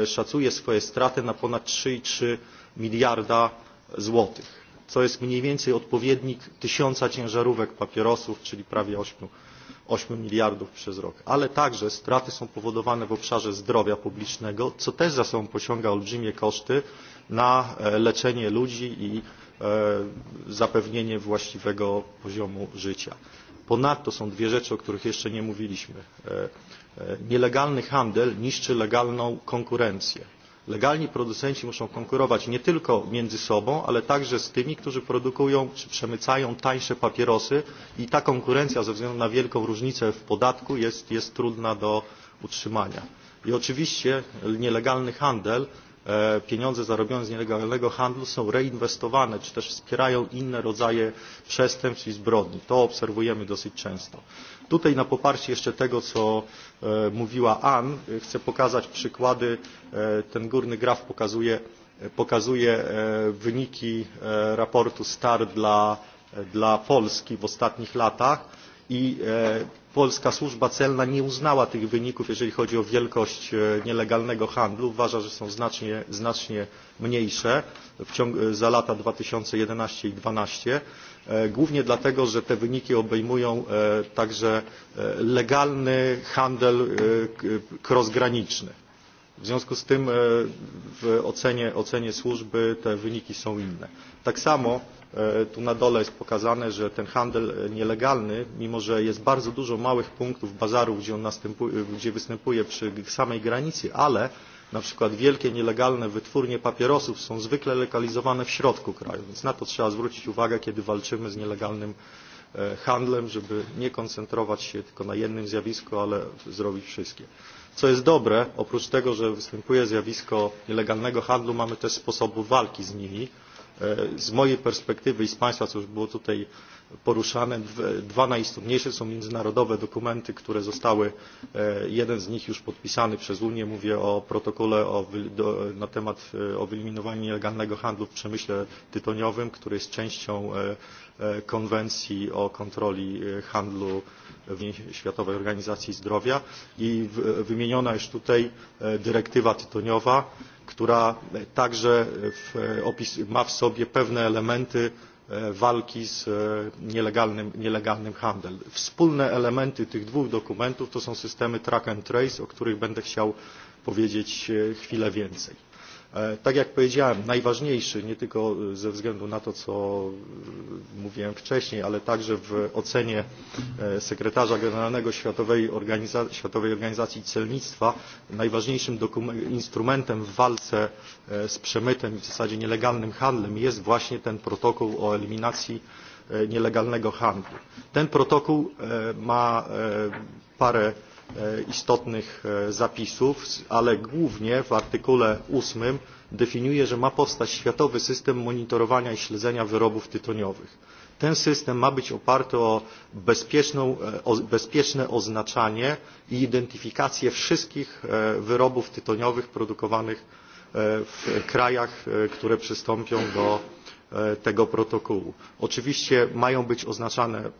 Speaker 10: szacuje swoje straty na ponad 3,3 miliarda złotych co jest mniej więcej odpowiednik tysiąca ciężarówek papierosów czyli prawie osiem miliardów przez rok ale także straty są powodowane w obszarze zdrowia publicznego co też za sobą pociąga olbrzymie koszty na e, leczenie ludzi i e, zapewnienie właściwego poziomu życia. ponadto są dwie rzeczy o których jeszcze nie mówiliśmy e, nielegalny handel niszczy legalną konkurencję legalni producenci muszą konkurować nie tylko między sobą ale także z tymi którzy produkują czy przemycają tańsze papierosy i ta konkurencja ze względu na wielką różnicę w podatku jest, jest trudna do utrzymania. i oczywiście nielegalny handel e, pieniądze zarobione z nielegalnego handlu są reinwestowane czy też wspierają inne rodzaje przestępstw i zbrodni to obserwujemy dosyć często. Tutaj na poparcie jeszcze tego, co e, mówiła Ann, chcę pokazać przykłady. E, ten górny graf pokazuje, pokazuje e, wyniki e, raportu STAR dla, dla Polski w ostatnich latach i e, polska służba celna nie uznała tych wyników, jeżeli chodzi o wielkość e, nielegalnego handlu. Uważa, że są znacznie, znacznie mniejsze w ciągu, za lata 2011 i 2012 E, głównie dlatego że te wyniki obejmują e, także e, legalny handel crossgraniczny. w związku z tym w ocenie, ocenie służby te wyniki są inne. tak samo tu na dole jest pokazane że ten handel nielegalny mimo że jest bardzo dużo małych punktów bazarów gdzie, on następuje, gdzie występuje przy samej granicy ale na przykład wielkie nielegalne wytwórnie papierosów są zwykle lokalizowane w środku kraju, więc na to trzeba zwrócić uwagę, kiedy walczymy z nielegalnym e, handlem, żeby nie koncentrować się tylko na jednym zjawisku, ale zrobić wszystkie. Co jest dobre, oprócz tego, że występuje zjawisko nielegalnego handlu, mamy też sposoby walki z nimi. E, z mojej perspektywy i z Państwa, co już było tutaj poruszane. Dwa najistotniejsze są międzynarodowe dokumenty, które zostały, e, jeden z nich już podpisany przez Unię, mówię o protokole o, do, na temat e, o wyeliminowaniu nielegalnego handlu w przemyśle tytoniowym, który jest częścią e, konwencji o kontroli handlu w Światowej Organizacji Zdrowia i wymieniona już tutaj dyrektywa tytoniowa, która także w, opis, ma w sobie pewne elementy E, walki z e, nielegalnym, nielegalnym handlem. Wspólne elementy tych dwóch dokumentów to są systemy track and trace, o których będę chciał powiedzieć e, chwilę więcej E, tak jak powiedziałem najważniejszy nie tylko e, ze względu na to co e, mówiłem wcześniej ale także w ocenie sekretarza generalnego światowej organizacji, światowej organizacji celnictwa najważniejszym instrumentem w walce z przemytem i w zasadzie nielegalnym handlem jest właśnie ten protokół o eliminacji nielegalnego handlu. ten protokół ma parę E, istotnych e, zapisów, ale głównie w artykule 8 definiuje, że ma powstać światowy system monitorowania i śledzenia wyrobów tytoniowych. Ten system ma być oparty o, bezpieczną, e, o bezpieczne oznaczanie i identyfikację wszystkich wyrobów tytoniowych produkowanych w krajach, które przystąpią do E, tego protokołu. Oczywiście mają być oznaczane e,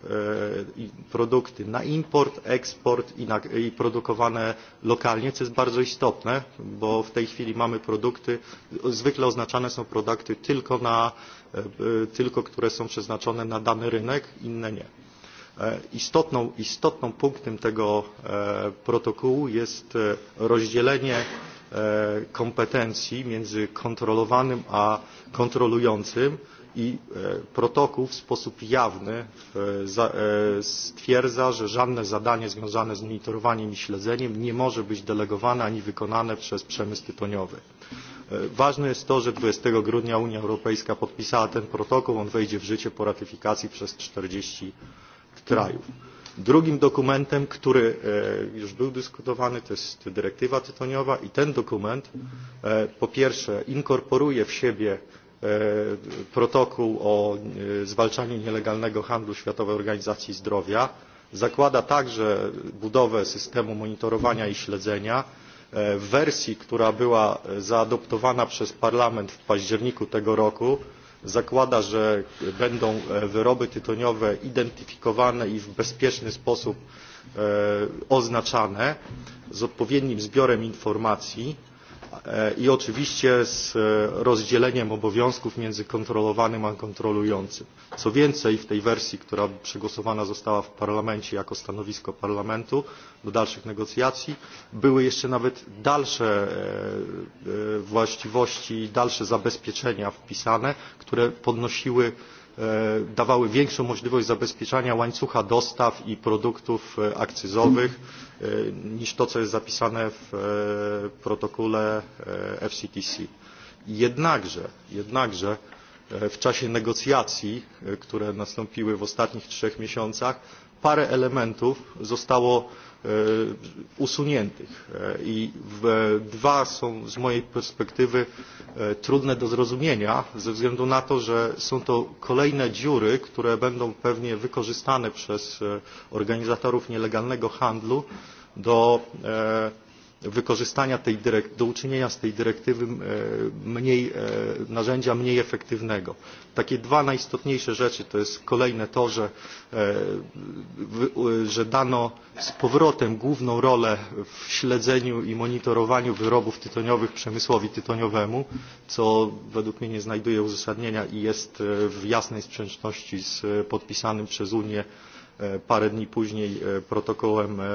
Speaker 10: produkty na import, eksport i, na, i produkowane lokalnie, co jest bardzo istotne, bo w tej chwili mamy produkty, zwykle oznaczane są produkty tylko, na, e, tylko które są przeznaczone na dany rynek, inne nie. Istotną, istotną punktem tego protokołu jest rozdzielenie E, kompetencji między kontrolowanym a kontrolującym i e, protokół w sposób jawny e, stwierdza że żadne zadanie związane z monitorowaniem i śledzeniem nie może być delegowane ani wykonane przez przemysł tytoniowy. ważne jest to że dwadzieścia grudnia unia europejska podpisała ten protokół on wejdzie w życie po ratyfikacji przez czterdzieści krajów Drugim dokumentem, który e, już był dyskutowany, to jest dyrektywa tytoniowa i ten dokument e, po pierwsze inkorporuje w siebie e, protokół o zwalczaniu nielegalnego handlu Światowej Organizacji Zdrowia, zakłada także budowę systemu monitorowania i śledzenia. W wersji, która była zaadoptowana przez Parlament w październiku tego roku, zakłada że będą e, wyroby tytoniowe identyfikowane i w bezpieczny sposób e, oznaczane z odpowiednim zbiorem informacji E, i oczywiście z e, rozdzieleniem obowiązków między kontrolowanym a kontrolującym. co więcej w tej wersji która przegłosowana została w parlamencie jako stanowisko parlamentu do dalszych negocjacji były jeszcze nawet dalsze e, właściwości dalsze zabezpieczenia wpisane które podnosiły E, dawały większą możliwość zabezpieczania łańcucha dostaw i produktów e, akcyzowych e, niż to, co jest zapisane w protokole FCTC. Jednakże, jednakże w czasie negocjacji, które nastąpiły w ostatnich trzech miesiącach, parę elementów zostało e, usuniętych e, i dwa są z mojej perspektywy e, trudne do zrozumienia ze względu na to że są to kolejne dziury które będą pewnie wykorzystane przez organizatorów nielegalnego handlu do wykorzystania tej do uczynienia z tej dyrektywy e, mniej, e, narzędzia mniej efektywnego. Takie dwa najistotniejsze rzeczy to jest kolejne to, że, e, że dano z powrotem główną rolę w śledzeniu i monitorowaniu wyrobów tytoniowych przemysłowi tytoniowemu, co według mnie nie znajduje uzasadnienia i jest w jasnej sprzeczności z podpisanym przez Unię E, parę dni później e, protokołem e,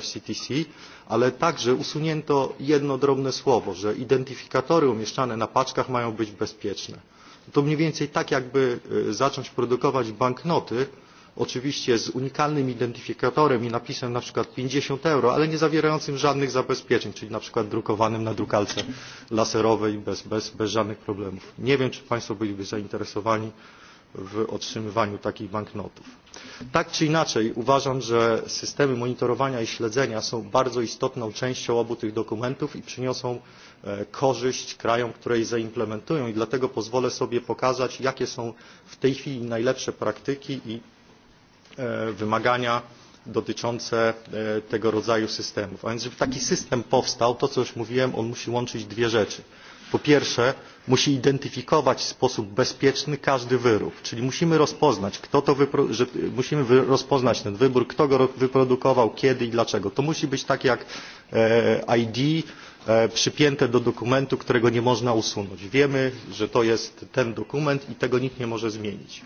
Speaker 10: FCTC, ale także usunięto jedno drobne słowo, że identyfikatory umieszczane na paczkach mają być bezpieczne. To mniej więcej tak, jakby zacząć produkować banknoty, oczywiście z unikalnym identyfikatorem i napisem na przykład 50 euro, ale nie zawierającym żadnych zabezpieczeń, czyli na przykład drukowanym na drukalce laserowej bez, bez, bez żadnych problemów. Nie wiem, czy Państwo byliby zainteresowani w otrzymywaniu takich banknotów. Tak czy inaczej uważam, że systemy monitorowania i śledzenia są bardzo istotną częścią obu tych dokumentów i przyniosą e, korzyść krajom, które je zaimplementują i dlatego pozwolę sobie pokazać, jakie są w tej chwili najlepsze praktyki i e, wymagania dotyczące e, tego rodzaju systemów. A więc, żeby taki system powstał, to co już mówiłem, on musi łączyć dwie rzeczy po pierwsze musi identyfikować w sposób bezpieczny każdy wyrób czyli musimy rozpoznać, kto to że musimy rozpoznać ten wybór kto go wyprodukował kiedy i dlaczego to musi być tak jak e, id e, przypięte do dokumentu którego nie można usunąć wiemy że to jest ten dokument i tego nikt nie może zmienić.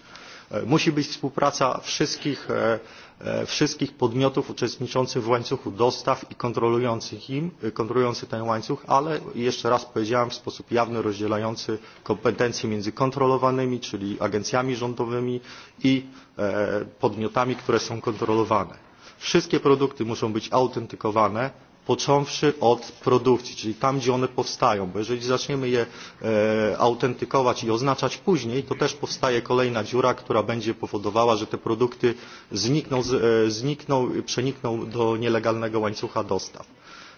Speaker 10: E, musi być współpraca wszystkich e, E, wszystkich podmiotów uczestniczących w łańcuchu dostaw i kontrolujących, im, e, kontrolujących ten łańcuch, ale jeszcze raz powiedziałem w sposób jawny rozdzielający kompetencje między kontrolowanymi, czyli agencjami rządowymi i e, podmiotami, które są kontrolowane. Wszystkie produkty muszą być autentykowane, począwszy od produkcji czyli tam gdzie one powstają bo jeżeli zaczniemy je e, autentykować i oznaczać później to też powstaje kolejna dziura która będzie powodowała że te produkty znikną, e, znikną przenikną do nielegalnego łańcucha dostaw.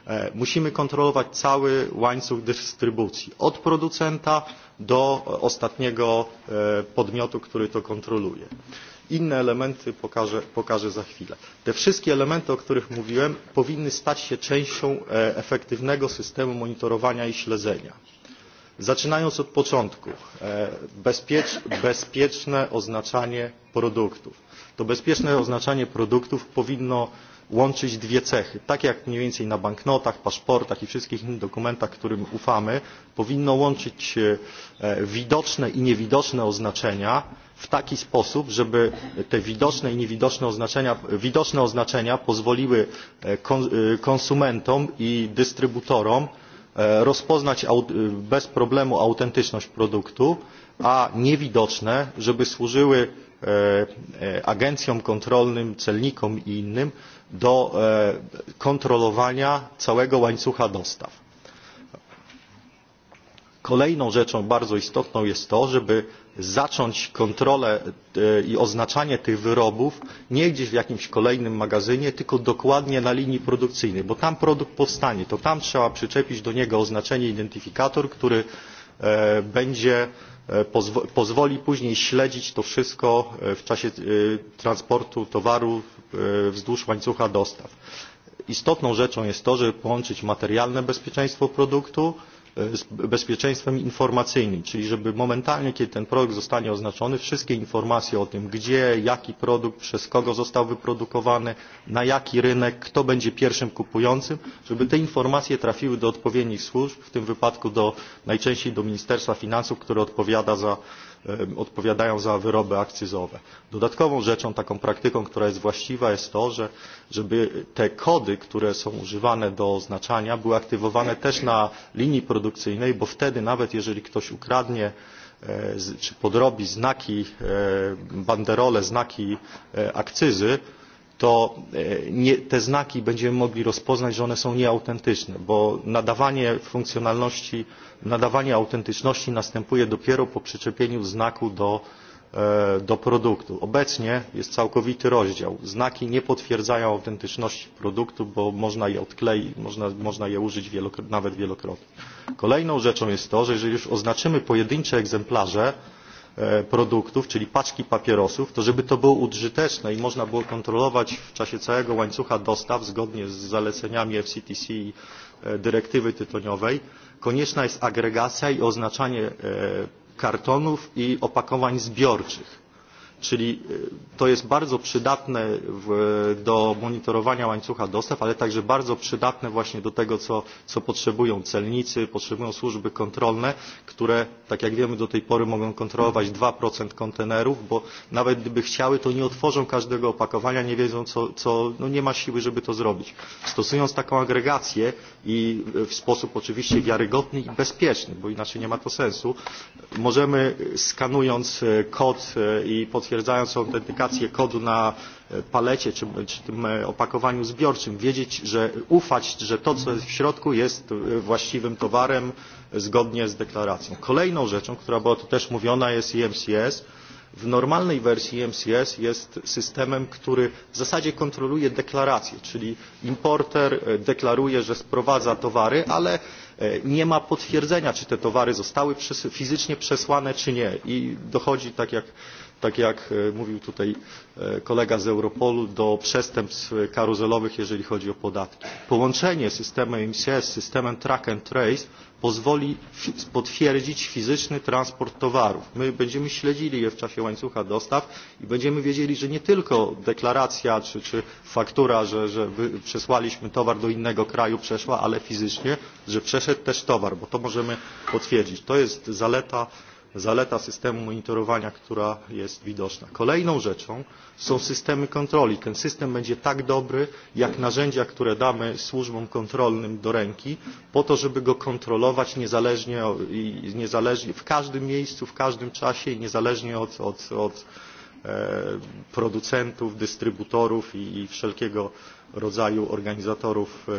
Speaker 10: E, musimy kontrolować cały łańcuch dystrybucji od producenta do ostatniego e, podmiotu który to kontroluje Inne elementy pokażę, pokażę za chwilę. Te wszystkie elementy, o których mówiłem, powinny stać się częścią e, efektywnego systemu monitorowania i śledzenia. Zaczynając od początku, e, bezpiecz, bezpieczne oznaczanie produktów. To bezpieczne oznaczanie produktów powinno łączyć dwie cechy tak jak mniej więcej na banknotach paszportach i wszystkich innych dokumentach którym ufamy powinno łączyć e, widoczne i niewidoczne oznaczenia w taki sposób żeby te widoczne i niewidoczne oznaczenia widoczne oznaczenia pozwoliły e, e, konsumentom i dystrybutorom rozpoznać bez problemu autentyczność produktu a niewidoczne żeby służyły E, e, agencjom kontrolnym celnikom i innym do e, kontrolowania całego łańcucha dostaw. kolejną rzeczą bardzo istotną jest to żeby zacząć kontrolę i oznaczanie tych wyrobów nie gdzieś w jakimś kolejnym magazynie tylko dokładnie na linii produkcyjnej bo tam produkt powstanie to tam trzeba przyczepić do niego oznaczenie identyfikator który będzie E, pozw pozwoli później śledzić to wszystko e, w czasie e, transportu towaru wzdłuż łańcucha dostaw. istotną rzeczą jest to żeby połączyć materialne bezpieczeństwo produktu E, z bezpieczeństwem informacyjnym czyli żeby momentalnie kiedy ten produkt zostanie oznaczony wszystkie informacje o tym gdzie jaki produkt przez kogo został wyprodukowany na jaki rynek kto będzie pierwszym kupującym żeby te informacje trafiły do odpowiednich służb w tym wypadku do najczęściej do ministerstwa finansów które odpowiada za odpowiadają za wyroby akcyzowe. Dodatkową rzeczą, taką praktyką, która jest właściwa jest to, że, żeby te kody, które są używane do oznaczania były aktywowane też na linii produkcyjnej, bo wtedy nawet jeżeli ktoś ukradnie e, czy podrobi znaki, e, banderole, znaki e, akcyzy, to e, nie, te znaki będziemy mogli rozpoznać że one są nieautentyczne bo nadawanie funkcjonalności nadawanie autentyczności następuje dopiero po przyczepieniu znaku do, e, do produktu. obecnie jest całkowity rozdział znaki nie potwierdzają autentyczności produktu bo można je odkleić można, można je użyć wielokrotnie, nawet wielokrotnie. kolejną rzeczą jest to że jeżeli już oznaczymy pojedyncze egzemplarze E, produktów czyli paczki papierosów to żeby to było użyteczne i można było kontrolować w czasie całego łańcucha dostaw zgodnie z zaleceniami fctc i e, dyrektywy tytoniowej konieczna jest agregacja i oznaczanie e, kartonów i opakowań zbiorczych Czyli e, to jest bardzo przydatne w, do monitorowania łańcucha dostaw, ale także bardzo przydatne właśnie do tego, co, co potrzebują celnicy, potrzebują służby kontrolne, które, tak jak wiemy, do tej pory mogą kontrolować 2% kontenerów, bo nawet gdyby chciały, to nie otworzą każdego opakowania, nie wiedzą, co, co no nie ma siły, żeby to zrobić. Stosując taką agregację i w sposób oczywiście wiarygodny i bezpieczny, bo inaczej nie ma to sensu, możemy skanując e, kod e, i potwierdzając, potwierdzając autentykację kodu na e, palecie czy, czy tym e, opakowaniu zbiorczym wiedzieć że ufać że to co jest w środku jest e, właściwym towarem zgodnie z deklaracją. kolejną rzeczą która była tu też mówiona jest emcs w normalnej wersji mcs jest systemem który w zasadzie kontroluje deklaracje czyli importer deklaruje że sprowadza towary ale nie ma potwierdzenia czy te towary zostały fizycznie przesłane czy nie i dochodzi tak jak tak jak e, mówił tutaj e, kolega z europolu do przestępstw karuzelowych jeżeli chodzi o podatki. połączenie systemu mcs z systemem track and trace pozwoli potwierdzić fizyczny transport towarów. my będziemy śledzili je w czasie łańcucha dostaw i będziemy wiedzieli że nie tylko deklaracja czy, czy faktura że, że przesłaliśmy towar do innego kraju przeszła ale fizycznie że przeszedł też towar bo to możemy potwierdzić. to jest zaleta zaleta systemu monitorowania która jest widoczna. kolejną rzeczą są systemy kontroli. ten system będzie tak dobry jak narzędzia które damy służbom kontrolnym do ręki po to żeby go kontrolować niezależnie, niezależnie w każdym miejscu w każdym czasie i niezależnie od, od, od e, producentów dystrybutorów i, i wszelkiego rodzaju organizatorów e,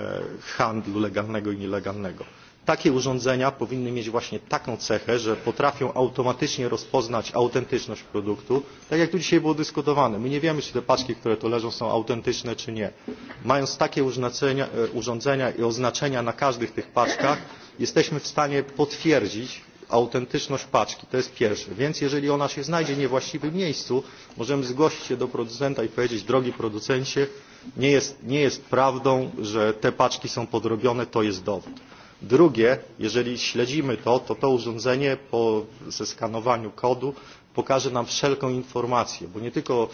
Speaker 10: e, handlu legalnego i nielegalnego takie urządzenia powinny mieć właśnie taką cechę że potrafią automatycznie rozpoznać autentyczność produktu tak jak tu dzisiaj było dyskutowane my nie wiemy czy te paczki które tu leżą są autentyczne czy nie. mając takie e, urządzenia i oznaczenia na każdych tych paczkach jesteśmy w stanie potwierdzić autentyczność paczki to jest pierwsze więc jeżeli ona się znajdzie w niewłaściwym miejscu możemy zgłosić się do producenta i powiedzieć drogi producencie nie jest, nie jest prawdą że te paczki są podrobione to jest dowód drugie jeżeli śledzimy to to to urządzenie po zeskanowaniu kodu pokaże nam wszelką informację bo nie tylko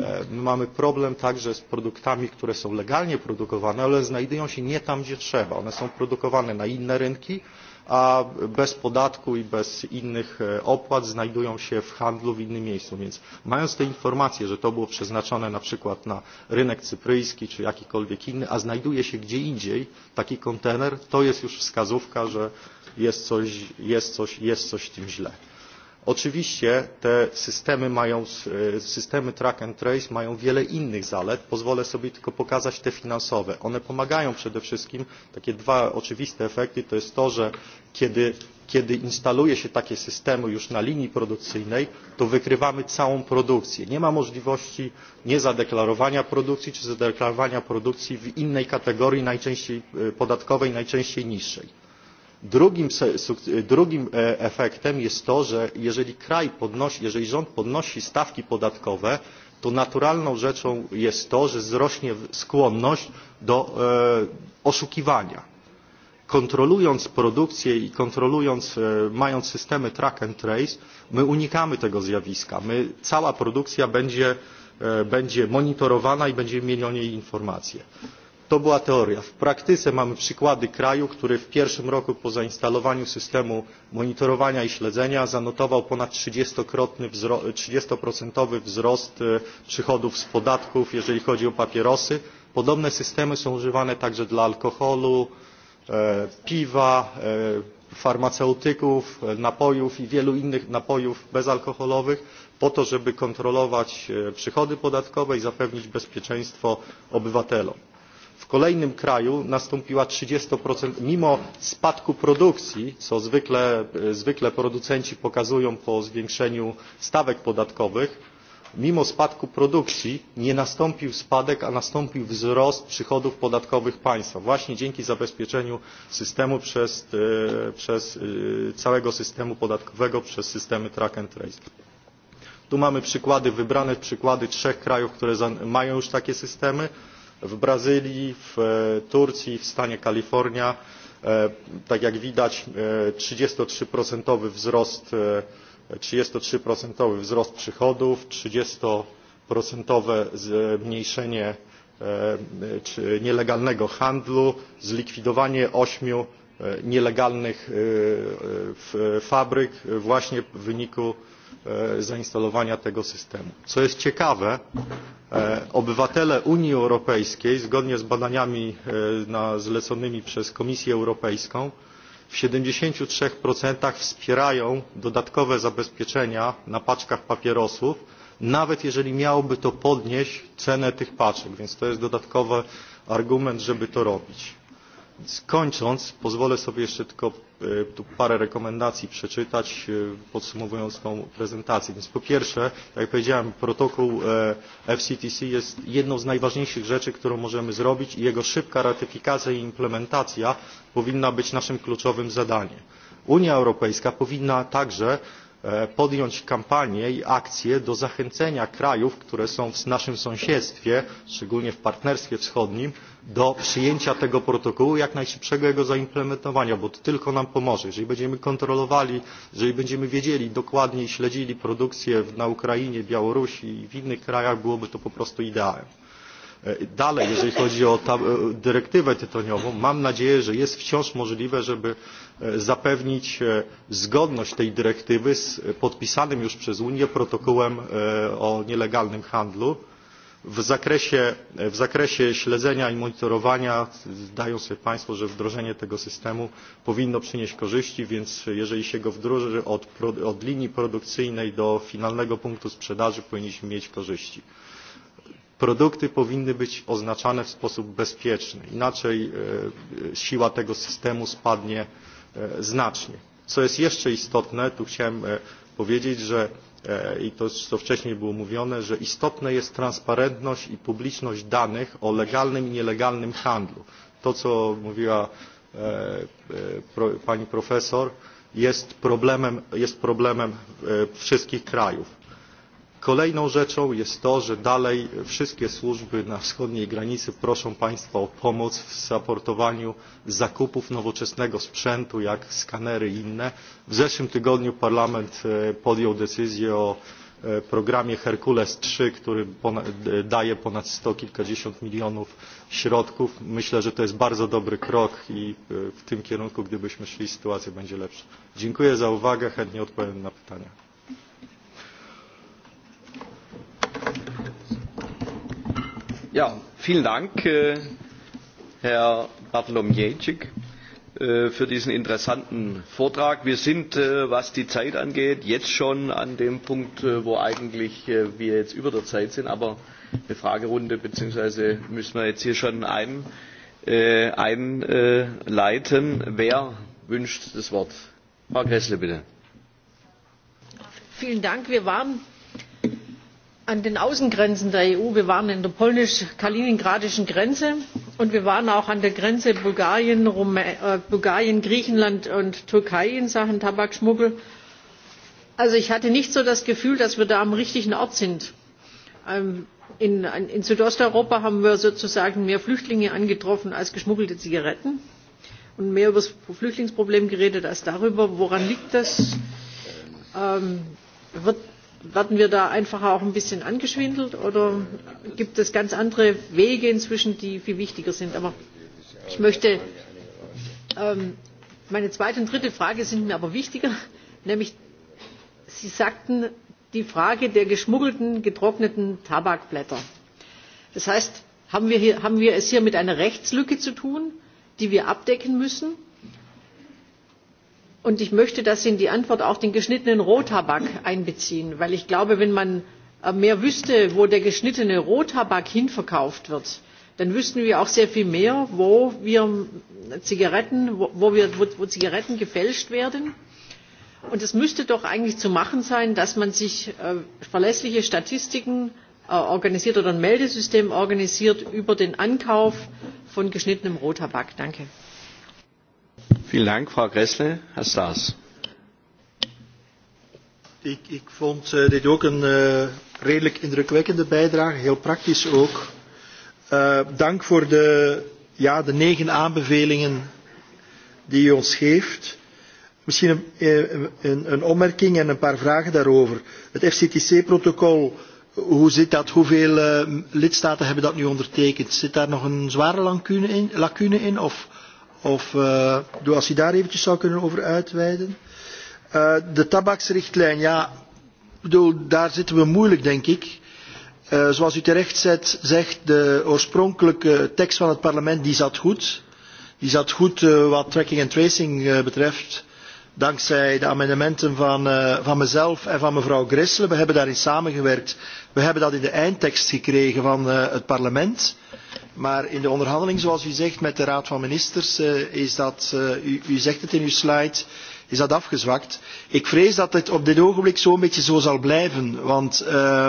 Speaker 10: e, my mamy problem także z produktami które są legalnie produkowane ale znajdują się nie tam gdzie trzeba one są produkowane na inne rynki a bez podatku i bez innych e, opłat znajdują się w handlu w innym miejscu. Więc mając te informacje, że to było przeznaczone na przykład na rynek cypryjski czy jakikolwiek inny, a znajduje się gdzie indziej taki kontener, to jest już wskazówka, że jest coś, jest coś, jest coś w tym źle oczywiście te systemy, mają, e, systemy track and trace mają wiele innych zalet pozwolę sobie tylko pokazać te finansowe. one pomagają przede wszystkim takie dwa oczywiste efekty to jest to że kiedy kiedy instaluje się takie systemy już na linii produkcyjnej to wykrywamy całą produkcję nie ma możliwości niezadeklarowania produkcji czy zadeklarowania produkcji w innej kategorii najczęściej e, podatkowej najczęściej niższej Drugim, drugim e, efektem jest to, że jeżeli, kraj podnosi, jeżeli rząd podnosi stawki podatkowe, to naturalną rzeczą jest to, że wzrośnie skłonność do e, oszukiwania kontrolując produkcję i kontrolując, e, mając systemy track and trace, my unikamy tego zjawiska. My, cała produkcja będzie, e, będzie monitorowana i będziemy mieli o niej informacje to była teoria. w praktyce mamy przykłady kraju który w pierwszym roku po zainstalowaniu systemu monitorowania i śledzenia zanotował ponad trzydzieści procentowy wzrost e, przychodów z podatków jeżeli chodzi o papierosy. podobne systemy są używane także dla alkoholu e, piwa e, farmaceutyków napojów i wielu innych napojów bezalkoholowych po to żeby kontrolować przychody podatkowe i zapewnić bezpieczeństwo obywatelom w kolejnym kraju nastąpiła mimo spadku produkcji co e, zwykle producenci pokazują po zwiększeniu stawek podatkowych mimo spadku produkcji nie nastąpił spadek a nastąpił wzrost przychodów podatkowych państwa właśnie dzięki zabezpieczeniu systemu przez, e, przez e, całego systemu podatkowego przez systemy track and trace. Tu mamy przykłady, wybrane przykłady trzech krajów, które mają już takie systemy w brazylii w e, turcji w stanie kalifornia e, tak jak widać e, trzydzieści trzy wzrost trzydzieści trzy wzrost przychodów trzydzieści procentowe zmniejszenie nielegalnego handlu zlikwidowanie ośmiu nielegalnych fabryk właśnie w wyniku E, zainstalowania tego systemu. Co jest ciekawe, e, obywatele Unii Europejskiej, zgodnie z badaniami e, na, zleconymi przez Komisję Europejską, w 73% wspierają dodatkowe zabezpieczenia na paczkach papierosów, nawet jeżeli miałoby to podnieść cenę tych paczek, więc to jest dodatkowy argument, żeby to robić Kończąc, pozwolę sobie jeszcze tylko e, tu parę rekomendacji przeczytać, e, podsumowując tą prezentację. Więc po pierwsze, jak powiedziałem, protokół e, FCTC jest jedną z najważniejszych rzeczy, którą możemy zrobić i jego szybka ratyfikacja i implementacja powinna być naszym kluczowym zadaniem. Unia Europejska powinna także E, podjąć kampanię i akcję do zachęcenia krajów które są w naszym sąsiedztwie szczególnie w partnerstwie wschodnim do przyjęcia tego protokołu jak najszybszego jego zaimplementowania bo to tylko nam pomoże. jeżeli będziemy kontrolowali jeżeli będziemy wiedzieli dokładnie i śledzili produkcję na ukrainie białorusi i w innych krajach byłoby to po prostu ideałem. E, dalej jeżeli chodzi o ta, e, dyrektywę tytoniową mam nadzieję że jest wciąż możliwe żeby e, zapewnić zgodność tej dyrektywy z podpisanym już przez unię protokołem o nielegalnym handlu w zakresie, w zakresie śledzenia i monitorowania zdają sobie państwo że wdrożenie tego systemu powinno przynieść korzyści więc jeżeli się go wdroży od, od linii produkcyjnej do finalnego punktu sprzedaży powinniśmy mieć korzyści produkty powinny być oznaczane w sposób bezpieczny inaczej e, siła tego systemu spadnie e, znacznie. co jest jeszcze istotne tu chciałem e, powiedzieć że i to co wcześniej było mówione że istotna jest transparentność i publiczność danych o legalnym i nielegalnym handlu. to co mówiła pani profesor jest problemem, jest problemem wszystkich krajów Kolejną rzeczą jest to, że dalej wszystkie służby na wschodniej granicy proszą państwa o pomoc w raportowaniu zakupów nowoczesnego sprzętu, jak skanery i inne. W zeszłym tygodniu Parlament e, podjął decyzję o e, programie Herkules 3, który ponad, daje ponad sto kilkadziesiąt milionów środków. Myślę, że to jest bardzo dobry krok i e, w tym kierunku, gdybyśmy szli, sytuacja będzie lepsza. Dziękuję za uwagę, chętnie odpowiem na pytania. Ja, vielen Dank, äh,
Speaker 1: Herr Bartolomjejczyk, äh, für diesen interessanten Vortrag. Wir sind, äh, was die Zeit angeht, jetzt schon an dem Punkt, äh, wo eigentlich äh, wir jetzt über der Zeit sind, aber eine Fragerunde beziehungsweise müssen wir jetzt hier schon ein, äh, einleiten. Äh, Wer wünscht das Wort? Frau Gressle, bitte.
Speaker 4: Vielen Dank. Wir waren an den außengrenzen der eu wir waren an der polnisch kaliningradischen grenze und wir waren auch an der grenze äh, bulgarien griechenland und türkei in sachen tabakschmuggel. also ich hatte nicht so das gefühl dass wir da am richtigen ort sind. Ähm, in südosteuropa haben wir sozusagen mehr flüchtlinge angetroffen als geschmuggelte zigaretten und mehr über das flüchtlingsproblem geredet als darüber woran liegt das? Ähm, wird werden wir da einfach auch ein bisschen angeschwindelt oder gibt es ganz andere Wege inzwischen, die viel wichtiger sind? Aber ich möchte, ähm, meine zweite und dritte Frage sind mir aber wichtiger, nämlich Sie sagten die Frage der geschmuggelten, getrockneten Tabakblätter. Das heißt, haben wir, hier, haben wir es hier mit einer Rechtslücke zu tun, die wir abdecken müssen? Und ich möchte, dass Sie in die Antwort auch den geschnittenen Rohtabak einbeziehen, weil ich glaube, wenn man äh, mehr wüsste, wo der geschnittene Rohtabak hinverkauft wird, dann wüssten wir auch sehr viel mehr, wo, wir äh, Zigaretten, wo, wo, wir, wo, wo Zigaretten gefälscht werden. Und es müsste doch eigentlich zu machen sein, dass man sich äh, verlässliche Statistiken äh, organisiert oder ein Meldesystem organisiert über den Ankauf von geschnittenem Rohtabak. Danke.
Speaker 1: Vielen Dank, Frau Gressle. Herr Staes.
Speaker 2: Ik, ik vond uh, dit ook een uh, redelijk indrukwekkende bijdrage, heel praktisch ook. Uh, dank voor de, ja, de negen aanbevelingen die u ons geeft. Misschien een, een, een opmerking en een paar vragen daarover. Het FCTC-protocol, hoe zit dat? Hoeveel uh, lidstaten hebben dat nu ondertekend? Zit daar nog een zware lacune in, lacune in of Of uh, doe als u daar eventjes zou kunnen over uitweiden. Uh, de tabaksrichtlijn, ja, bedoel, daar zitten we moeilijk, denk ik. Uh, zoals u terecht zet, zegt, de oorspronkelijke tekst van het parlement die zat goed. Die zat goed uh, wat tracking en tracing uh, betreft. Dankzij de amendementen van, uh, van mezelf en van mevrouw Gresselen. We hebben daarin samengewerkt. We hebben dat in de eindtekst gekregen van uh, het parlement. Maar in de onderhandeling, zoals u zegt, met de Raad van Ministers, uh, is dat, uh, u, u zegt het in uw slide, is dat afgezwakt. Ik vrees dat het op dit ogenblik zo'n beetje zo zal blijven, want uh,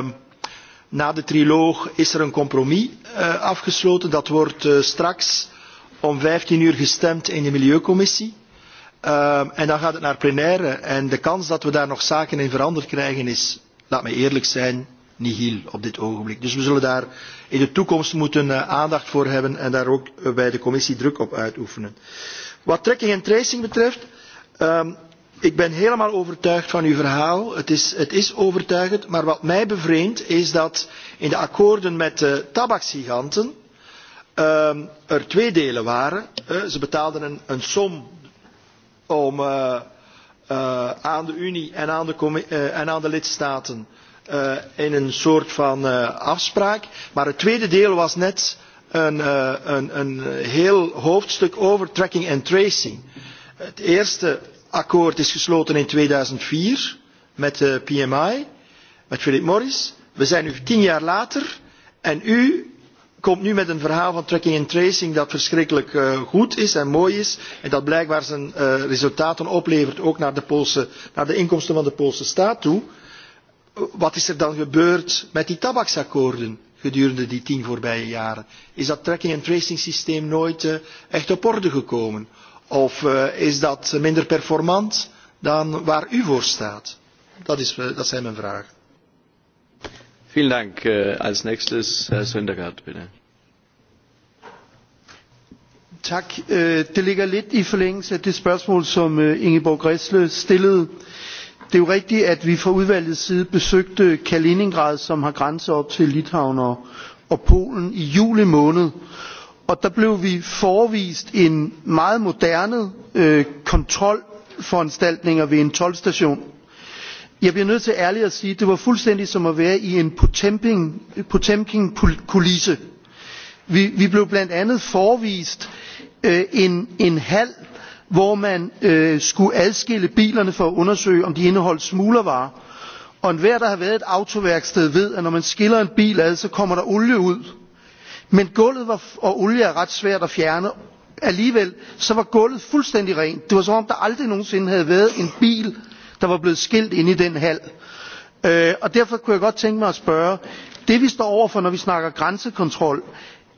Speaker 2: na de triloog is er een compromis uh, afgesloten. Dat wordt uh, straks om 15 uur gestemd in de Milieucommissie. Uh, en dan gaat het naar plenaire. En de kans dat we daar nog zaken in veranderd krijgen is, laat mij eerlijk zijn, nihil op dit ogenblik. Dus we zullen daar in de toekomst moeten uh, aandacht voor hebben en daar ook uh, bij de commissie druk op uitoefenen. Wat tracking en tracing betreft, um, ik ben helemaal overtuigd van uw verhaal. Het is, het is overtuigend, maar wat mij bevreemdt is dat in de akkoorden met de uh, tabaksgiganten um, er twee delen waren. Uh, ze betaalden een, een som om... Uh, uh, aan de Unie en aan de, uh, en aan de lidstaten uh, in een soort van uh, afspraak. Maar het tweede deel was net een, uh, een, een heel hoofdstuk over tracking en tracing. Het eerste akkoord is gesloten in 2004 met de PMI, met Philip Morris. We zijn nu tien jaar later en u komt nu met een verhaal van tracking en tracing dat verschrikkelijk uh, goed is en mooi is en dat blijkbaar zijn uh, resultaten oplevert ook naar de, Poolse, naar de inkomsten van de Poolse staat toe. Uh, wat is er dan gebeurd met die tabaksakkoorden gedurende die tien voorbije jaren? Is dat tracking en tracing systeem nooit uh, echt op orde gekomen? Of uh, is dat minder performant dan waar u voor staat? Dat, is, uh, dat zijn mijn vragen.
Speaker 1: Vielen Dank. Uh, als nächstes Herr Söndergaard, bitte.
Speaker 5: Tak. Det ligger lidt i forlængelse af det spørgsmål, som Ingeborg Græsle stillede. Øh, det er jo rigtigt at vi fra udvalgets side besøgte kaliningrad som har grænse op til litauen og, og polen i juli måned og der blev vi forevist en meget moderne øh, kontrolforanstaltninger ved en toldstation jeg bliver nødt til ærligt at sige at det var fuldstændig som at være i en potemkin, potemkin kulisse vi, vi blev blandt andet forevist øh, en, en halv hvor man øh, skulle adskille bilerne for at undersøge om de indeholdt smuglervarer og enhver der har været i et autoværksted ved at når man skiller en bil ad så kommer der olie ud men gulvet og olie er ret svært at fjerne alligevel var gulvet fuldstændig rent det var som om der aldrig nogen sinde havde været en bil der var blevet skilt inde i den hal øh, og derfor kunne jeg godt tænke mig at spørge det vi står over for når vi snakker grænsekontrol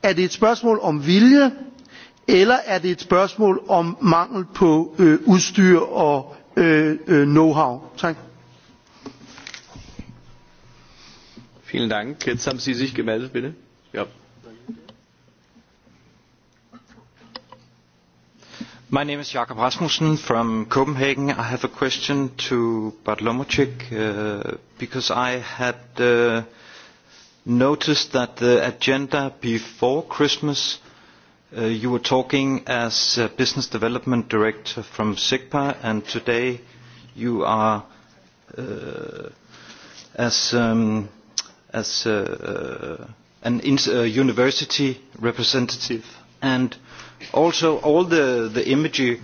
Speaker 5: er det et spørgsmål om vilje eller er det et spørgsmål om mangel på øh, udstyr og øh, øh, know-how? Tak.
Speaker 1: Vielen Dank. Jetzt haben Sie sich gemeldet, bitte. Ja.
Speaker 11: My name is Jakob Rasmussen from Copenhagen. I have a question to Bartlomacic uh, because I had uh, noticed that the agenda before Christmas Uh, you were talking as a business development director from SIGPA, and today you are uh, as um, as uh, uh, an in uh, university representative, and also all the the imagery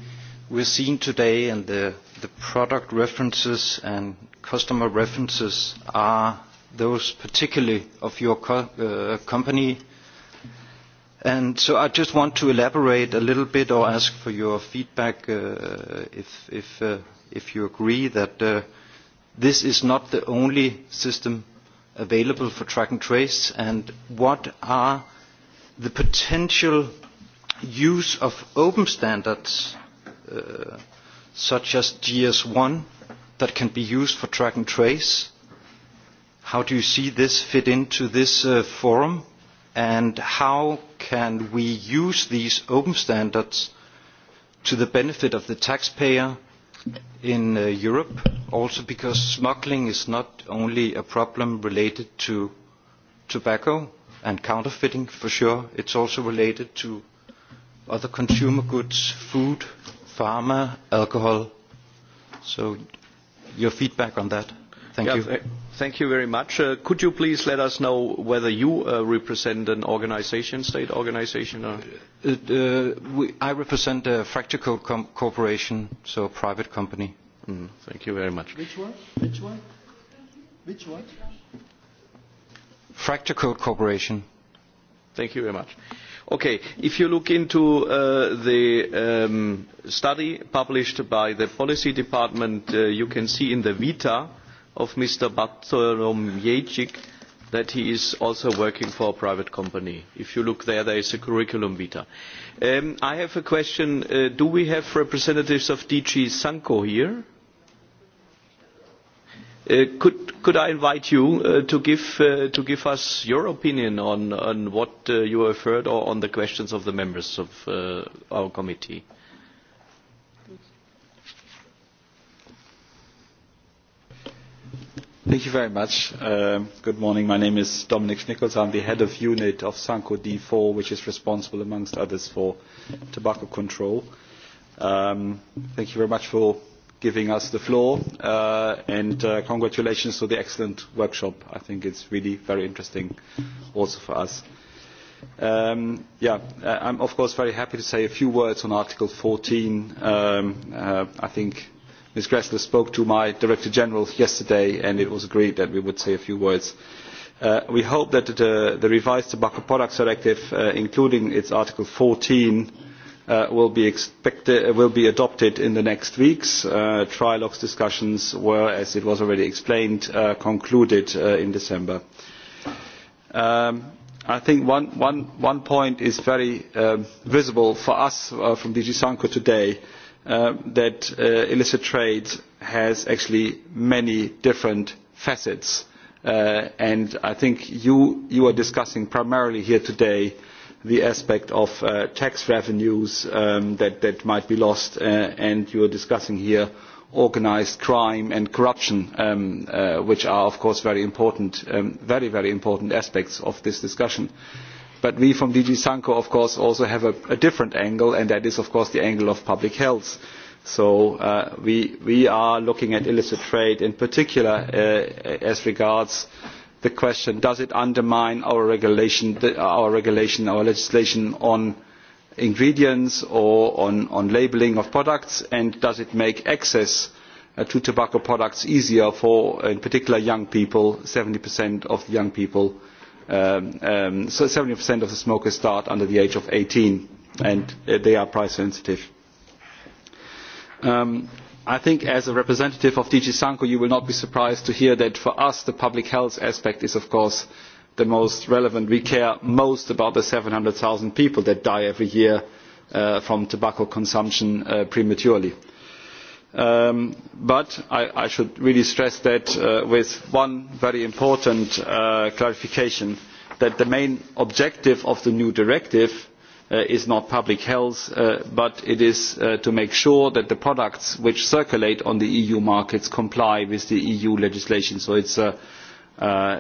Speaker 11: we're seeing today and the the product references and customer references are those particularly of your co uh, company uh, And so I just want to elaborate a little bit or ask for your feedback uh, if, if, uh, if you agree that uh, this is not the only system available for track and trace and what are the potential use of open standards uh, such as GS1 that can be used for track and trace. How do you see this fit into this uh, forum? and how can we use these open standards to the benefit of the taxpayer in uh, Europe, also because smuggling is not only a problem related to tobacco and counterfeiting for sure, it's also related to other consumer goods, food, pharma, alcohol. So your feedback on that?
Speaker 1: Thank yeah, you. Th thank you very much. Uh, could you please let us know whether you uh, represent an organization, state organization? Or? Uh,
Speaker 11: uh, we, I represent a Fractical com Corporation, so a private company.
Speaker 1: Mm, thank you very much.
Speaker 2: Which one? Which one? Which one?
Speaker 1: Fractical Corporation. Thank you very much. Okay, if you look into uh, the um, study published by the policy department, uh, you can see in the Vita uh, of Mr. Bartolomiejczyk that he is also working for a private company. If you look there, there is a curriculum vitae. Um, I have a question. Uh, do we have representatives of DG Sanko here? Uh, could, could I invite you uh, to, give, uh, to give us your opinion on, on what uh, you have heard or on the questions of the members
Speaker 12: of uh, our committee? Thank you very much. Uh, good morning. My name is Dominic Nichols. I'm the head of unit of Sanko D4, which is responsible, amongst others, for tobacco control. Um, thank you very much for giving us the floor, uh, and uh, congratulations to the excellent workshop. I think it's really very interesting also for us. Um, yeah, uh, I'm of course very happy to say a few words on Article 14. Um, uh, I think Ms. Gressler spoke to my Director General yesterday and it was agreed that we would say a few words. Uh, we hope that the, the revised Tobacco Products Directive, uh, including its Article 14, uh, will, be expected, uh, will be adopted in the next weeks. Uh, trilogues discussions were, as it was already explained, uh, concluded uh, in December. Um, I think one, one, one point is very um, visible for us uh, from DG Sanko today. Uh, Uh, that uh, illicit trade has actually many different facets uh, and i think you, you are discussing primarily here today the aspect of uh, tax revenues um, that, that might be lost, uh, and you are discussing here organized crime and corruption, um, uh, which are, of course, very important, um, very, very important aspects of this discussion. Mm-hmm but we from DG Sanko, of course, also have a, a different angle, and that is, of course, the angle of public health. So uh, we, we are looking at illicit trade in particular uh, as regards the question, does it undermine our regulation, our, regulation, our legislation on ingredients or on, on labeling of products, and does it make access uh, to tobacco products easier for, in particular, young people? 70% of young people uh, um, um, so 70% of the smokers start under the age of 18 and uh, they are price sensitive. Um, I think as a representative of DG Sanko you will not be surprised to hear that for us the public health aspect is of course the most relevant. We care most about the 700,000 people that die every year uh, from tobacco consumption uh, prematurely. Uh, Um, but I, i should really stress that uh, with one very important uh, clarification that the main objective of the new directive uh, is not public health uh, but it is uh, to make sure that the products which circulate on the eu markets comply with the eu legislation so it is uh,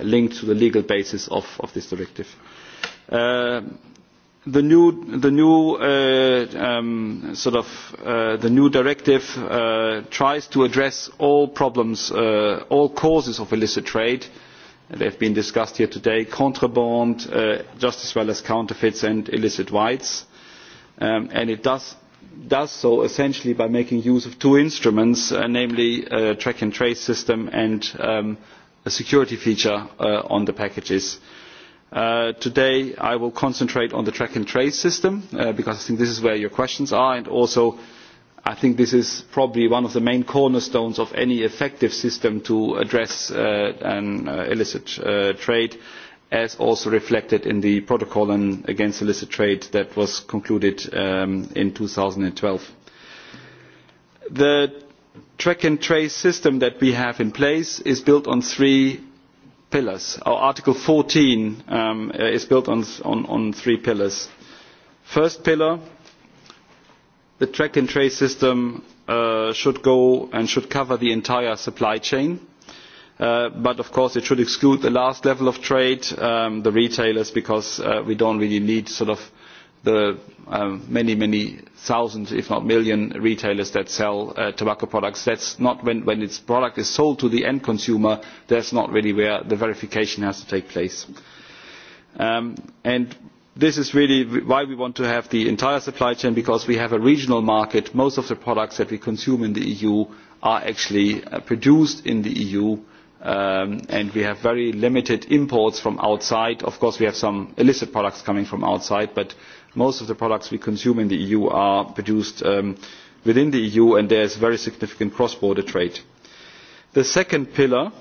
Speaker 12: linked to the legal basis of, of this directive the new, the new uh, um, sort of uh, the new directive uh, tries to address all problems, uh, all causes of illicit trade. They have been discussed here today: contraband, uh, just as well as counterfeits and illicit whites. Um, and it does does so essentially by making use of two instruments, uh, namely a uh, track and trace system and um, a security feature uh, on the packages. Uh, Uh, today I will concentrate on the track and trace system uh, because I think this is where your questions are and also I think this is probably one of the main cornerstones of any effective system to address uh, an uh, illicit uh, trade as also reflected in the protocol on, against illicit trade that was concluded um, in 2012. The track and trace system that we have in place is built on three pillars. Our Article 14 um, uh, is built on, on, on three pillars. First pillar, the track and trace system uh, should go and should cover the entire supply chain. Uh, but of course it should exclude the last level of trade, um, the retailers, because uh, we don't really need sort of uh, the uh, many, many thousands, if not million, retailers that sell uh, tobacco products. That's not when, when its product is sold to the end consumer, that's not really where the verification has to take place. Um, and this is really why we want to have the entire supply chain, because we have a regional market. Most of the products that we consume in the EU are actually uh, produced in the EU, um, and we have very limited imports from outside. Of course, we have some illicit products coming from outside, but most of the products we consume in the eu are produced um, within the eu and there is very significant cross border trade. the second pillar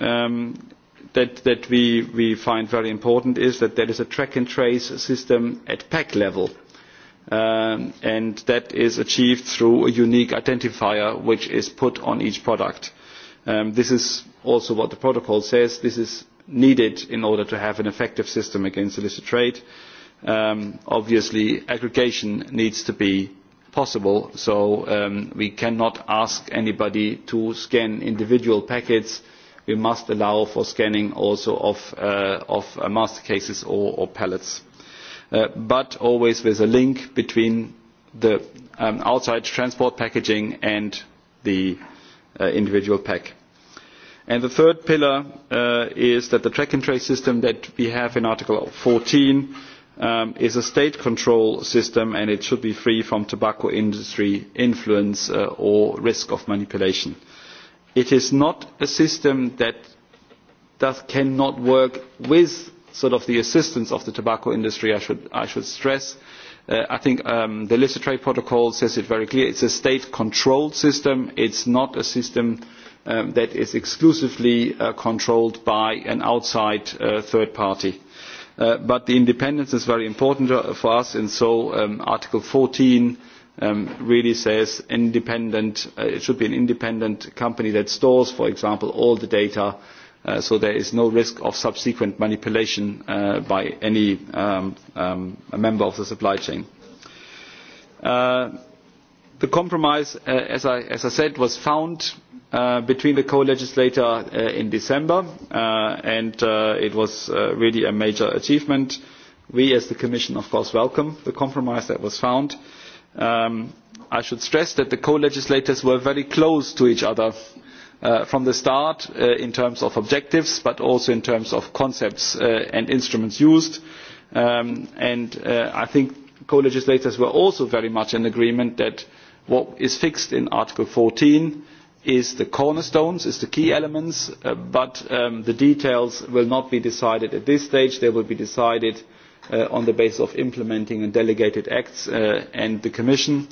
Speaker 12: um, that, that we, we find very important is that there is a track and trace system at pac level um, and that is achieved through a unique identifier which is put on each product. Um, this is also what the protocol says. This is needed in order to have an effective system against illicit trade. Uh, um, obviously aggregation needs to be possible so um, we cannot ask anybody to scan individual packets we must allow for scanning also of, uh, of uh, master cases or, or pallets uh, but always with a link between the um, outside transport packaging and the uh, individual pack. And the third pillar uh, is that the track and trace system that we have in Article 14 um, is a state control system and it should be free from tobacco industry influence uh, or risk of manipulation. It is not a system that does, cannot work with sort of the assistance of the tobacco industry, I should, I should stress. Uh, I think um, the Illicit Trade Protocol says it very clearly. It's a state-controlled system. It's not a system um, that is exclusively uh, controlled by an outside uh, third party. Uh, but the independence is very important uh, for us, and so um, Article 14 um, really says independent, uh, it should be an independent company that stores, for example, all the data, uh, so there is no risk of subsequent manipulation uh, by any um, um, a member of the supply chain. Uh, the compromise, uh, as, I, as I said, was found uh, Uh, between the co-legislator uh, in December, uh, and uh, it was uh, really a major achievement. We, as the Commission, of course, welcome the compromise that was found. Um, I should stress that the co-legislators were very close to each other uh, from the start uh, in terms of objectives, but also in terms of concepts uh, and instruments used. Um, and uh, I think co-legislators were also very much in agreement that what is fixed in Article 14 is the cornerstones is the key elements uh, but um, the details will not be decided at this stage they will be decided uh, on the basis of implementing and delegated acts uh, and the commission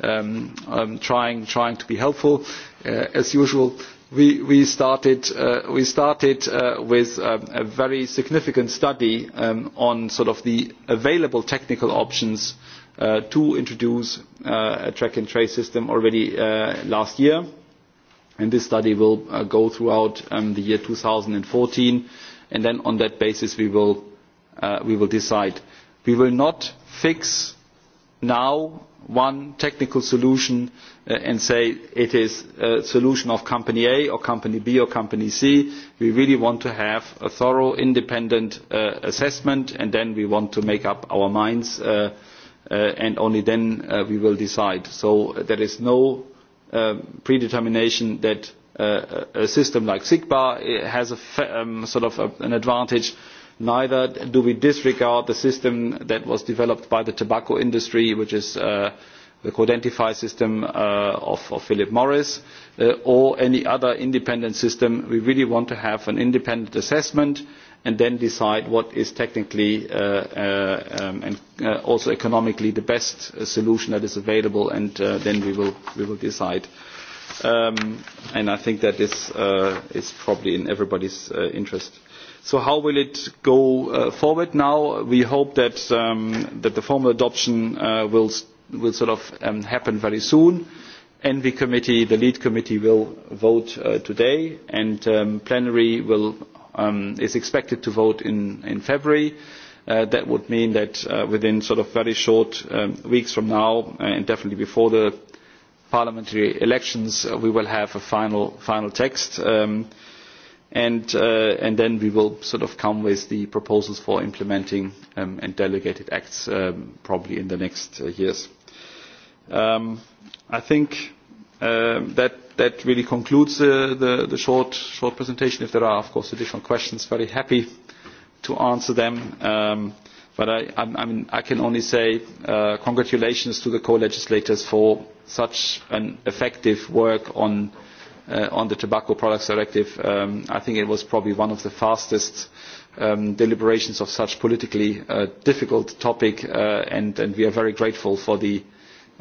Speaker 12: um, um, trying trying to be helpful uh, as usual we, we started, uh, we started uh, with um, a very significant study um, on sort of the available technical options uh, to introduce uh, a track and trace system already uh, last year. Uh, and this study will uh, go throughout um, the year 2014 and then on that basis we will, uh, we will decide. We will not fix now one technical solution uh, and say it is a solution of company A or company B or company C. We really want to have a thorough independent uh, assessment and then we want to make up our minds uh, uh, and only then uh, we will decide. So uh, there is no uh, predetermination that uh, a system like SIGPA has a um, sort of a, an advantage. Neither do we disregard the system that was developed by the tobacco industry, which is uh, the Codentify system uh, of, of Philip Morris, uh, or any other independent system. We really want to have an independent assessment uh, and then decide what is technically uh, uh, um, and uh, also economically the best uh, solution that is available, and uh, then we will, we will decide. Um, and I think that is, uh, is probably in everybody's uh, interest. So how will it go uh, forward now? We hope that, um, that the formal adoption uh, will, will sort of um, happen very soon. Envy committee, the lead committee, will vote uh, today, and um, plenary will um, is expected to vote in, in February. Uh, that would mean that uh, within sort of very short um, weeks from now, uh, and definitely before the parliamentary elections, uh, we will have a final, final text. Um, and, uh, and then we will sort of come with the proposals for implementing um, and delegated acts um, probably in the next uh, years. Um, I think um, uh, that that really concludes uh, the, the short, short presentation. If there are, of course, additional questions, very happy to answer them. Um, but I, I, I, mean, I can only say uh, congratulations to the co-legislators for such an effective work on, uh, on the Tobacco Products Directive. Um, I think it was probably one of the fastest um, deliberations of such politically uh, difficult topic, uh, and, and we are very grateful for the uh,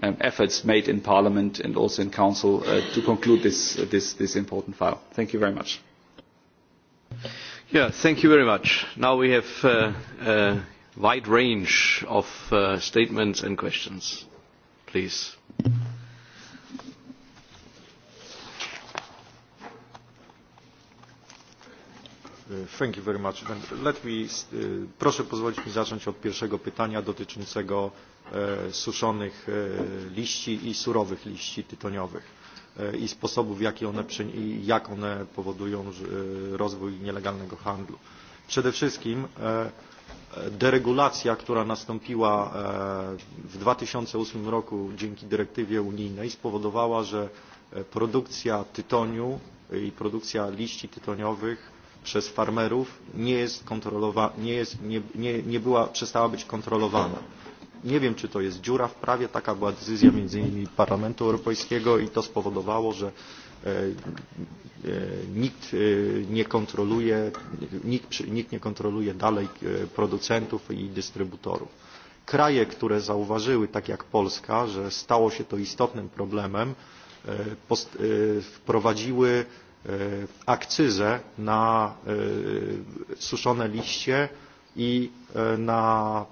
Speaker 12: um, efforts made in Parliament and also in Council uh, to conclude this, uh, this, this important file. Thank you very much. Yeah, thank you very much.
Speaker 1: Now we have uh, a uh, uh, wide range of uh, statements and questions.
Speaker 10: Please. Uh, thank you very much. Let me, uh, proszę pozwolić mi zacząć od pierwszego pytania dotyczącego uh, E, suszonych e, liści i surowych liści tytoniowych e, i sposobów, jaki one, jak one powodują rozwój nielegalnego handlu. Przede wszystkim deregulacja, która nastąpiła w 2008 roku dzięki dyrektywie unijnej spowodowała, że produkcja tytoniu i produkcja liści tytoniowych przez farmerów nie, jest kontrolowa nie, jest, nie, nie, nie była, przestała być kontrolowana nie wiem czy to jest dziura w prawie taka była decyzja między innymi parlamentu europejskiego i to spowodowało że e, e, nikt e, nie kontroluje nikt, nikt nie kontroluje dalej producentów i dystrybutorów. kraje które zauważyły tak jak polska że stało się to istotnym problemem wprowadziły akcyzę na suszone liście i e, na,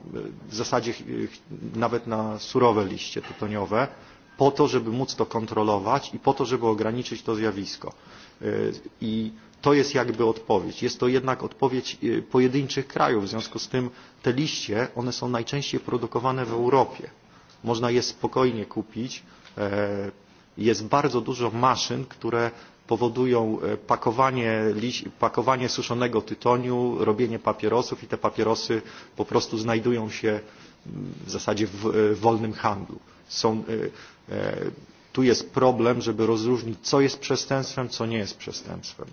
Speaker 10: w zasadzie nawet na surowe liście tytoniowe po to, żeby móc to kontrolować i po to, żeby ograniczyć to zjawisko. E, I to jest jakby odpowiedź. Jest to jednak odpowiedź e, pojedynczych krajów. W związku z tym te liście, one są najczęściej produkowane w Europie. Można je spokojnie kupić. Jest bardzo dużo maszyn, które powodują e, pakowanie, pakowanie suszonego tytoniu, robienie papierosów i te papierosy po prostu znajdują się w zasadzie e, w wolnym handlu. Są, e, tu jest problem, żeby rozróżnić, co jest przestępstwem, co nie jest przestępstwem.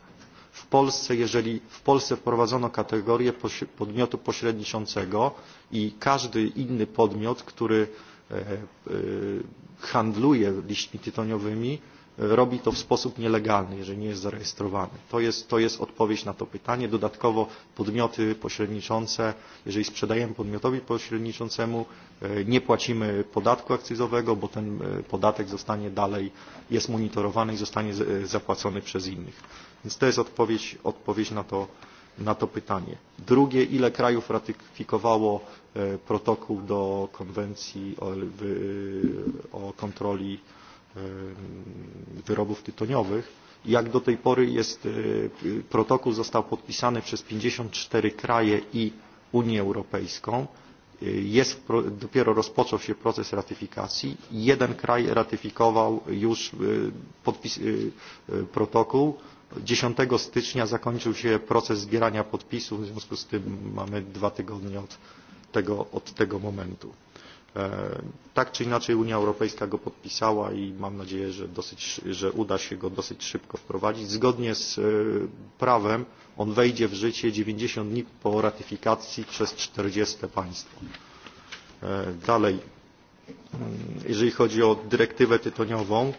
Speaker 10: W Polsce, jeżeli w Polsce wprowadzono kategorię podmiotu pośredniczącego i każdy inny podmiot, który handluje liśćmi tytoniowymi, robi to w sposób nielegalny, jeżeli nie jest zarejestrowany. To jest, to jest odpowiedź na to pytanie. Dodatkowo podmioty pośredniczące, jeżeli sprzedajemy podmiotowi pośredniczącemu, e, nie płacimy podatku akcyzowego, bo ten e, podatek zostanie dalej, jest monitorowany i zostanie e, zapłacony przez innych. Więc to jest odpowiedź, odpowiedź na, to, na to pytanie. Drugie, ile krajów ratyfikowało protokół do konwencji o, o kontroli wyrobów tytoniowych. Jak do tej pory jest, protokół został podpisany przez 54 kraje i Unię Europejską. Jest, dopiero rozpoczął się proces ratyfikacji. Jeden kraj ratyfikował już podpis, protokół. 10 stycznia zakończył się proces zbierania podpisów, w związku z tym mamy dwa tygodnie od tego, od tego momentu E, tak czy inaczej Unia Europejska go podpisała i mam nadzieję, że, dosyć, że uda się go dosyć szybko wprowadzić. Zgodnie z e, prawem on wejdzie w życie 90 dni po ratyfikacji przez 40 państwo. E, dalej, mm, jeżeli chodzi o dyrektywę tytoniową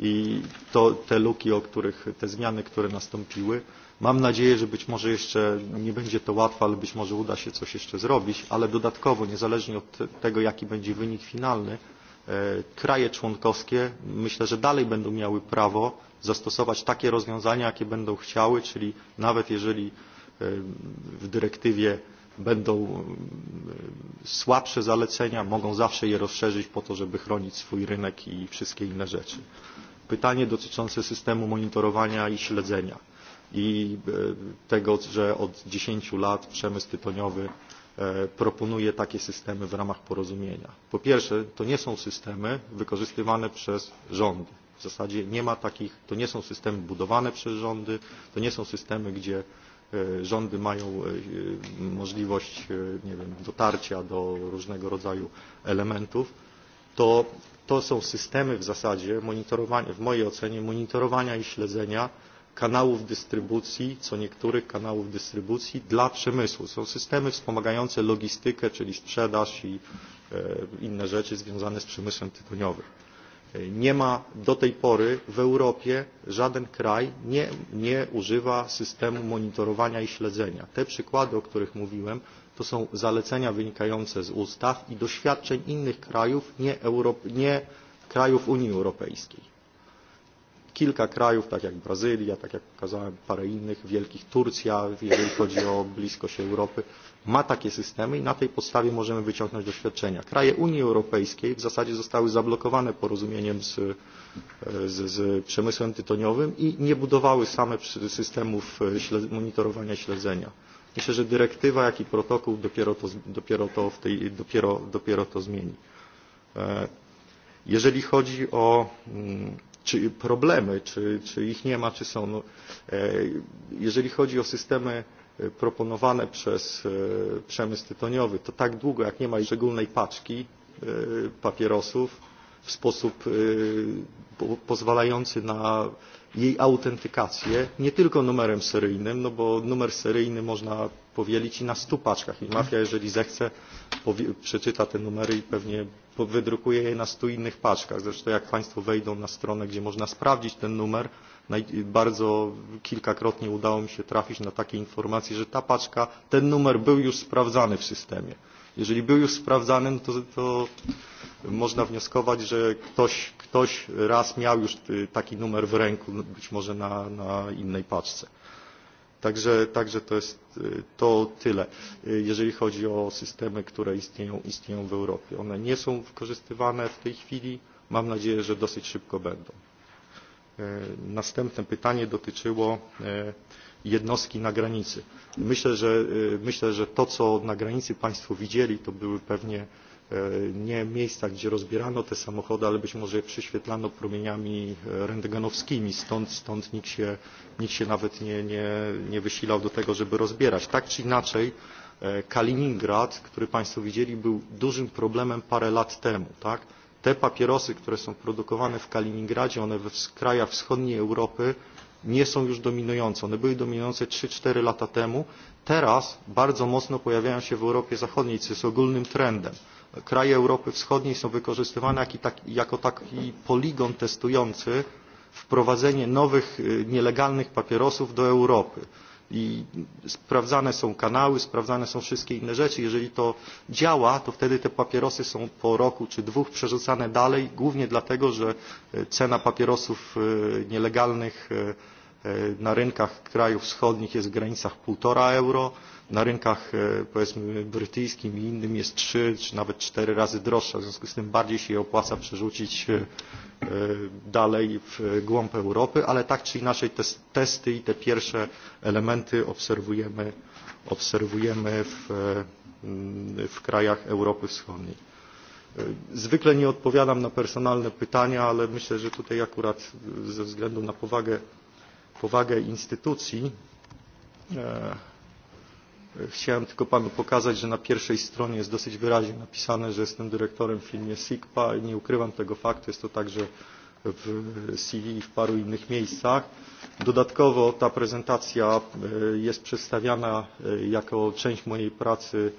Speaker 10: i to, te luki, o których, te zmiany, które nastąpiły, Mam nadzieję, że być może jeszcze nie będzie to łatwe, ale być może uda się coś jeszcze zrobić, ale dodatkowo, niezależnie od tego, jaki będzie wynik finalny, e, kraje członkowskie myślę, że dalej będą miały prawo zastosować takie rozwiązania, jakie będą chciały, czyli nawet jeżeli e, w dyrektywie będą e, słabsze zalecenia, mogą zawsze je rozszerzyć po to, żeby chronić swój rynek i wszystkie inne rzeczy. Pytanie dotyczące systemu monitorowania i śledzenia i e, tego, że od 10 lat przemysł tytoniowy e, proponuje takie systemy w ramach porozumienia. Po pierwsze, to nie są systemy wykorzystywane przez rządy. W zasadzie nie ma takich, to nie są systemy budowane przez rządy, to nie są systemy, gdzie e, rządy mają możliwość nie wiem, dotarcia do różnego rodzaju elementów, to, to są systemy w zasadzie monitorowania, w mojej ocenie monitorowania i śledzenia kanałów dystrybucji co niektórych kanałów dystrybucji dla przemysłu. są systemy wspomagające logistykę czyli sprzedaż i e, inne rzeczy związane z przemysłem tytoniowym. E, nie ma do tej pory w europie żaden kraj nie, nie używa systemu monitorowania i śledzenia. te przykłady o których mówiłem to są zalecenia wynikające z ustaw i doświadczeń innych krajów nie, Euro, nie krajów unii europejskiej kilka krajów, tak jak Brazylia, tak jak pokazałem parę innych wielkich, Turcja, jeżeli chodzi o bliskość Europy, ma takie systemy i na tej podstawie możemy wyciągnąć doświadczenia. Kraje Unii Europejskiej w zasadzie zostały zablokowane porozumieniem z, e, z, z przemysłem tytoniowym i nie budowały same systemów e, śled, monitorowania i śledzenia. Myślę, że dyrektywa, jak i protokół dopiero to, dopiero to, w tej, dopiero, dopiero to zmieni. E, jeżeli chodzi o mm, czy problemy, czy, czy ich nie ma, czy są. No, e, jeżeli chodzi o systemy e, proponowane przez e, przemysł tytoniowy, to tak długo jak nie ma szczególnej paczki papierosów w sposób pozwalający na jej autentykację, nie tylko numerem seryjnym, no bo numer seryjny można powielić i na stu paczkach i mafia, jeżeli zechce, przeczyta te numery i pewnie wydrukuje je na 100 innych paczkach. Zresztą jak Państwo wejdą na stronę, gdzie można sprawdzić ten numer, bardzo kilkakrotnie udało mi się trafić na takie informacje, że ta paczka, ten numer był już sprawdzany w systemie. Jeżeli był już sprawdzany, no to, to można wnioskować, że ktoś, ktoś raz miał już taki numer w ręku, być może na, na innej paczce. Także, także to jest to tyle, jeżeli chodzi o systemy, które istnieją, istnieją w Europie. One nie są wykorzystywane w tej chwili. Mam nadzieję, że dosyć szybko będą. E, następne pytanie dotyczyło e, jednostki na granicy. Myślę, że, e, myślę, że to, co na granicy Państwo widzieli, to były pewnie E, nie miejscach, gdzie rozbierano te samochody, ale być może je prześwietlano promieniami e, rentgenowskimi, stąd, stąd nikt, się, nikt się nawet nie, nie, nie wysilał do tego, żeby rozbierać. Tak czy inaczej, e, Kaliningrad, który Państwo widzieli, był dużym problemem parę lat temu. Tak? Te papierosy, które są produkowane w Kaliningradzie, one w krajach wschodniej Europy nie są już dominujące. One były dominujące 3-4 lata temu. Teraz bardzo mocno pojawiają się w Europie Zachodniej, co jest ogólnym trendem kraje Europy Wschodniej są wykorzystywane jak i tak, jako taki poligon testujący wprowadzenie nowych nielegalnych papierosów do Europy. I sprawdzane są kanały, sprawdzane są wszystkie inne rzeczy. Jeżeli to działa, to wtedy te papierosy są po roku czy dwóch przerzucane dalej, głównie dlatego, że cena papierosów nielegalnych E, na rynkach krajów wschodnich jest w granicach półtora euro, na rynkach e, powiedzmy brytyjskim i innym jest trzy czy nawet cztery razy droższa. W związku z tym bardziej się je opłaca przerzucić e, dalej w głąb Europy, ale tak czy inaczej te testy i te pierwsze elementy obserwujemy, obserwujemy w, w krajach Europy Wschodniej. Zwykle nie odpowiadam na personalne pytania, ale myślę, że tutaj akurat ze względu na powagę powagę instytucji e, chciałem tylko panu pokazać że na pierwszej stronie jest dosyć wyraźnie napisane że jestem dyrektorem w firmie sigpa i nie ukrywam tego faktu jest to także w CV i w paru innych miejscach. Dodatkowo ta prezentacja e, jest przedstawiana e, jako część mojej pracy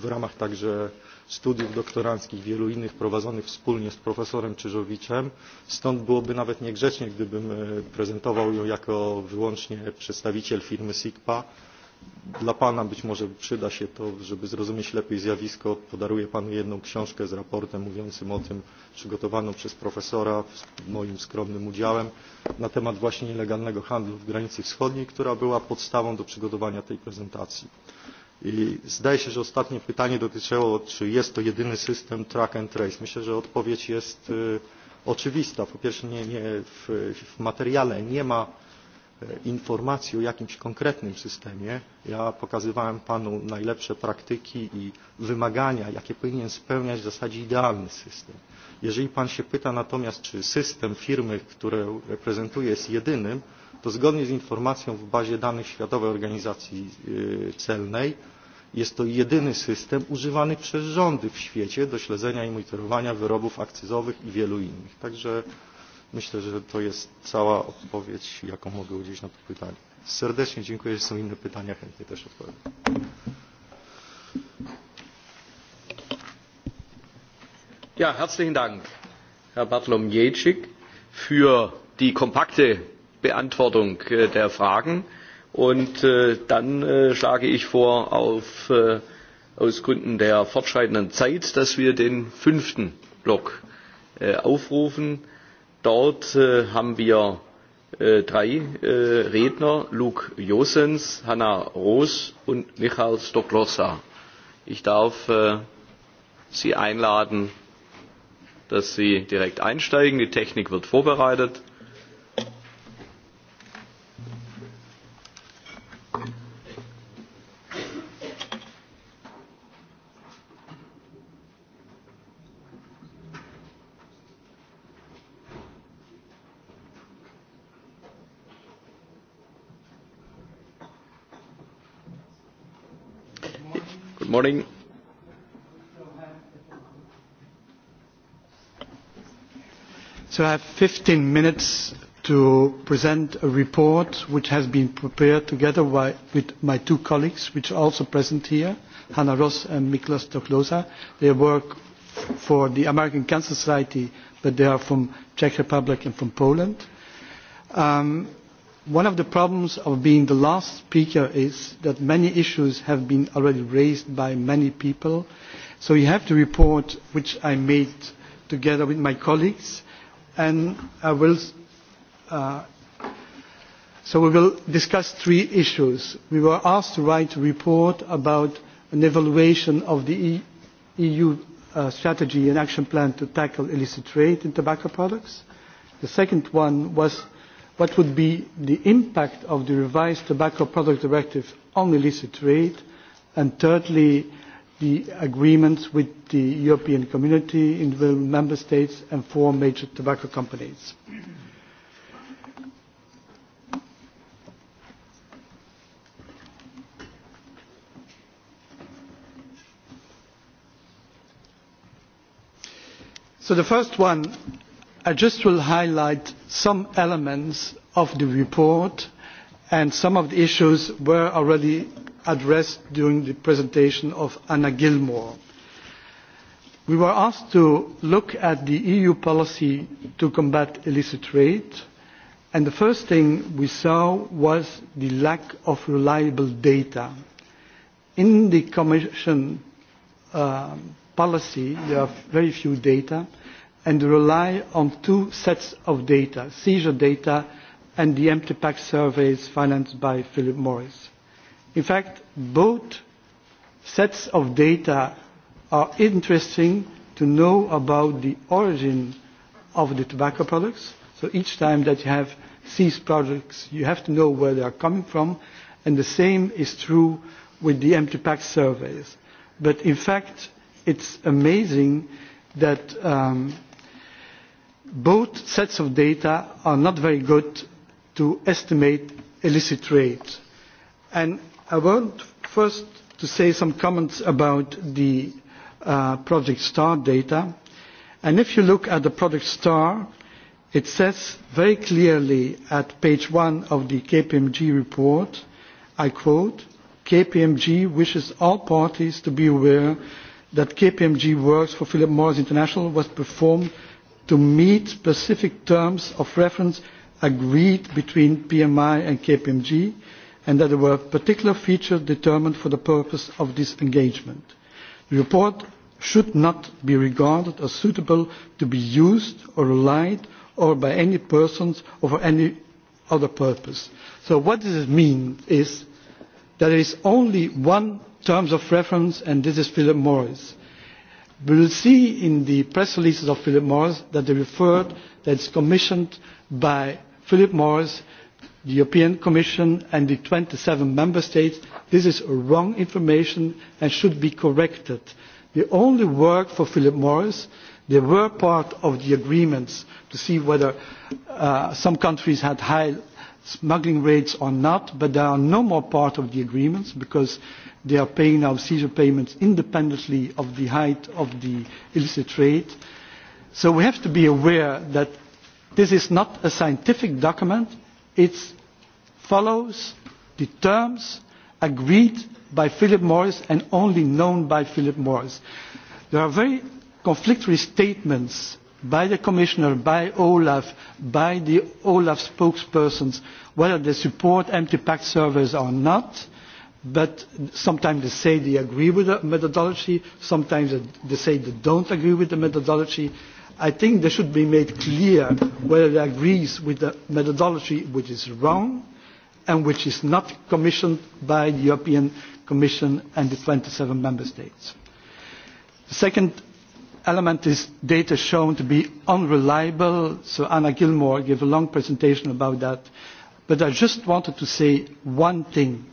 Speaker 10: w ramach także studiów doktoranckich wielu innych prowadzonych wspólnie z profesorem Czyżowiczem. Stąd byłoby nawet niegrzecznie, gdybym e, prezentował ją jako wyłącznie przedstawiciel firmy SIGPA. Dla Pana być może przyda się to, żeby zrozumieć lepiej zjawisko. Podaruję Panu jedną książkę z raportem mówiącym o tym, przygotowaną przez profesora z moim skromnym udziałem na temat właśnie nielegalnego handlu w granicy wschodniej, która była podstawą do przygotowania tej prezentacji. I zdaje się, że ostatnie pytanie dotyczyło, czy jest to jedyny system track and trace. Myślę, że odpowiedź jest y, oczywista. Po pierwsze, nie, nie, w, w materiale nie ma e, informacji o jakimś konkretnym systemie. Ja pokazywałem Panu najlepsze praktyki i wymagania, jakie powinien spełniać w zasadzie idealny system. Jeżeli Pan się pyta natomiast, czy system firmy, które reprezentuje jest jedynym, to zgodnie z informacją w bazie danych światowej organizacji celnej jest to jedyny system używany przez rządy w świecie do śledzenia i monitorowania wyrobów akcyzowych i wielu innych. Także myślę, że to jest cała odpowiedź, jaką mogę udzielić na to pytanie. Serdecznie dziękuję, jeśli są inne pytania, chętnie też odpowiem.
Speaker 1: Ja, herzlichen Dank, Herr Bartlomiejczyk, für die kompakte Beantwortung äh, der Fragen. Und äh, dann äh, schlage ich vor, auf, äh, aus Gründen der fortschreitenden Zeit, dass wir den fünften Block äh, aufrufen. Dort äh, haben wir äh, drei äh, Redner, Luke Josens, Hanna Roos und Michael Stoklosa. Ich darf äh, Sie einladen, dass Sie direkt einsteigen. Die Technik wird vorbereitet. morning.
Speaker 13: So I have 15 minutes to present a report which has been prepared together by, with my two colleagues, which are also present here, Hannah Ross and Miklas Toklosa. They work for the American Cancer Society, but they are from Czech Republic and from Poland. Um, One of the problems of being the last speaker is that many issues have been already raised by many people. So you have the report which I made together with my colleagues and I will, uh, so we will discuss three issues. We were asked to write a report about an evaluation of the e EU uh, strategy and action plan to tackle illicit trade in tobacco products. The second one was what would be the impact of the revised tobacco product directive on illicit trade? And thirdly, the agreements with the European community in the member states and four major tobacco companies. So the first one I just will highlight some elements of the report and some of the issues were already addressed during the presentation of Anna Gilmore. We were asked to look at the EU policy to combat illicit trade and the first thing we saw was the lack of reliable data. In the Commission um, policy, there are very few data and rely on two sets of data, seizure data and the empty pack surveys financed by Philip Morris. In fact, both sets of data are interesting to know about the origin of the tobacco products. So each time that you have seized products, you have to know where they are coming from. And the same is true with the empty pack surveys. But in fact, it's amazing that um, both sets of data are not very good to estimate illicit trade. And I want first to say some comments about the uh, Project STAR data. And if you look at the Project STAR, it says very clearly at page one of the KPMG report, I quote, KPMG wishes all parties to be aware that KPMG works for Philip Morris International was performed to meet specific terms of reference agreed between PMI and KPMG and that there were particular features determined for the purpose of this engagement. The report should not be regarded as suitable to be used or relied or by any persons or for any other purpose. So what does it mean is that there is only one terms of reference and this is Philip Morris We will see in the press releases of Philip Morris that they referred that it's commissioned by Philip Morris, the European Commission and the 27 member states. This is wrong information and should be corrected. They only work for Philip Morris. They were part of the agreements to see whether uh, some countries had high smuggling rates or not, but they are no more part of the agreements because uh, They are paying now seizure payments independently of the height of the illicit trade. So we have to be aware that this is not a scientific document. It follows the terms agreed by Philip Morris and only known by Philip Morris. There are very conflictory statements by the Commissioner, by Olaf, by the Olaf spokespersons, whether they support empty pact surveys or not but sometimes they say they agree with the methodology, sometimes they say they don't agree with the methodology. I think they should be made clear whether they agree with the methodology which is wrong and which is not commissioned by the European Commission and the 27 member states. The second element is data shown to be unreliable. So Anna Gilmore gave a long presentation about that. But I just wanted to say one thing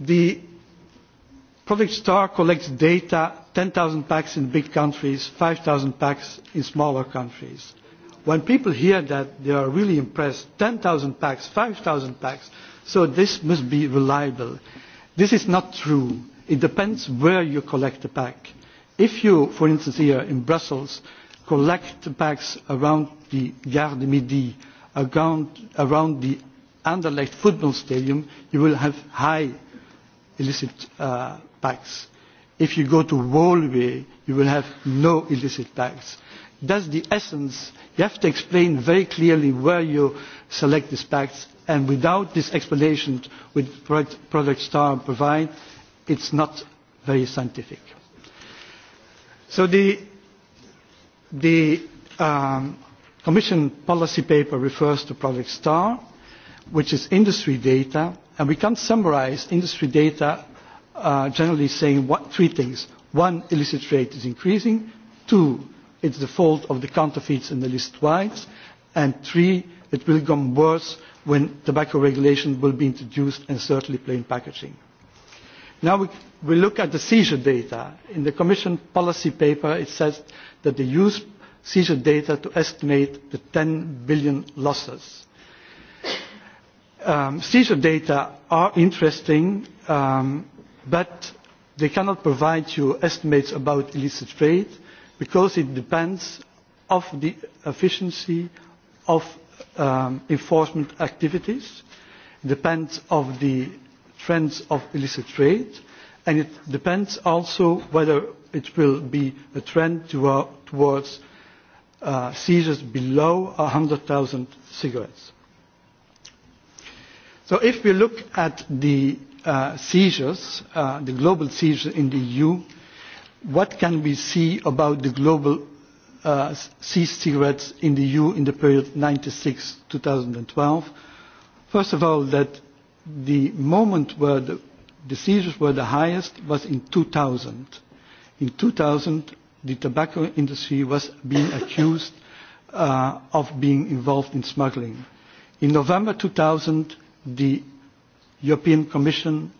Speaker 13: The Project STAR collects data, 10,000 packs in big countries, 5,000 packs in smaller countries. When people hear that, they are really impressed. 10,000 packs, 5,000 packs. So this must be reliable. This is not true. It depends where you collect the pack. If you, for instance, here in Brussels, collect the packs around the Gare de Midi, around, around the Anderlecht football stadium, you will have high illicit uh, pacts. If you go to Wolwe, you will have no illicit pacts. That's the essence. You have to explain very clearly where you select these pacts, and without this explanation which Project Star provide, it's not very scientific. So the, the um, Commission policy paper refers to Project Star, which is industry data And we can't summarize industry data uh, generally saying what, three things. One, illicit trade is increasing. Two, it's the fault of the counterfeits and the illicit wines. And three, it will become worse when tobacco regulation will be introduced and certainly plain packaging. Now we, we look at the seizure data. In the Commission policy paper, it says that they use seizure data to estimate the 10 billion losses um, seizure data are interesting, um, but they cannot provide you estimates about illicit trade because it depends on the efficiency of um, enforcement activities, it depends on the trends of illicit trade, and it depends also whether it will be a trend to, uh, towards uh, seizures below 100,000 cigarettes. So if we look at the uh, seizures, uh, the global seizures in the EU, what can we see about the global uh, seized cigarettes in the EU in the period 96-2012? First of all, that the moment where the, the seizures were the highest was in 2000. In 2000, the tobacco industry was being accused uh, of being involved in smuggling. In November 2000, the European Commission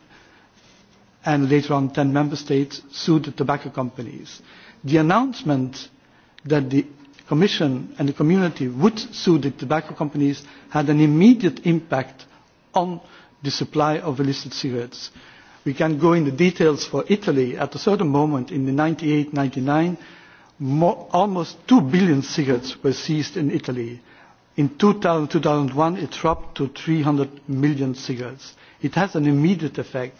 Speaker 13: and later on 10 member states sued the tobacco companies. The announcement that the Commission and the community would sue the tobacco companies had an immediate impact on the supply of illicit cigarettes. We can go into details for Italy. At a certain moment in the 98-99, almost 2 billion cigarettes were seized in Italy In 2000, 2001, it dropped to 300 million cigarettes. It has an immediate effect.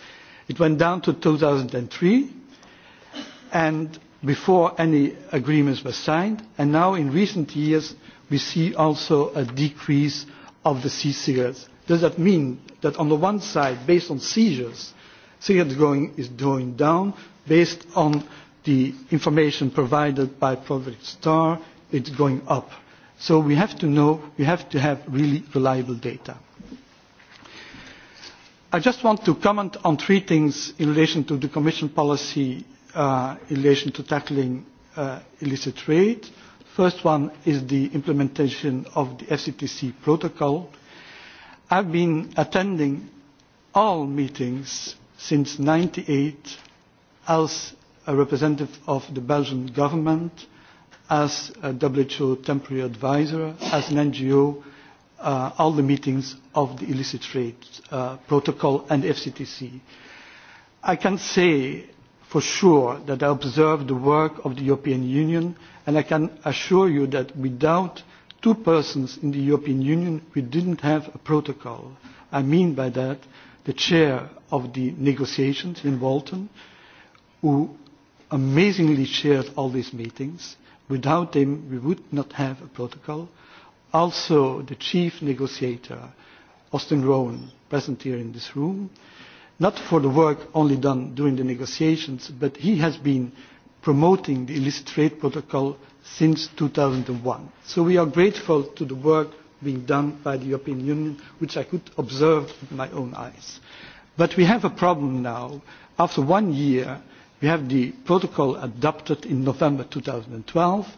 Speaker 13: It went down to 2003, and before any agreements were signed, and now in recent years, we see also a decrease of the e-cigarettes. Does that mean that on the one side, based on seizures, cigarette going is going down, based on the information provided by Project Star, it's going up? So we have to know, we have to have really reliable data. I just want to comment on three things in relation to the Commission policy uh, in relation to tackling uh, illicit trade. First one is the implementation of the FCTC protocol. I've been attending all meetings since 1998 as a representative of the Belgian government as a WHO temporary advisor, as an NGO, uh, all the meetings of the illicit trade uh, protocol and FCTC. I can say for sure that I observe the work of the European Union and I can assure you that without two persons in the European Union, we didn't have a protocol. I mean by that the chair of the negotiations in Walton, who amazingly chaired all these meetings, Without him, we would not have a protocol. Also, the chief negotiator, Austin Rowan, present here in this room, not for the work only done during the negotiations, but he has been promoting the illicit trade protocol since 2001. So we are grateful to the work being done by the European Union, which I could observe with my own eyes. But we have a problem now. After one year, We have the protocol adopted in November 2012.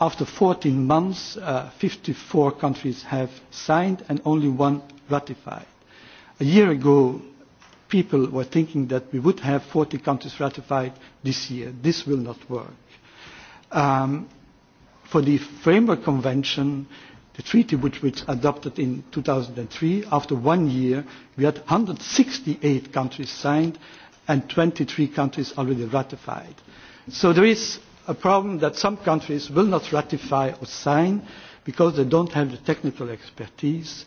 Speaker 13: After 14 months, uh, 54 countries have signed and only one ratified. A year ago, people were thinking that we would have 40 countries ratified this year. This will not work. Um, for the Framework Convention, the treaty which was adopted in 2003, after one year, we had 168 countries signed and 23 countries already ratified. So there is a problem that some countries will not ratify or sign because they don't have the technical expertise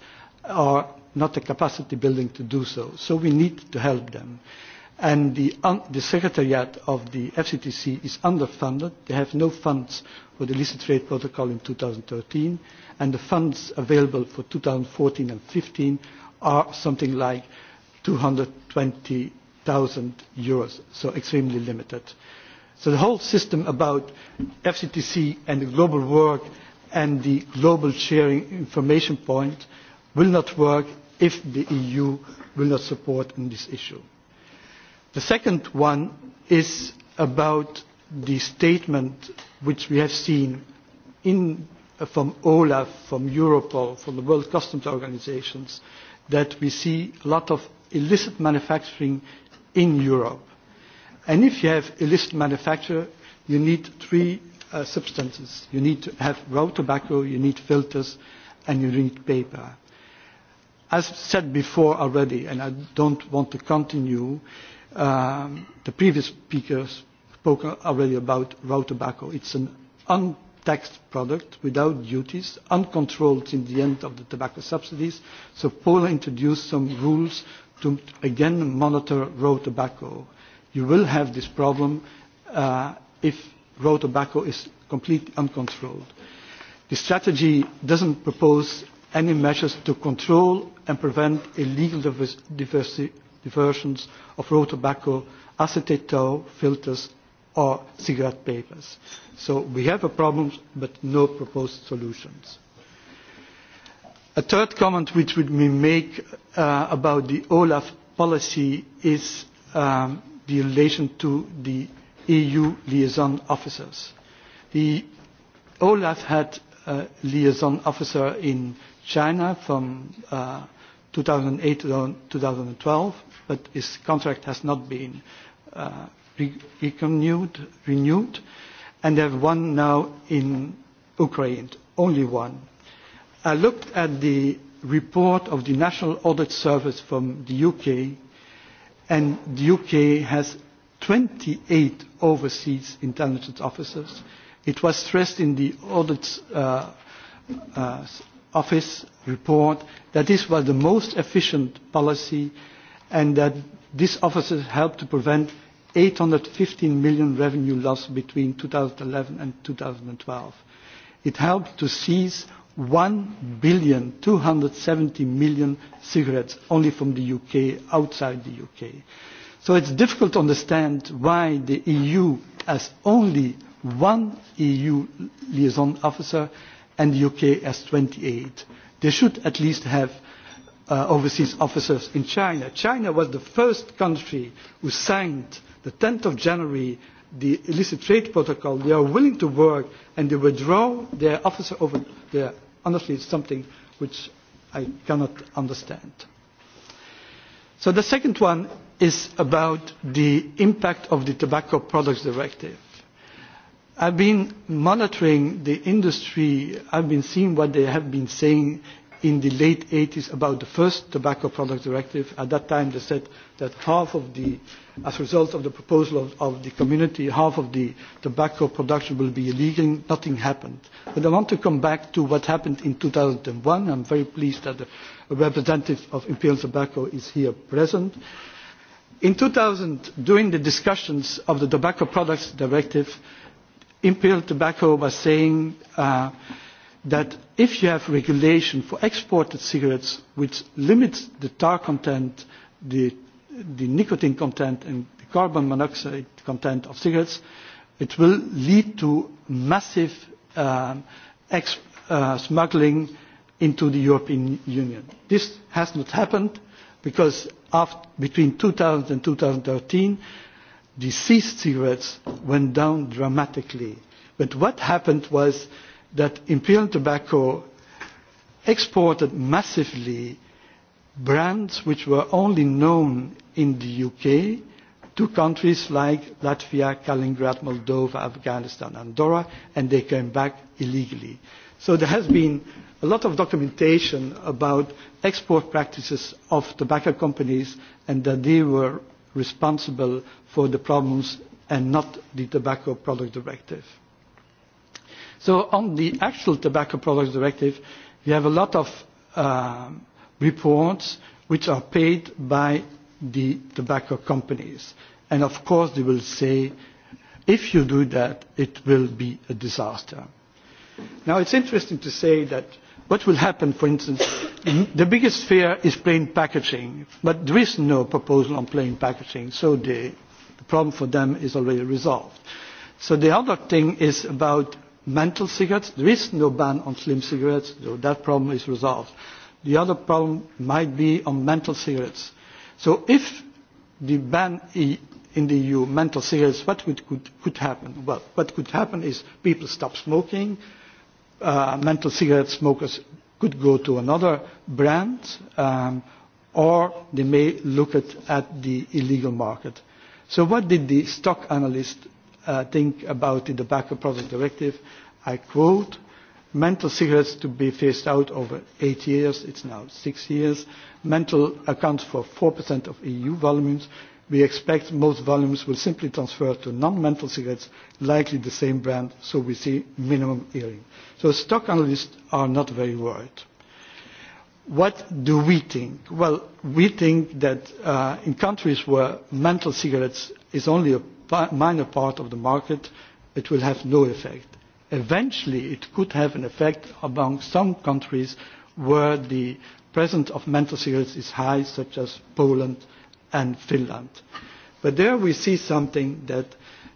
Speaker 13: or not the capacity building to do so. So we need to help them. And the, un the Secretariat of the FCTC is underfunded. They have no funds for the illicit trade protocol in 2013. And the funds available for 2014 and 15 are something like 220 thousand euros, so extremely limited. So the whole system about FCTC and the global work and the global sharing information point will not work if the EU will not support on this issue. The second one is about the statement which we have seen in, from OLAF, from Europol, from the World Customs Organizations, that we see a lot of illicit manufacturing in Europe. And if you have a listed manufacturer, you need three uh, substances. You need to have raw tobacco, you need filters, and you need paper. As said before already, and I don't want to continue, um, the previous speaker spoke already about raw tobacco. It's an untaxed product without duties, uncontrolled in the end of the tobacco subsidies. So Poland introduced some rules to again monitor raw tobacco. You will have this problem uh, if raw tobacco is completely uncontrolled. The strategy doesn't propose any measures to control and prevent illegal divers diversi diversions of raw tobacco, acetate tow, filters or cigarette papers. So we have a problem but no proposed solutions. A third comment which we make uh, about the OLAF policy is um, the relation to the EU liaison officers. The OLAF had a liaison officer in China from uh, 2008 to 2012, but his contract has not been uh, re renewed, renewed. And they have one now in Ukraine, only one I looked at the report of the National Audit Service from the UK, and the UK has 28 overseas intelligence officers. It was stressed in the audit uh, uh, office report that this was the most efficient policy and that these officers helped to prevent 815 million revenue loss between 2011 and 2012. It helped to seize 1,270,000,000 cigarettes only from the UK, outside the UK. So it's difficult to understand why the EU has only one EU liaison officer and the UK has 28. They should at least have uh, overseas officers in China. China was the first country who signed the 10th of January the illicit trade protocol. They are willing to work and they withdraw their officer over their honestly, it's something which I cannot understand. So the second one is about the impact of the Tobacco Products Directive. I've been monitoring the industry. I've been seeing what they have been saying in the late 80s about the first tobacco product directive. At that time, they said that half of the, as a result of the proposal of, of the community, half of the tobacco production will be illegal. Nothing happened. But I want to come back to what happened in 2001. I'm very pleased that a representative of Imperial Tobacco is here present. In 2000, during the discussions of the Tobacco Products Directive, Imperial Tobacco was saying uh, that if you have regulation for exported cigarettes which limits the tar content, the, the nicotine content and the carbon monoxide content of cigarettes, it will lead to massive um, ex uh, smuggling into the European Union. This has not happened because after, between 2000 and 2013, the seized cigarettes went down dramatically. But what happened was that Imperial Tobacco exported massively brands which were only known in the UK to countries like Latvia, Kaliningrad, Moldova, Afghanistan, Andorra, and they came back illegally. So there has been a lot of documentation about export practices of tobacco companies and that they were responsible for the problems and not the Tobacco Product Directive. So on the actual Tobacco Products Directive, we have a lot of um, reports which are paid by the tobacco companies. And of course they will say, if you do that, it will be a disaster. Now it's interesting to say that what will happen, for instance, the biggest fear is plain packaging, but there is no proposal on plain packaging, so they, the problem for them is already resolved. So the other thing is about mental cigarettes. There is no ban on slim cigarettes, so that problem is resolved. The other problem might be on mental cigarettes. So if the ban e in the EU mental cigarettes, what would, could, could happen? Well, what could happen is people stop smoking, uh, mental cigarette smokers could go to another brand, um, or they may look at, at the illegal market. So what did the stock analyst uh, think about the tobacco product directive. I quote, mental cigarettes to be phased out over eight years, it's now six years. Mental accounts for 4% of EU volumes. We expect most volumes will simply transfer to non-mental cigarettes, likely the same brand, so we see minimum earring. So stock analysts are not very worried. What do we think? Well, we think that uh, in countries where mental cigarettes is only a minor part of the market, it will have no effect. Eventually, it could have an effect among some countries where the presence of menthol cigarettes is high, such as Poland and Finland. But there we see something that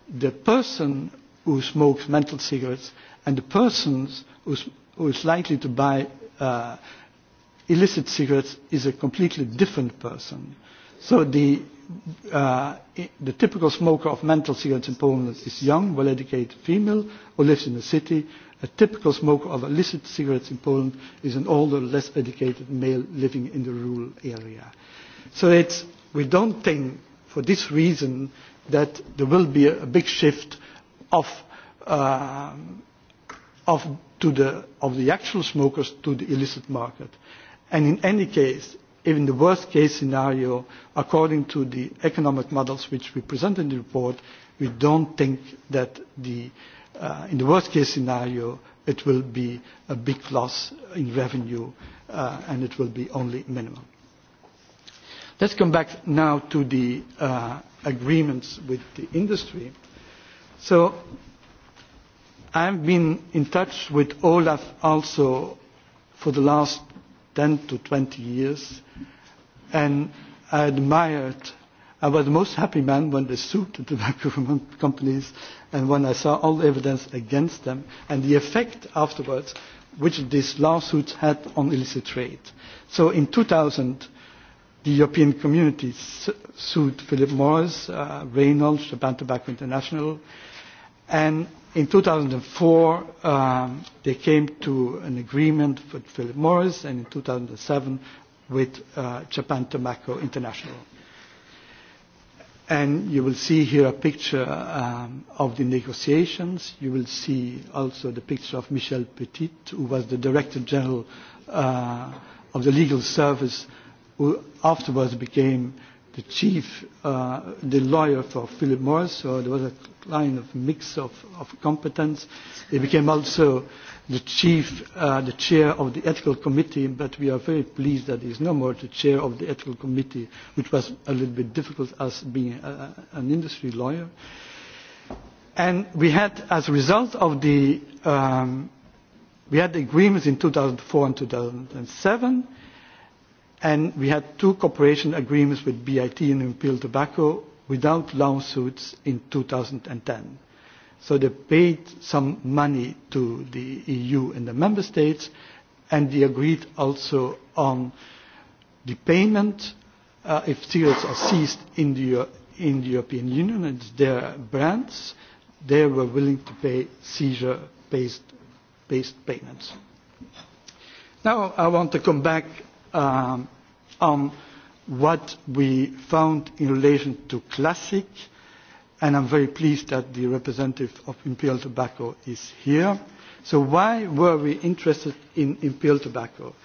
Speaker 13: the person who smokes menthol cigarettes and the person who's, who is likely to buy uh, illicit cigarettes is a completely different person. So the uh, the typical smoker of menthol cigarettes in Poland is young, well-educated female who lives in the city. A typical smoker of illicit cigarettes in Poland is an older, less educated male living in the rural area. So it's, we don't think for this reason that there will be a, a big shift of, uh, of, to the, of the actual smokers to the illicit market. And in any case, even the worst case scenario, according to the economic models which we present in the report, we don't think that the, uh, in the worst case scenario, it will be a big loss in revenue uh, and it will be only minimal. Let's come back now to the uh, agreements with the industry. So I've been in touch with Olaf also for the last 10 to 20 years, and I admired. I was the most happy man when they sued the tobacco companies and when I saw all the evidence against them and the effect afterwards which this lawsuit had on illicit trade. So in 2000, the European community sued Philip Morris, uh, Reynolds, Japan Tobacco International, And in 2004, um, they came to an agreement with Philip Morris, and in 2007 with uh, Japan Tobacco International. And you will see here a picture um, of the negotiations. You will see also the picture of Michel Petit, who was the Director General uh, of the Legal Service, who afterwards became uh, the chief, uh, the lawyer for Philip Morris, so there was a kind of mix of, of competence. He became also the chief, uh, the chair of the ethical committee, but we are very pleased that he is no more the chair of the ethical committee, which was a little bit difficult as being a, an industry lawyer. And we had, as a result of the, um, we had agreements in 2004 and 2007, and we had two cooperation agreements with BIT and Imperial Tobacco without lawsuits in 2010. So they paid some money to the EU and the member states, and they agreed also on the payment uh, if cigarettes are seized in the, in the European Union and their brands, they were willing to pay seizure-based based payments. Now I want to come back um, on what we found in relation to classic, and I'm very pleased that the representative of Imperial Tobacco is here. So why were we interested in Imperial Tobacco?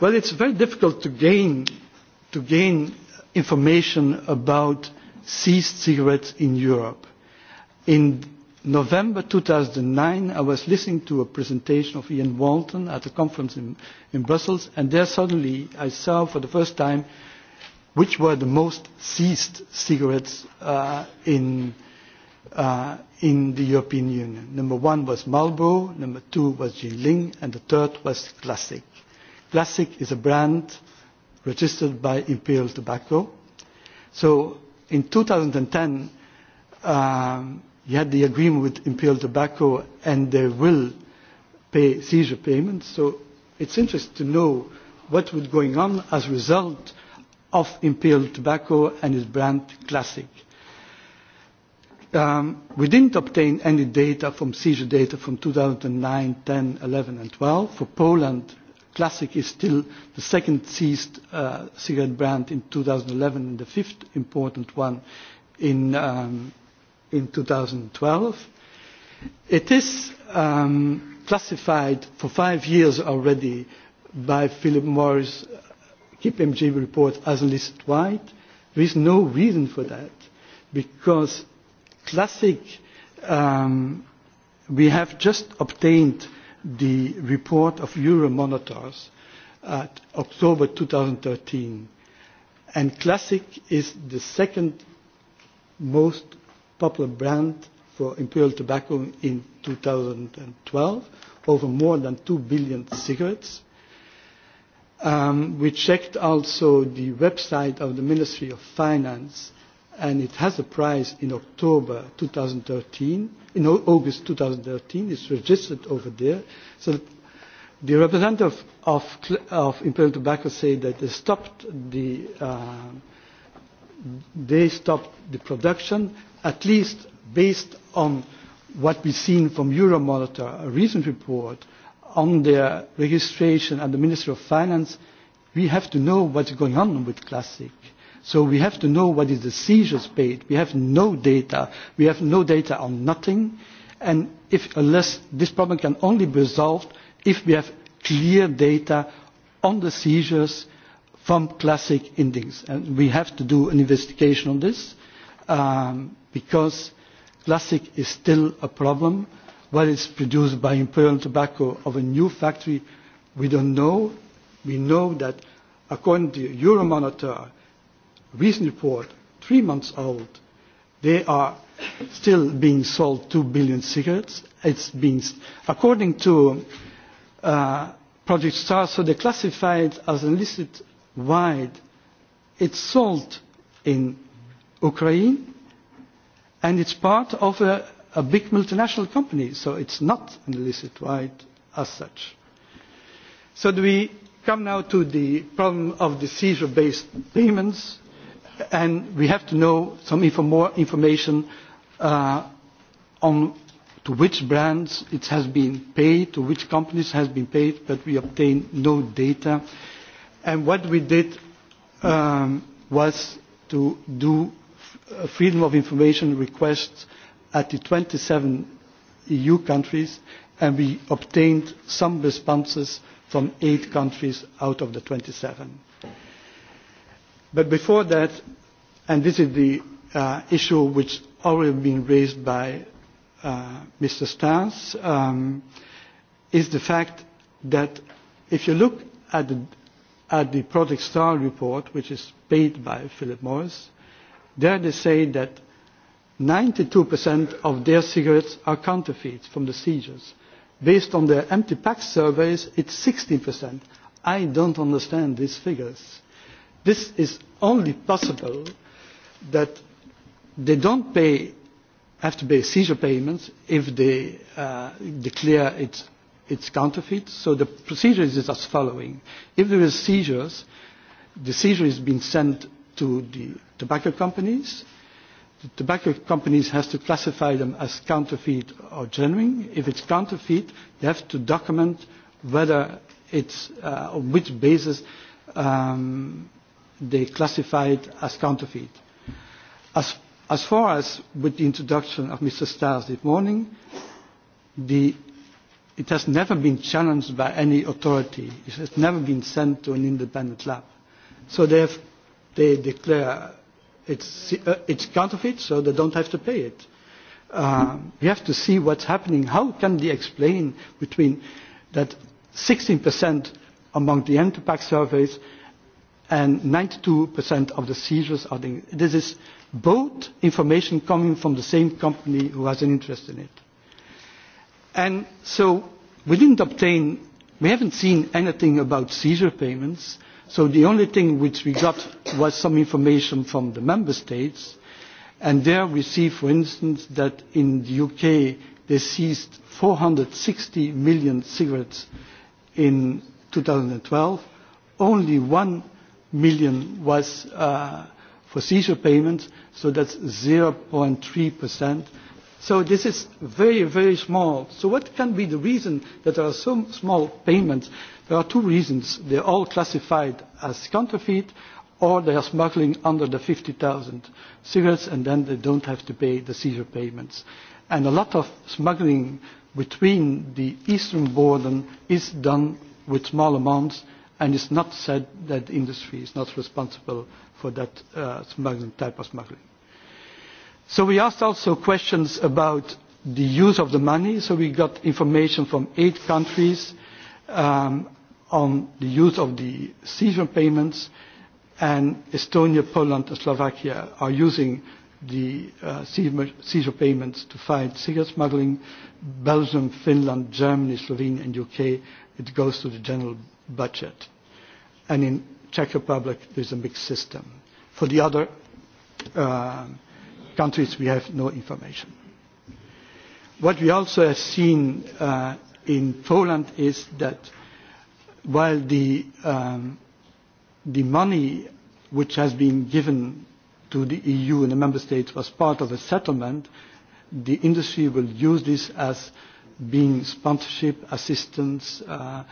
Speaker 13: Well, it's very difficult to gain, to gain information about seized cigarettes in Europe. In November 2009, I was listening to a presentation of Ian Walton at a conference in, in Brussels, and there suddenly I saw for the first time which were the most seized cigarettes uh, in, uh, in the European Union. Number one was Marlboro, number two was Jinling, and the third was Classic. Classic is a brand registered by Imperial Tobacco. So in 2010, um, you had the agreement with Imperial Tobacco and they will pay seizure payments. So it's interesting to know what was going on as a result of Imperial Tobacco and its brand Classic. Um, we didn't obtain any data from seizure data from 2009, 10, 11 and 12. For Poland, Classic is still the second seized uh, cigarette brand in 2011 and the fifth important one in um, in 2012. It is um, classified for five years already by Philip Morris KPMG report as enlisted white. There is no reason for that because classic, um, we have just obtained the report of Euromonitors at October 2013. And classic is the second most popular brand for Imperial Tobacco in 2012 over more than 2 billion cigarettes. Um, we checked also the website of the Ministry of Finance and it has a price in October 2013, in August 2013. It's registered over there. So the representative of, of Imperial Tobacco say that they stopped the, uh, they stopped the production at least based on what we've seen from Euromonitor, a recent report on their registration at the Ministry of Finance, we have to know what's going on with Classic. So we have to know what is the seizures paid. We have no data. We have no data on nothing. And if, unless this problem can only be resolved if we have clear data on the seizures from classic endings. And we have to do an investigation on this. Um, because plastic is still a problem. Whether it's produced by Imperial Tobacco of a new factory, we don't know. We know that according to Euromonitor, recent report, three months old, they are still being sold 2 billion cigarettes. It's being, according to uh, Project Star, so they classify it as illicit wide. It's sold in Ukraine, and it's part of a, a big multinational company, so it's not an illicit right as such. So do we come now to the problem of the seizure-based payments, and we have to know some info more information uh, on to which brands it has been paid, to which companies it has been paid, but we obtained no data. And what we did um, was to do freedom of information requests at the 27 EU countries, and we obtained some responses from eight countries out of the 27. But before that, and this is the uh, issue which already been raised by uh, Mr. Stans, um, is the fact that if you look at the, at the Project STAR report, which is paid by Philip Morris, There they say that 92% of their cigarettes are counterfeits from the seizures. Based on their empty pack surveys, it's 16%. I don't understand these figures. This is only possible that they don't pay, have to pay seizure payments if they uh, declare it's, it's counterfeit. So the procedure is as following. If there is seizures, the seizure is being sent to the tobacco companies. The tobacco companies have to classify them as counterfeit or genuine. If it's counterfeit, they have to document whether it's, uh, on which basis um, they classify it as counterfeit. As, as far as with the introduction of Mr. Stars this morning, the it has never been challenged by any authority. It has never been sent to an independent lab. So they have they declare it's, uh, it's counterfeit, so they don't have to pay it. Um, we have to see what's happening. How can they explain between that 16% among the Enterpack surveys and 92% of the seizures are the, this is both information coming from the same company who has an interest in it. And so we didn't obtain, we haven't seen anything about seizure payments So the only thing which we got was some information from the member states, and there we see, for instance, that in the UK they seized 460 million cigarettes in 2012. Only 1 million was uh, for seizure payments, so that's 0.3%. So this is very, very small. So what can be the reason that there are so small payments? Mm-hmm There are two reasons. They're all classified as counterfeit or they are smuggling under the 50,000 cigarettes and then they don't have to pay the seizure payments. And a lot of smuggling between the eastern border is done with small amounts and it's not said that the industry is not responsible for that uh, smuggling type of smuggling. So we asked also questions about the use of the money. So we got information from eight countries um, on the use of the season payments, and Estonia, Poland, and Slovakia are using the uh, seizure payments to fight cigarette smuggling. Belgium, Finland, Germany, Slovenia, and UK, it goes to the general budget. And in Czech Republic, there's a mixed system. For the other uh, countries, we have no information. What we also have seen uh, in Poland is that while the, um, the money which has been given to the EU and the member states was part of a settlement, the industry will use this as being sponsorship, assistance, uh,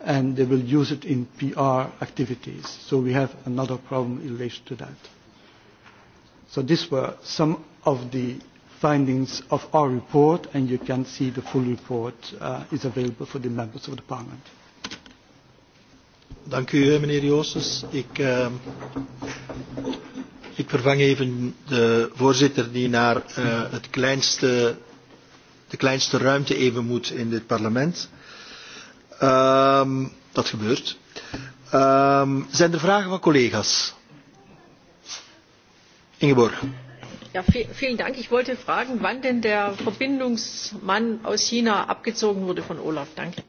Speaker 13: and they will use it in PR activities. So we have another problem in relation to that. So these were some of the findings of our report, and you can see the full report
Speaker 2: uh, is available for the members of the Parliament. Dank u, eh, meneer Joosses. Ik, uh, ik vervang even de voorzitter die naar uh, het kleinste, de kleinste ruimte even moet in dit parlement. Um, uh, dat gebeurt. Um, uh, zijn er vragen van collega's? Ingeborg.
Speaker 4: Ja, vielen Dank. Ich wollte fragen, wann denn der Verbindungsmann aus China abgezogen wurde von Olaf. Danke.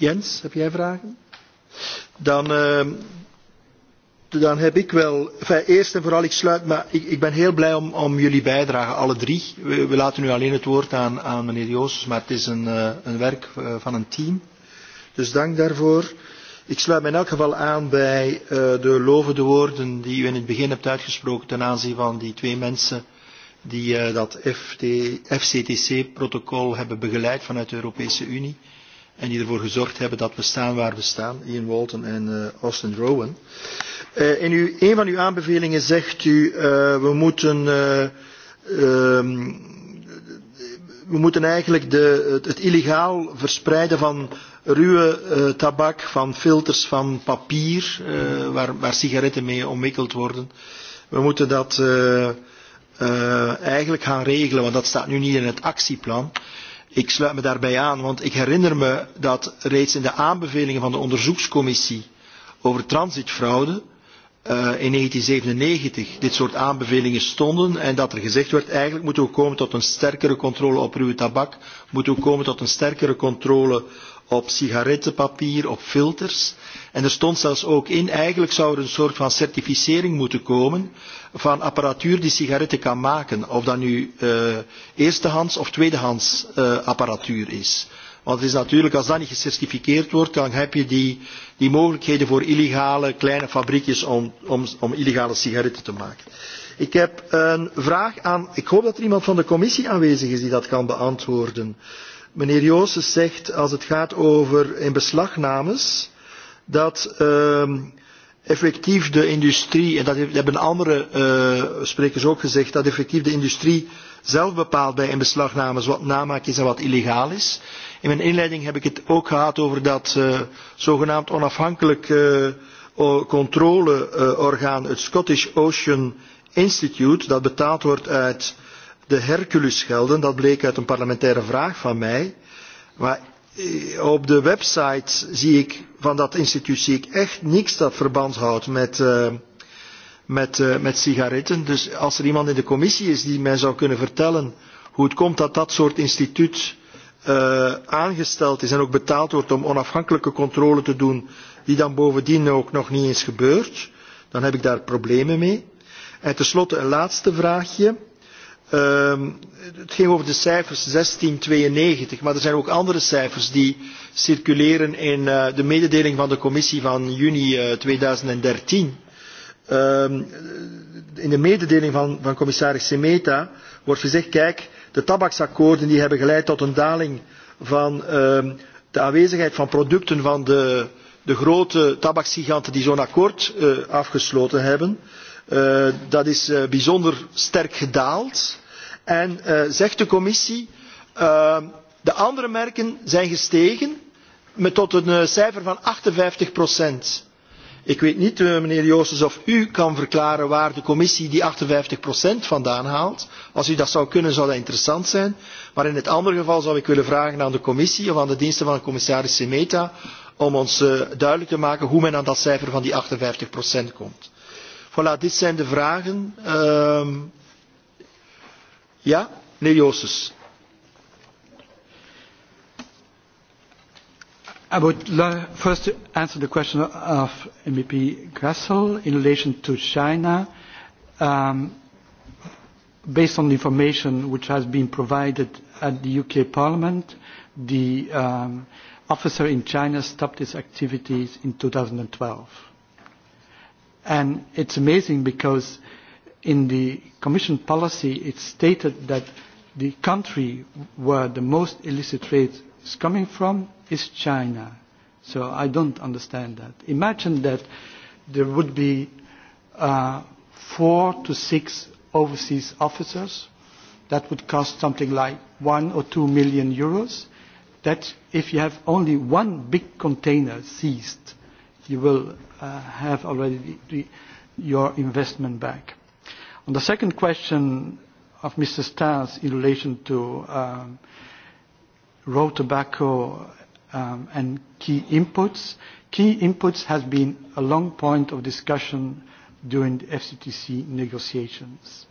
Speaker 2: Jens, heb jij vragen? Dan, uh, dan heb ik wel... Enfin, eerst en vooral, ik sluit... Maar ik, ik ben heel blij om, om jullie bijdrage, alle drie. We, we laten nu alleen het woord aan, aan meneer Joostes, maar het is een, uh, een werk uh, van een team. Dus dank daarvoor. Ik sluit me in elk geval aan bij uh, de lovende woorden die u in het begin hebt uitgesproken ten aanzien van die twee mensen die uh, dat FT, FCTC-protocol hebben begeleid vanuit de Europese Unie. Uh, En die ervoor gezorgd hebben dat we staan waar we staan. Ian Walton en uh, Austin Rowan. Uh, in uw, een van uw aanbevelingen zegt u, uh, we moeten... Uh, um, we moeten eigenlijk de, het, het illegaal verspreiden van ruwe uh, tabak, van filters, van papier, uh, waar, waar sigaretten mee omwikkeld worden. We moeten dat uh, uh, eigenlijk gaan regelen, want dat staat nu niet in het actieplan. Uh, Ik sluit me daarbij aan, want ik herinner me dat reeds in de aanbevelingen van de onderzoekscommissie over transitfraude uh, in 1997 dit soort aanbevelingen stonden en dat er gezegd werd eigenlijk moeten we komen tot een sterkere controle op ruwe tabak, moeten we komen tot een sterkere controle op sigarettenpapier, op filters. En er stond zelfs ook in, eigenlijk zou er een soort van certificering moeten komen van apparatuur die sigaretten kan maken. Of dat nu uh, eerstehands of tweedehands uh, apparatuur is. Want het is natuurlijk, als dat niet gecertificeerd wordt, dan heb je die, die mogelijkheden voor illegale kleine fabriekjes om, om, om illegale sigaretten te maken. Ik heb een vraag aan, ik hoop dat er iemand van de commissie aanwezig is die dat kan beantwoorden. Uh, Meneer Joosses zegt, als het gaat over inbeslagnames, dat uh, effectief de industrie, en dat hebben andere uh, sprekers ook gezegd, dat effectief de industrie zelf bepaalt bij inbeslagnames wat namaak is en wat illegaal is. In mijn inleiding heb ik het ook gehad over dat uh, zogenaamd onafhankelijk uh, controleorgaan, uh, het Scottish Ocean Institute, dat betaald wordt uit uh, de Herculesgelden. Dat bleek uit een parlementaire vraag van mij. Maar eh, op de website zie ik, van dat instituut zie ik echt niks dat verband houdt met, uh, met, uh, met sigaretten. Dus als er iemand in de commissie is die mij zou kunnen vertellen hoe het komt dat dat soort instituut uh, aangesteld is en ook betaald wordt om onafhankelijke controle te doen, die dan bovendien ook nog niet eens gebeurt, dan heb ik daar problemen mee. En tenslotte een laatste vraagje. Um, het ging over de cijfers 1692, maar er zijn ook andere cijfers die circuleren in uh, de mededeling van de commissie van juni uh, 2013. Um, in de mededeling van, van commissaris Semeta wordt gezegd, kijk, de tabaksakkoorden die hebben geleid tot een daling van um, de aanwezigheid van producten van de, de grote tabaksgiganten die zo'n akkoord uh, afgesloten hebben. Uh, Uh, dat is uh, bijzonder sterk gedaald. En uh, zegt de commissie, uh, de andere merken zijn gestegen met tot een uh, cijfer van 58 procent. Ik weet niet, uh, meneer Joostes, of u kan verklaren waar de commissie die 58 procent vandaan haalt. Als u dat zou kunnen, zou dat interessant zijn. Maar in het andere geval zou ik willen vragen aan de commissie of aan de diensten van de commissaris Semeta om ons uh, duidelijk te maken hoe men aan dat cijfer van die 58 procent komt. Voilà, dit zijn de vragen. Uh, ja, meneer Joostes. I would first
Speaker 13: answer the question of MEP Grassel in relation to China. Um, based on the information which has been provided at the UK Parliament, the um, officer in China stopped his activities in 2012 And it's amazing because in the Commission policy it's stated that the country where the most illicit trade is coming from is China. So I don't understand that. Imagine that there would be uh, four to six overseas officers. That would cost something like one or two million euros. That if you have only one big container seized, you will uh, have already the, the, your investment back. On the second question of Mr. Stas in relation to um, raw tobacco um, and key inputs, key inputs has been a long point of discussion during the FCTC negotiations.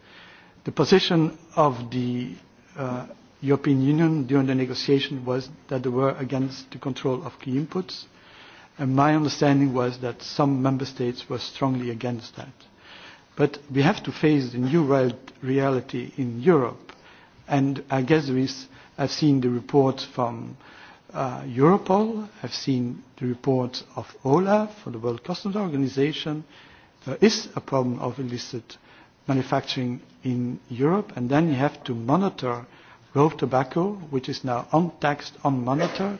Speaker 13: The position of the uh, European Union during the negotiation was that they were against the control of key inputs. Uh, And my understanding was that some member states were strongly against that. But we have to face the new reality in Europe. And I guess there is, I've seen the report from uh, Europol, I've seen the report of OLAF, for the World Customs Organization. There is a problem of illicit manufacturing in Europe, and then you have to monitor raw tobacco, which is now untaxed, unmonitored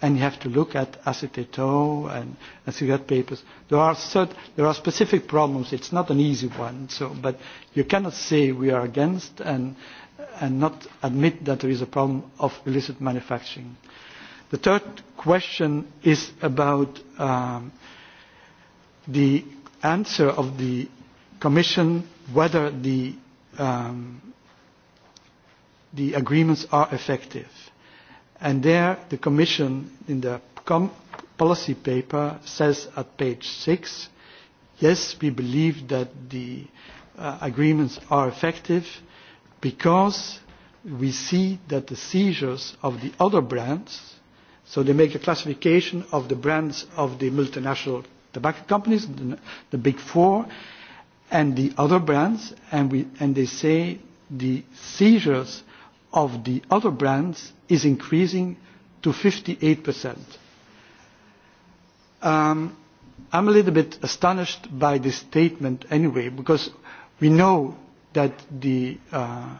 Speaker 13: and you have to look at acetate-tow and, and cigarette papers. There are, cert, there are specific problems. It's not an easy one, so, but you cannot say we are against and, and not admit that there is a problem of illicit manufacturing. The third question is about um, the answer of the Commission whether the, um, the agreements are effective. And there the Commission in the com policy paper says at page 6, yes, we believe that the uh, agreements are effective because we see that the seizures of the other brands, so they make a classification of the brands of the multinational tobacco companies, the, the big four, and the other brands, and, we, and they say the seizures of the other brands is increasing to 58%. Um, I'm a little bit astonished by this statement anyway, because we know that the uh,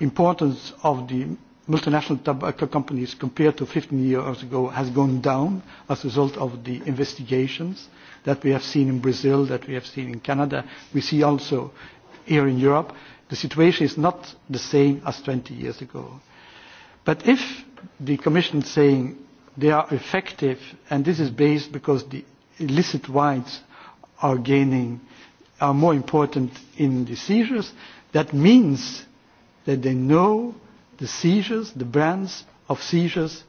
Speaker 13: importance of the multinational tobacco companies compared to 15 years ago has gone down as a result of the investigations that we have seen in Brazil, that we have seen in Canada. We see also here in Europe, the situation is not the same as 20 years ago. But if the Commission is saying they are effective, and this is based because the illicit wines are gaining, are more important in the seizures, that means that they know the seizures, the brands of seizures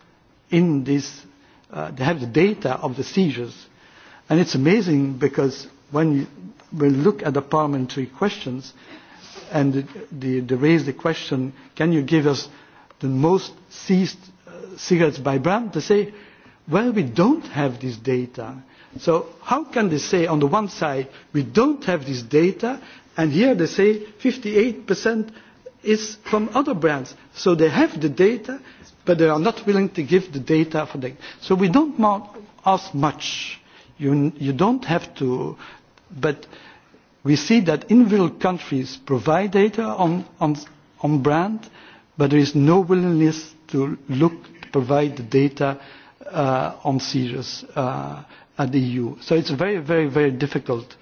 Speaker 13: in this, uh, they have the data of the seizures. And it's amazing because when we look at the parliamentary questions and the, the, they raise the question, can you give us the most seized uh, cigarettes by brand, they say, well, we don't have this data. So how can they say on the one side, we don't have this data, and here they say 58% is from other brands. So they have the data, but they are not willing to give the data for that. So we don't ask much. You, you don't have to, but we see that individual countries provide data on, on, on brand, uh, but there is no willingness to look, provide the data uh, on seizures uh, at the EU. So it's very, very, very difficult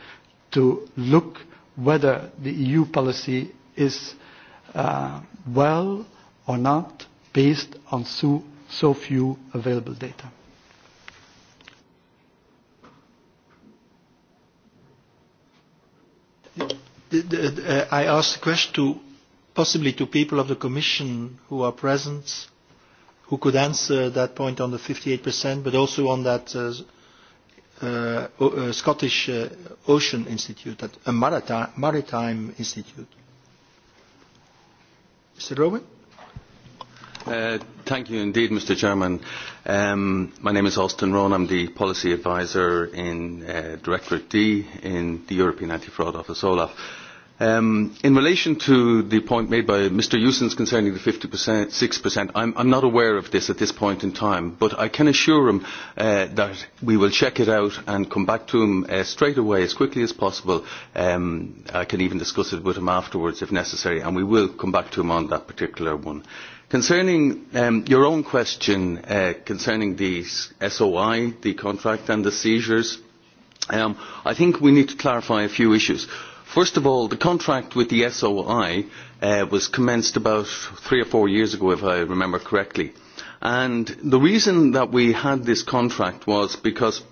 Speaker 13: to look whether the EU policy is uh, well or not based on so, so few available data.
Speaker 2: I asked the question to possibly to people of the Commission who are present, who could answer that point on the 58%, but also on that uh, uh, uh, Scottish uh, Ocean Institute, that, a maritime, maritime institute. Mr. Rowan?
Speaker 14: Uh, thank you indeed, Mr. Chairman. Um, my name is Austin Rowan. I'm the policy advisor in uh, Directorate D in the European Anti-Fraud Office, OLAF. Uh, Um, in relation to the point made by Mr. Eusens concerning the 56%, 6%, I'm, I'm not aware of this at this point in time, but I can assure him uh, that we will check it out and come back to him uh, straight away as quickly as possible. Um, I can even discuss it with him afterwards if necessary, and we will come back to him on that particular one. Concerning um, your own question uh, concerning the SOI, the contract and the seizures, um, I think we need to clarify a few issues. Uh, First of all, the contract with the SOI uh, was commenced about three or four years ago, if I remember correctly. And the reason that we had this contract was because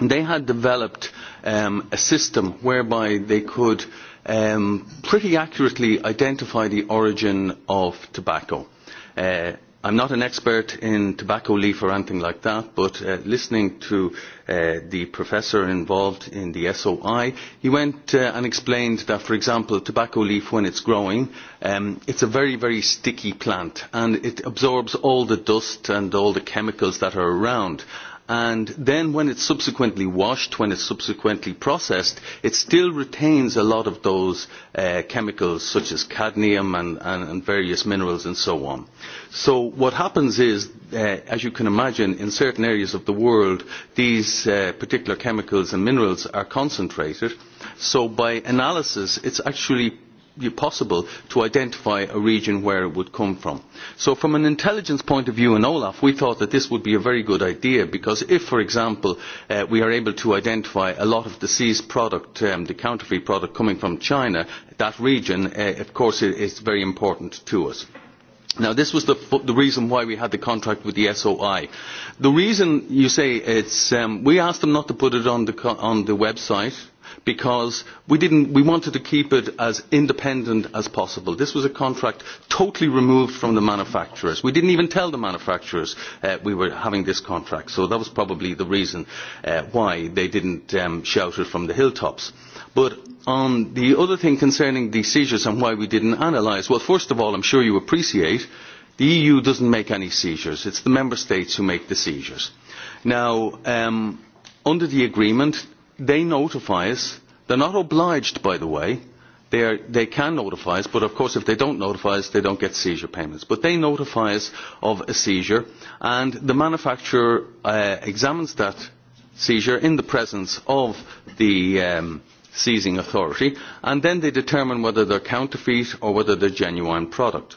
Speaker 14: they had developed um, a system whereby they could um, pretty accurately identify the origin of tobacco. Uh, I'm not an expert in tobacco leaf or anything like that, but uh, listening to uh, the professor involved in the SOI, he went uh, and explained that, for example, tobacco leaf, when it's growing, um, it's a very, very sticky plant and it absorbs all the dust and all the chemicals that are around and then when it's subsequently washed, when it's subsequently processed, it still retains a lot of those uh, chemicals such as cadmium and, and, and various minerals and so on. So what happens is, uh, as you can imagine, in certain areas of the world, these uh, particular chemicals and minerals are concentrated. So by analysis, it's actually possible to identify a region where it would come from. So from an intelligence point of view in Olaf, we thought that this would be a very good idea because if, for example, uh, we are able to identify a lot of the seized product, um, the counterfeit product coming from China, that region, uh, of course, is very important to us. Now, this was the, the reason why we had the contract with the SOI. The reason, you say, it's, um, we asked them not to put it on the, on the website, because we, didn't, we wanted to keep it as independent as possible. This was a contract totally removed from the manufacturers. We didn't even tell the manufacturers uh, we were having this contract, so that was probably the reason uh, why they didn't um, shout it from the hilltops. But on the other thing concerning the seizures and why we didn't analyse, well, first of all, I'm sure you appreciate the EU doesn't make any seizures. It's the member states who make the seizures. Now, um, under the agreement, they notify us. They're not obliged, by the way. They, are, they can notify us, but of course, if they don't notify us, they don't get seizure payments. But they notify us of a seizure, and the manufacturer uh, examines that seizure in the presence of the um, seizing authority, and then they determine whether they're counterfeit or whether they're genuine product.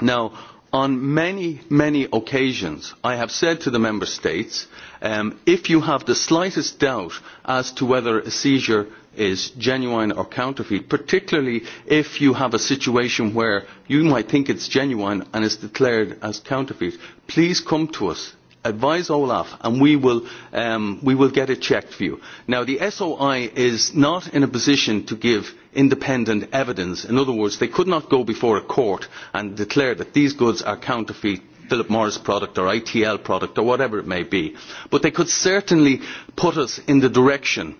Speaker 14: Now, on many, many occasions, I have said to the Member States, um, if you have the slightest doubt as to whether a seizure is genuine or counterfeit, particularly if you have a situation where you might think it's genuine and is declared as counterfeit, please come to us. Advise Olaf and we will, um, we will get it checked for you. Now the SOI is not in a position to give independent evidence. In other words, they could not go before a court and declare that these goods are counterfeit Philip Morris product or ITL product or whatever it may be. But they could certainly put us in the direction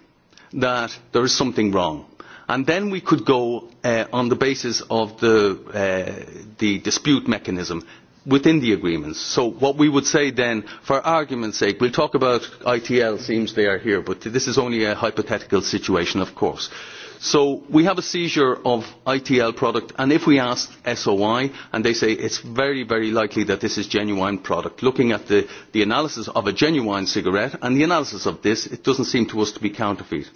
Speaker 14: that there is something wrong. And then we could go uh, on the basis of the, uh, the dispute mechanism within the agreements. So what we would say then, for argument's sake, we'll talk about ITL, seems they are here, but this is only a hypothetical situation, of course. Uh, So we have a seizure of ITL product, and if we ask SOI, and they say it's very, very likely that this is genuine product, looking at the, the analysis of a genuine cigarette and the analysis of this, it doesn't seem to us to be counterfeit.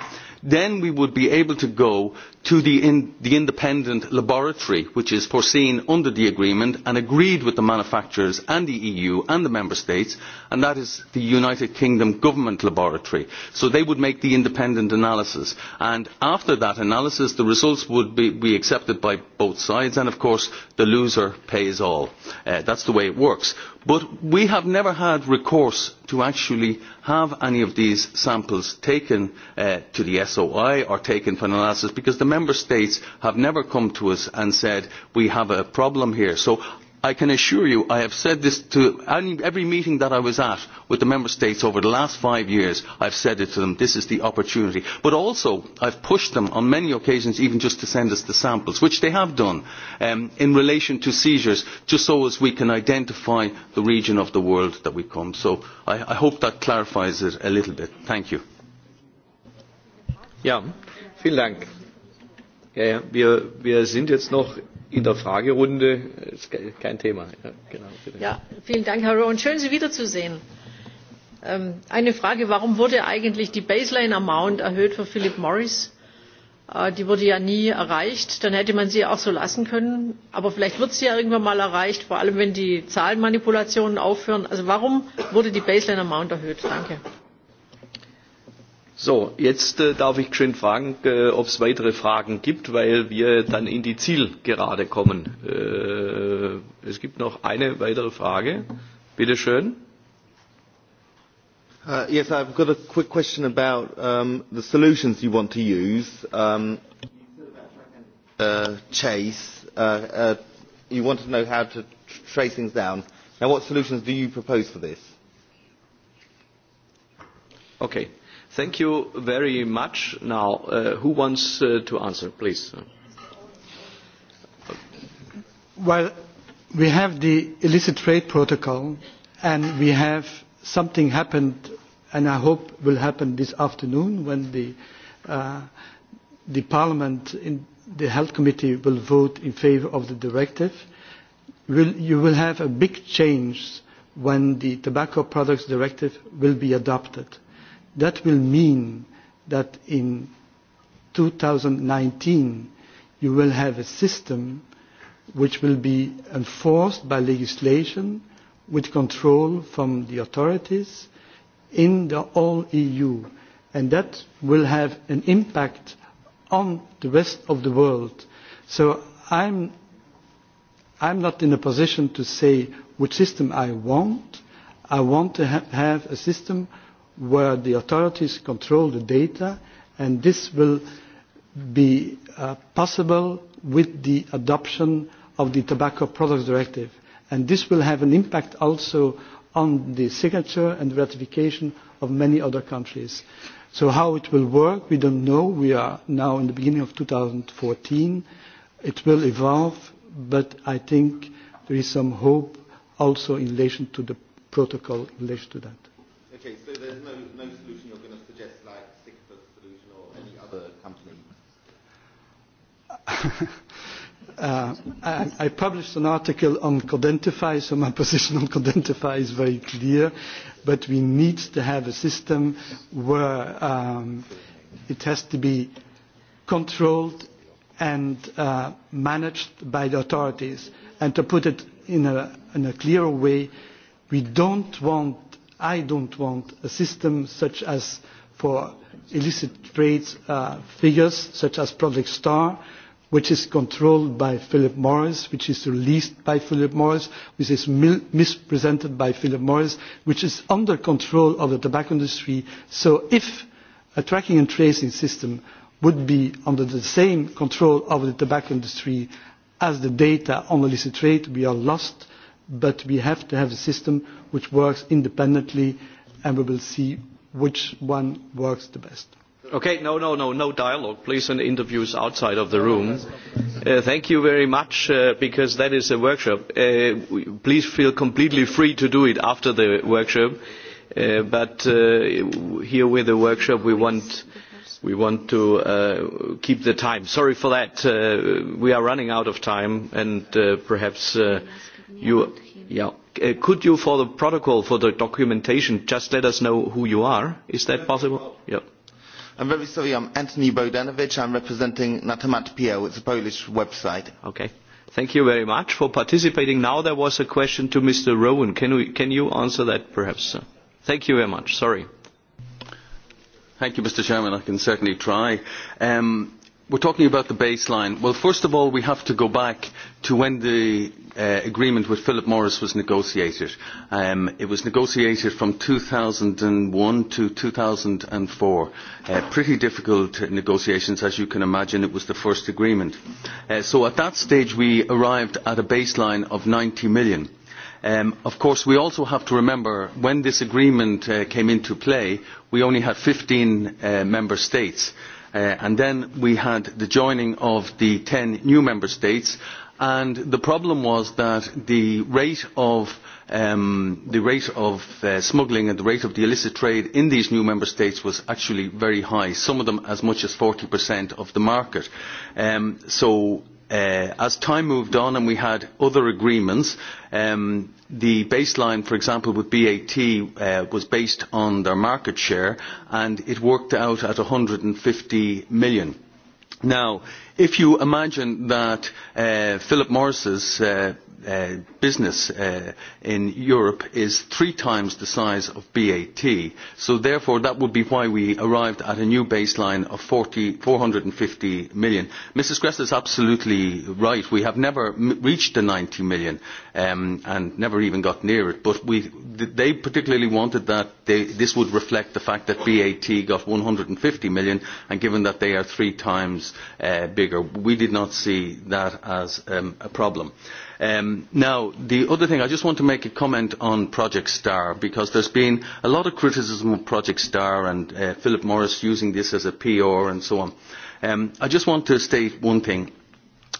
Speaker 14: Then we would be able to go to the, in, the independent laboratory which is foreseen under the agreement and agreed with the manufacturers and the EU and the Member States, and that is the United Kingdom Government Laboratory. So they would make the independent analysis. And after that analysis, the results would be, be accepted by both sides, and of course, the loser pays all. Uh, that's the way it works But we have never had recourse to actually have any of these samples taken uh, to the SOI or taken for analysis because the Member States have never come to us and said, we have a problem here. So I can assure you, I have said this to any, every meeting that I was at with the Member States over the last five years, I've said it to them, this is the opportunity. But also, I've pushed them on many occasions even just to send us the samples, which they have done, um, in relation to seizures, just so as we can identify the region of the world that we come. So I, I hope that clarifies it a little bit. Thank you.
Speaker 1: Ja, vielen Dank. Ja, ja, wir, wir sind jetzt noch in der Fragerunde ist kein Thema. Ja, genau, bitte. ja
Speaker 4: vielen Dank, Herr Rowan. Schön, Sie wiederzusehen. Ähm, eine Frage, warum wurde eigentlich die Baseline Amount erhöht für Philip Morris? Äh, die wurde ja nie erreicht. Dann hätte man sie auch so lassen können. Aber vielleicht wird sie ja irgendwann mal erreicht, vor allem wenn die Zahlenmanipulationen aufhören. Also warum wurde die Baseline Amount erhöht? Danke.
Speaker 1: So, jetzt äh, darf ich schön fragen, äh, ob es weitere Fragen gibt, weil wir dann in die Zielgerade kommen. Äh, es gibt noch eine weitere Frage. Bitte schön.
Speaker 2: Uh, yes, I've got a quick question about um, the solutions you want to use. Um, uh, chase, uh, uh, you want to know how to tr trace things down. Now, what solutions do you propose for this?
Speaker 1: Okay. Uh, Thank you very much. Now, uh, who wants uh, to answer, please?
Speaker 13: Well, we have the illicit trade protocol, and we have something happened, and I hope will happen this afternoon when the, uh, the Parliament in the Health Committee will vote in favour of the directive. Will, you will have a big change when the Tobacco Products Directive will be adopted That will mean that in 2019 you will have a system which will be enforced by legislation with control from the authorities in the all EU. And that will have an impact on the rest of the world. So I'm, I'm not in a position to say which system I want. I want to ha have a system where the authorities control the data, and this will be uh, possible with the adoption of the Tobacco Products Directive. And this will have an impact also on the signature and ratification of many other countries. So how it will work, we don't know. We are now in the beginning of 2014. It will evolve, but I think there is some hope also in relation to the protocol in relation to that.
Speaker 7: Okay, so there's no, no solution you're going to suggest, like Sigfa's solution or any other company?
Speaker 13: uh, I, I published an article on Codentify, so my position on Codentify is very clear. But we need to have a system where um, it has to be controlled and uh, managed by the authorities. And to put it in a, in a clearer way, we don't want I don't want a system such as for illicit trade uh, figures, such as Project Star, which is controlled by Philip Morris, which is released by Philip Morris, which is misrepresented by Philip Morris, which is under control of the tobacco industry. So if a tracking and tracing system would be under the same control of the tobacco industry as the data on illicit trade, we are lost but we have to have a system which works independently and we will see which one works the best.
Speaker 1: Okay, no, no, no, no dialogue, please, and interviews outside of the room. Uh, thank you very much, uh, because that is a workshop. Uh, please feel completely free to do it after the workshop, uh, but uh, here with the workshop we want, we want to uh, keep the time. Sorry for that. Uh, we are running out of time, and uh, perhaps... Uh, You, yeah. Uh, could you, for the protocol, for the documentation, just let us know who you are? Is that possible? Yeah.
Speaker 2: I'm very sorry, I'm Anthony Bodanovich. I'm representing Natomat.pl. It's a Polish website.
Speaker 1: Okay. Thank you very much for participating. Now there was a question to Mr. Rowan.
Speaker 14: Can, we, can you answer that perhaps? Sir? Thank you very much. Sorry. Thank you, Mr. Chairman. I can certainly try. Um, we're talking about the baseline. Well, first of all, we have to go back to when the uh, agreement with Philip Morris was negotiated. Um, it was negotiated from 2001 to 2004. Uh, pretty difficult negotiations, as you can imagine. It was the first agreement. Uh, so at that stage, we arrived at a baseline of 90 million. Um, of course, we also have to remember when this agreement uh, came into play, we only had 15 uh, member states. Uh, and then we had the joining of the 10 new member states and the problem was that the rate of um, the rate of uh, smuggling and the rate of the illicit trade in these new member states was actually very high, some of them as much as 40% of the market. Um, so uh, as time moved on and we had other agreements, um, the baseline, for example, with BAT uh, was based on their market share and it worked out at 150 million. Now, uh, if you imagine that uh, Philip Morris's uh, uh, business uh, in Europe is three times the size of BAT. So therefore, that would be why we arrived at a new baseline of 40, 450 million. Mrs. Gress is absolutely right. We have never m- reached the 90 million um, and never even got near it. But we, th- they particularly wanted that they, this would reflect the fact that BAT got 150 million, and given that they are three times uh, bigger, we did not see that as um, a problem. Uh, Um, now, the other thing, I just want to make a comment on Project Star, because there's been a lot of criticism of Project Star and uh, Philip Morris using this as a PR and so on. Um, I just want to state one thing.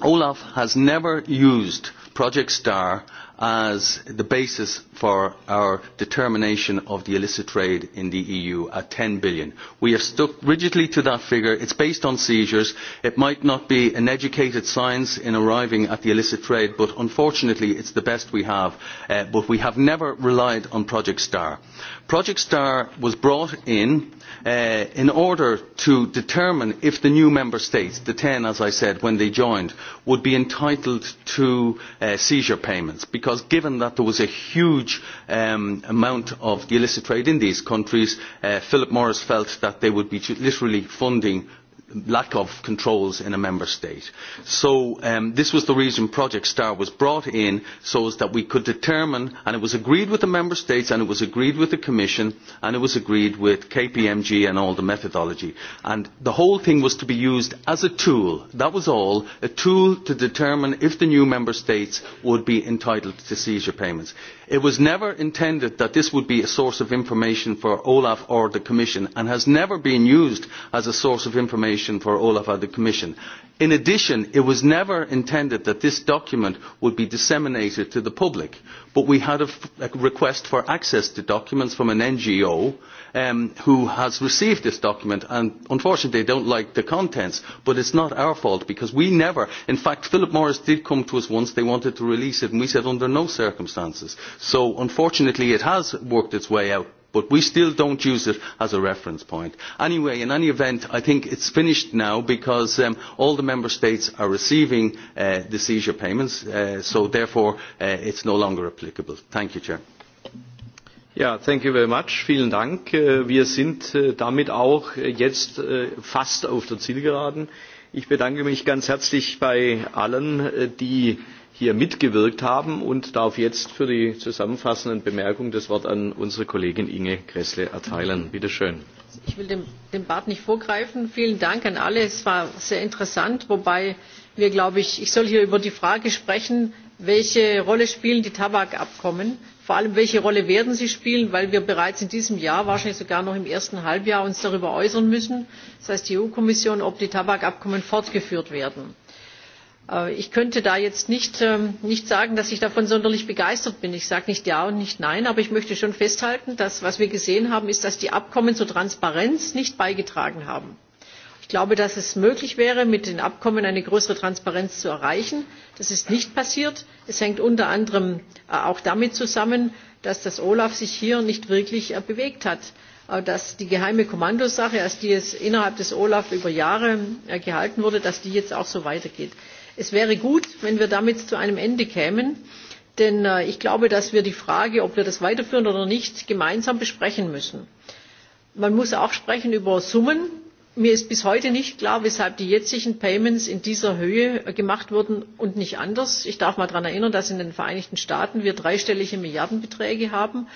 Speaker 14: Olaf has never used Project Star as the basis for our determination of the illicit trade in the EU at 10 billion. We have stuck rigidly to that figure. It's based on seizures. It might not be an educated science in arriving at the illicit trade, but unfortunately it's the best we have. Uh, but we have never relied on Project Star. Project Star was brought in uh, in order to determine if the new member states, the 10 as I said when they joined, would be entitled to uh, seizure payments because given that there was a huge um, amount of the illicit trade in these countries, uh, Philip Morris felt that they would be literally funding lack of controls in a member state. So um, this was the reason Project Star was brought in, so as that we could determine, and it was agreed with the member states, and it was agreed with the Commission, and it was agreed with KPMG and all the methodology. And the whole thing was to be used as a tool, that was all, a tool to determine if the new member states would be entitled to seizure payments It was never intended that this would be a source of information for Olaf or the Commission and has never been used as a source of information for Olaf or the Commission. In addition, it was never intended that this document would be disseminated to the public, but we had a, a request for access to documents from an NGO um, who has received this document and unfortunately they don't like the contents, but it's not our fault because we never, in fact Philip Morris did come to us once, they wanted to release it and we said under no circumstances. So unfortunately it has worked its way out but we still do not use it as a reference point. Anyway, in any event, I think it is finished now because um, all the Member States are receiving uh, the seizure payments, uh, so therefore uh, it is no longer applicable. Thank you, Chair. Ja, thank
Speaker 1: you very much. Vielen Dank. Äh, wir sind äh, damit auch äh, jetzt fast auf der Zielgeraden. Ich bedanke mich ganz herzlich bei allen, die hier mitgewirkt haben und darf jetzt für die zusammenfassenden Bemerkungen das Wort an unsere Kollegin Inge Kressle erteilen. Bitte schön.
Speaker 4: Ich will dem, dem Bart nicht vorgreifen. Vielen Dank an alle. Es war sehr interessant, wobei wir, glaube ich, ich soll hier über die Frage sprechen, welche Rolle spielen die Tabakabkommen? Vor allem, welche Rolle werden sie spielen? Weil wir bereits in diesem Jahr, wahrscheinlich sogar noch im ersten Halbjahr, uns darüber äußern müssen. Das heißt, die EU-Kommission, ob die Tabakabkommen fortgeführt werden Äh, ich könnte da jetzt nicht, ähm, nicht sagen dass ich davon sonderlich begeistert bin. ich sage nicht ja und nicht nein aber ich möchte schon festhalten dass was wir gesehen haben ist dass die abkommen zur transparenz nicht beigetragen haben. ich glaube dass es möglich wäre mit den abkommen eine größere transparenz zu erreichen. das ist nicht passiert. es hängt unter anderem äh, auch damit zusammen dass das olaf sich hier nicht wirklich äh, bewegt hat dass die geheime kommandosache als die es innerhalb des olaf über jahre gehalten wurde jetzt auch so weitergeht es wäre gut wenn wir damit zu einem ende kämen denn äh, ich glaube dass wir die frage ob wir das weiterführen oder nicht gemeinsam besprechen müssen. man muss auch sprechen über summen. mir ist bis heute nicht klar weshalb die jetzigen payments in dieser höhe äh, gemacht wurden und nicht anders. ich darf mal daran erinnern dass in den vereinigten staaten wir dreistellige milliardenbeträge haben.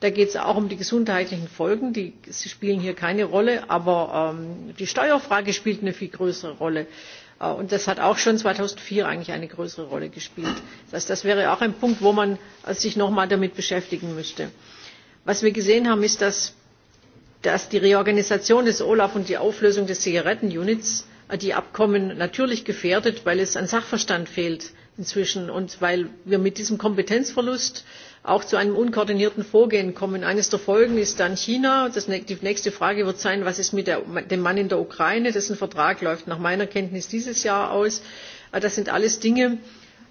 Speaker 4: da geht es auch um die gesundheitlichen folgen die spielen hier keine rolle aber ähm, die steuerfrage spielt eine viel größere rolle Äh, und das hat auch schon 2004 eigentlich eine größere Rolle gespielt. Das heißt, das wäre auch ein Punkt, wo man äh, sich nochmal damit beschäftigen müsste. Was wir gesehen haben, ist, dass, dass die Reorganisation des Olaf und die Auflösung des Zigarettenunits äh, die Abkommen natürlich gefährdet, weil es an Sachverstand fehlt inzwischen und weil wir mit diesem Kompetenzverlust äh, auch zu einem unkoordinierten Vorgehen kommen. Eines der Folgen ist dann China. Das, die nächste Frage wird sein, was ist mit der, dem Mann in der Ukraine? Dessen Vertrag läuft nach meiner Kenntnis dieses Jahr aus. Äh, das sind alles Dinge,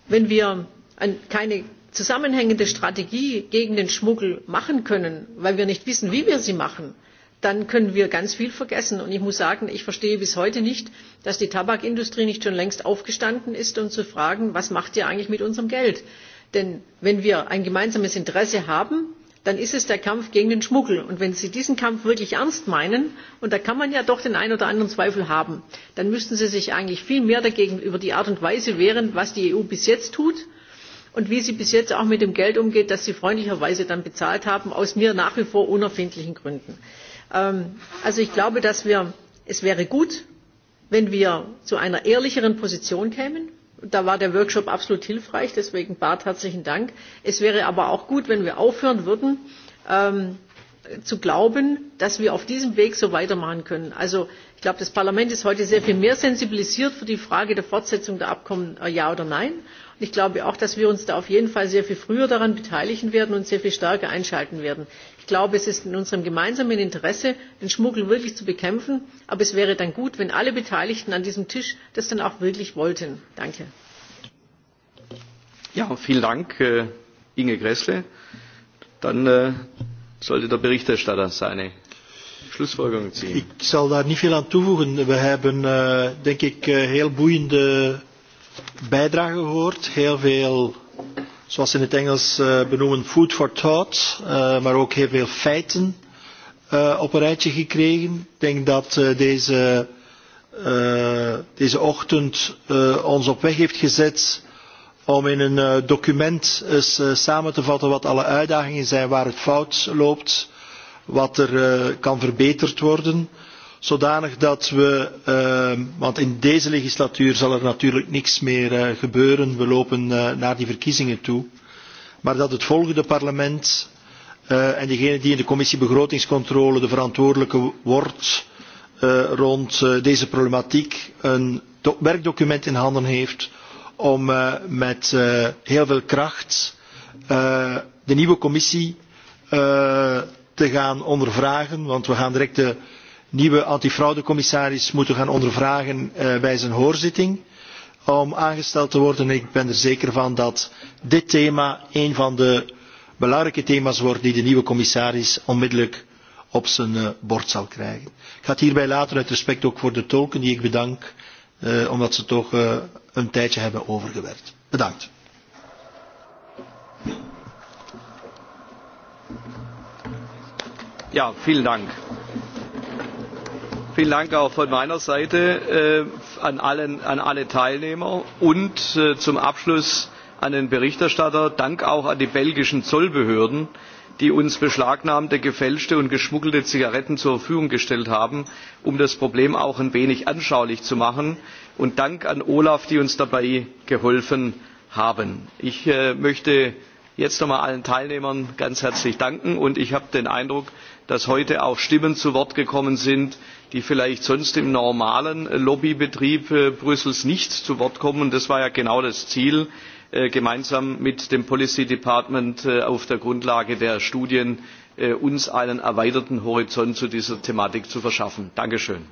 Speaker 4: wenn wir ein, keine zusammenhängende Strategie gegen den Schmuggel machen können, weil wir nicht wissen, wie wir sie machen, dann können wir ganz viel vergessen. Und ich muss sagen, ich verstehe bis heute nicht, dass die Tabakindustrie nicht schon längst aufgestanden ist, um zu fragen, was macht ihr eigentlich mit unserem Geld? denn wenn wir ein gemeinsames interesse haben dann ist es der kampf gegen den schmuggel. und wenn sie diesen kampf wirklich ernst meinen und da kann man ja doch den einen oder anderen zweifel haben dann müssten sie sich eigentlich viel mehr dagegen über die art und weise wehren was die eu bis jetzt tut und wie sie bis jetzt auch mit dem geld umgeht das sie freundlicherweise dann bezahlt haben aus mir nach wie vor unerfindlichen gründen. Ähm, also ich glaube dass wir es wäre gut wenn wir zu einer ehrlicheren position kämen da war der Workshop absolut hilfreich, deswegen Bart herzlichen Dank. Es wäre aber auch gut, wenn wir aufhören würden, ähm, zu glauben, dass wir auf diesem Weg so weitermachen können. Also ich glaube, das Parlament ist heute sehr viel mehr sensibilisiert für die Frage der Fortsetzung der Abkommen äh, ja oder nein. Und ich glaube auch, dass wir uns da auf jeden Fall sehr viel früher daran beteiligen werden und sehr viel stärker einschalten werden ich glaube es ist in unserem gemeinsamen interesse den schmuggel wirklich zu bekämpfen aber es wäre dann gut wenn alle beteiligten an diesem tisch das dann auch wirklich wollten. danke.
Speaker 1: ja vielen dank äh, inge gräßle. dann äh, sollte der berichterstatter seine schlussfolgerung ziehen.
Speaker 2: ich zal daar niet veel aan toevoegen. we hebben uh, denk ik uh, heel boeiende bijdragen gehoord heel veel zoals ze in het Engels uh, benoemen, food for thought, uh, maar ook heel veel feiten uh, op een rijtje gekregen. Ik denk dat uh, deze, uh, deze ochtend uh, ons op weg heeft gezet om in een uh, document eens uh, samen te vatten wat alle uitdagingen zijn, waar het fout loopt, wat er uh, kan verbeterd worden. Uh, zodanig dat we, uh, want in deze legislatuur zal er natuurlijk niks meer uh, gebeuren, we lopen uh, naar die verkiezingen toe, maar dat het volgende parlement uh, en degene die in de commissie begrotingscontrole de verantwoordelijke wordt uh, rond uh, deze problematiek een werkdocument in handen heeft om uh, met uh, heel veel kracht uh, de nieuwe commissie uh, te gaan ondervragen, want we gaan direct de uh, nieuwe antifraudecommissaris moeten gaan ondervragen uh, bij zijn hoorzitting om aangesteld te worden. Ik ben er zeker van dat dit thema een van de belangrijke thema's wordt die de nieuwe commissaris onmiddellijk op zijn uh, bord zal krijgen. Ik ga het hierbij laten uit respect ook voor de tolken die ik bedank uh, omdat ze toch uh, een tijdje hebben overgewerkt. Bedankt.
Speaker 1: Ja, vielen Dank. Vielen Dank auch von meiner Seite äh, an, allen, an alle Teilnehmer und äh, zum Abschluss an den Berichterstatter. Dank auch an die belgischen Zollbehörden, die uns beschlagnahmte, gefälschte und geschmuggelte Zigaretten zur Verfügung gestellt haben, um das Problem auch ein wenig anschaulich zu machen. Und Dank an Olaf, die uns dabei geholfen haben. Ich äh, möchte jetzt nochmal allen Teilnehmern ganz herzlich danken und ich habe den Eindruck, dass heute auch Stimmen zu Wort gekommen sind, die vielleicht sonst im normalen äh, lobbybetrieb äh, brüssels nicht zu wort kommen. das war ja genau das ziel äh, gemeinsam mit dem policy department auf der grundlage der studien uns einen erweiterten horizont zu dieser thematik zu verschaffen. danke
Speaker 3: schön!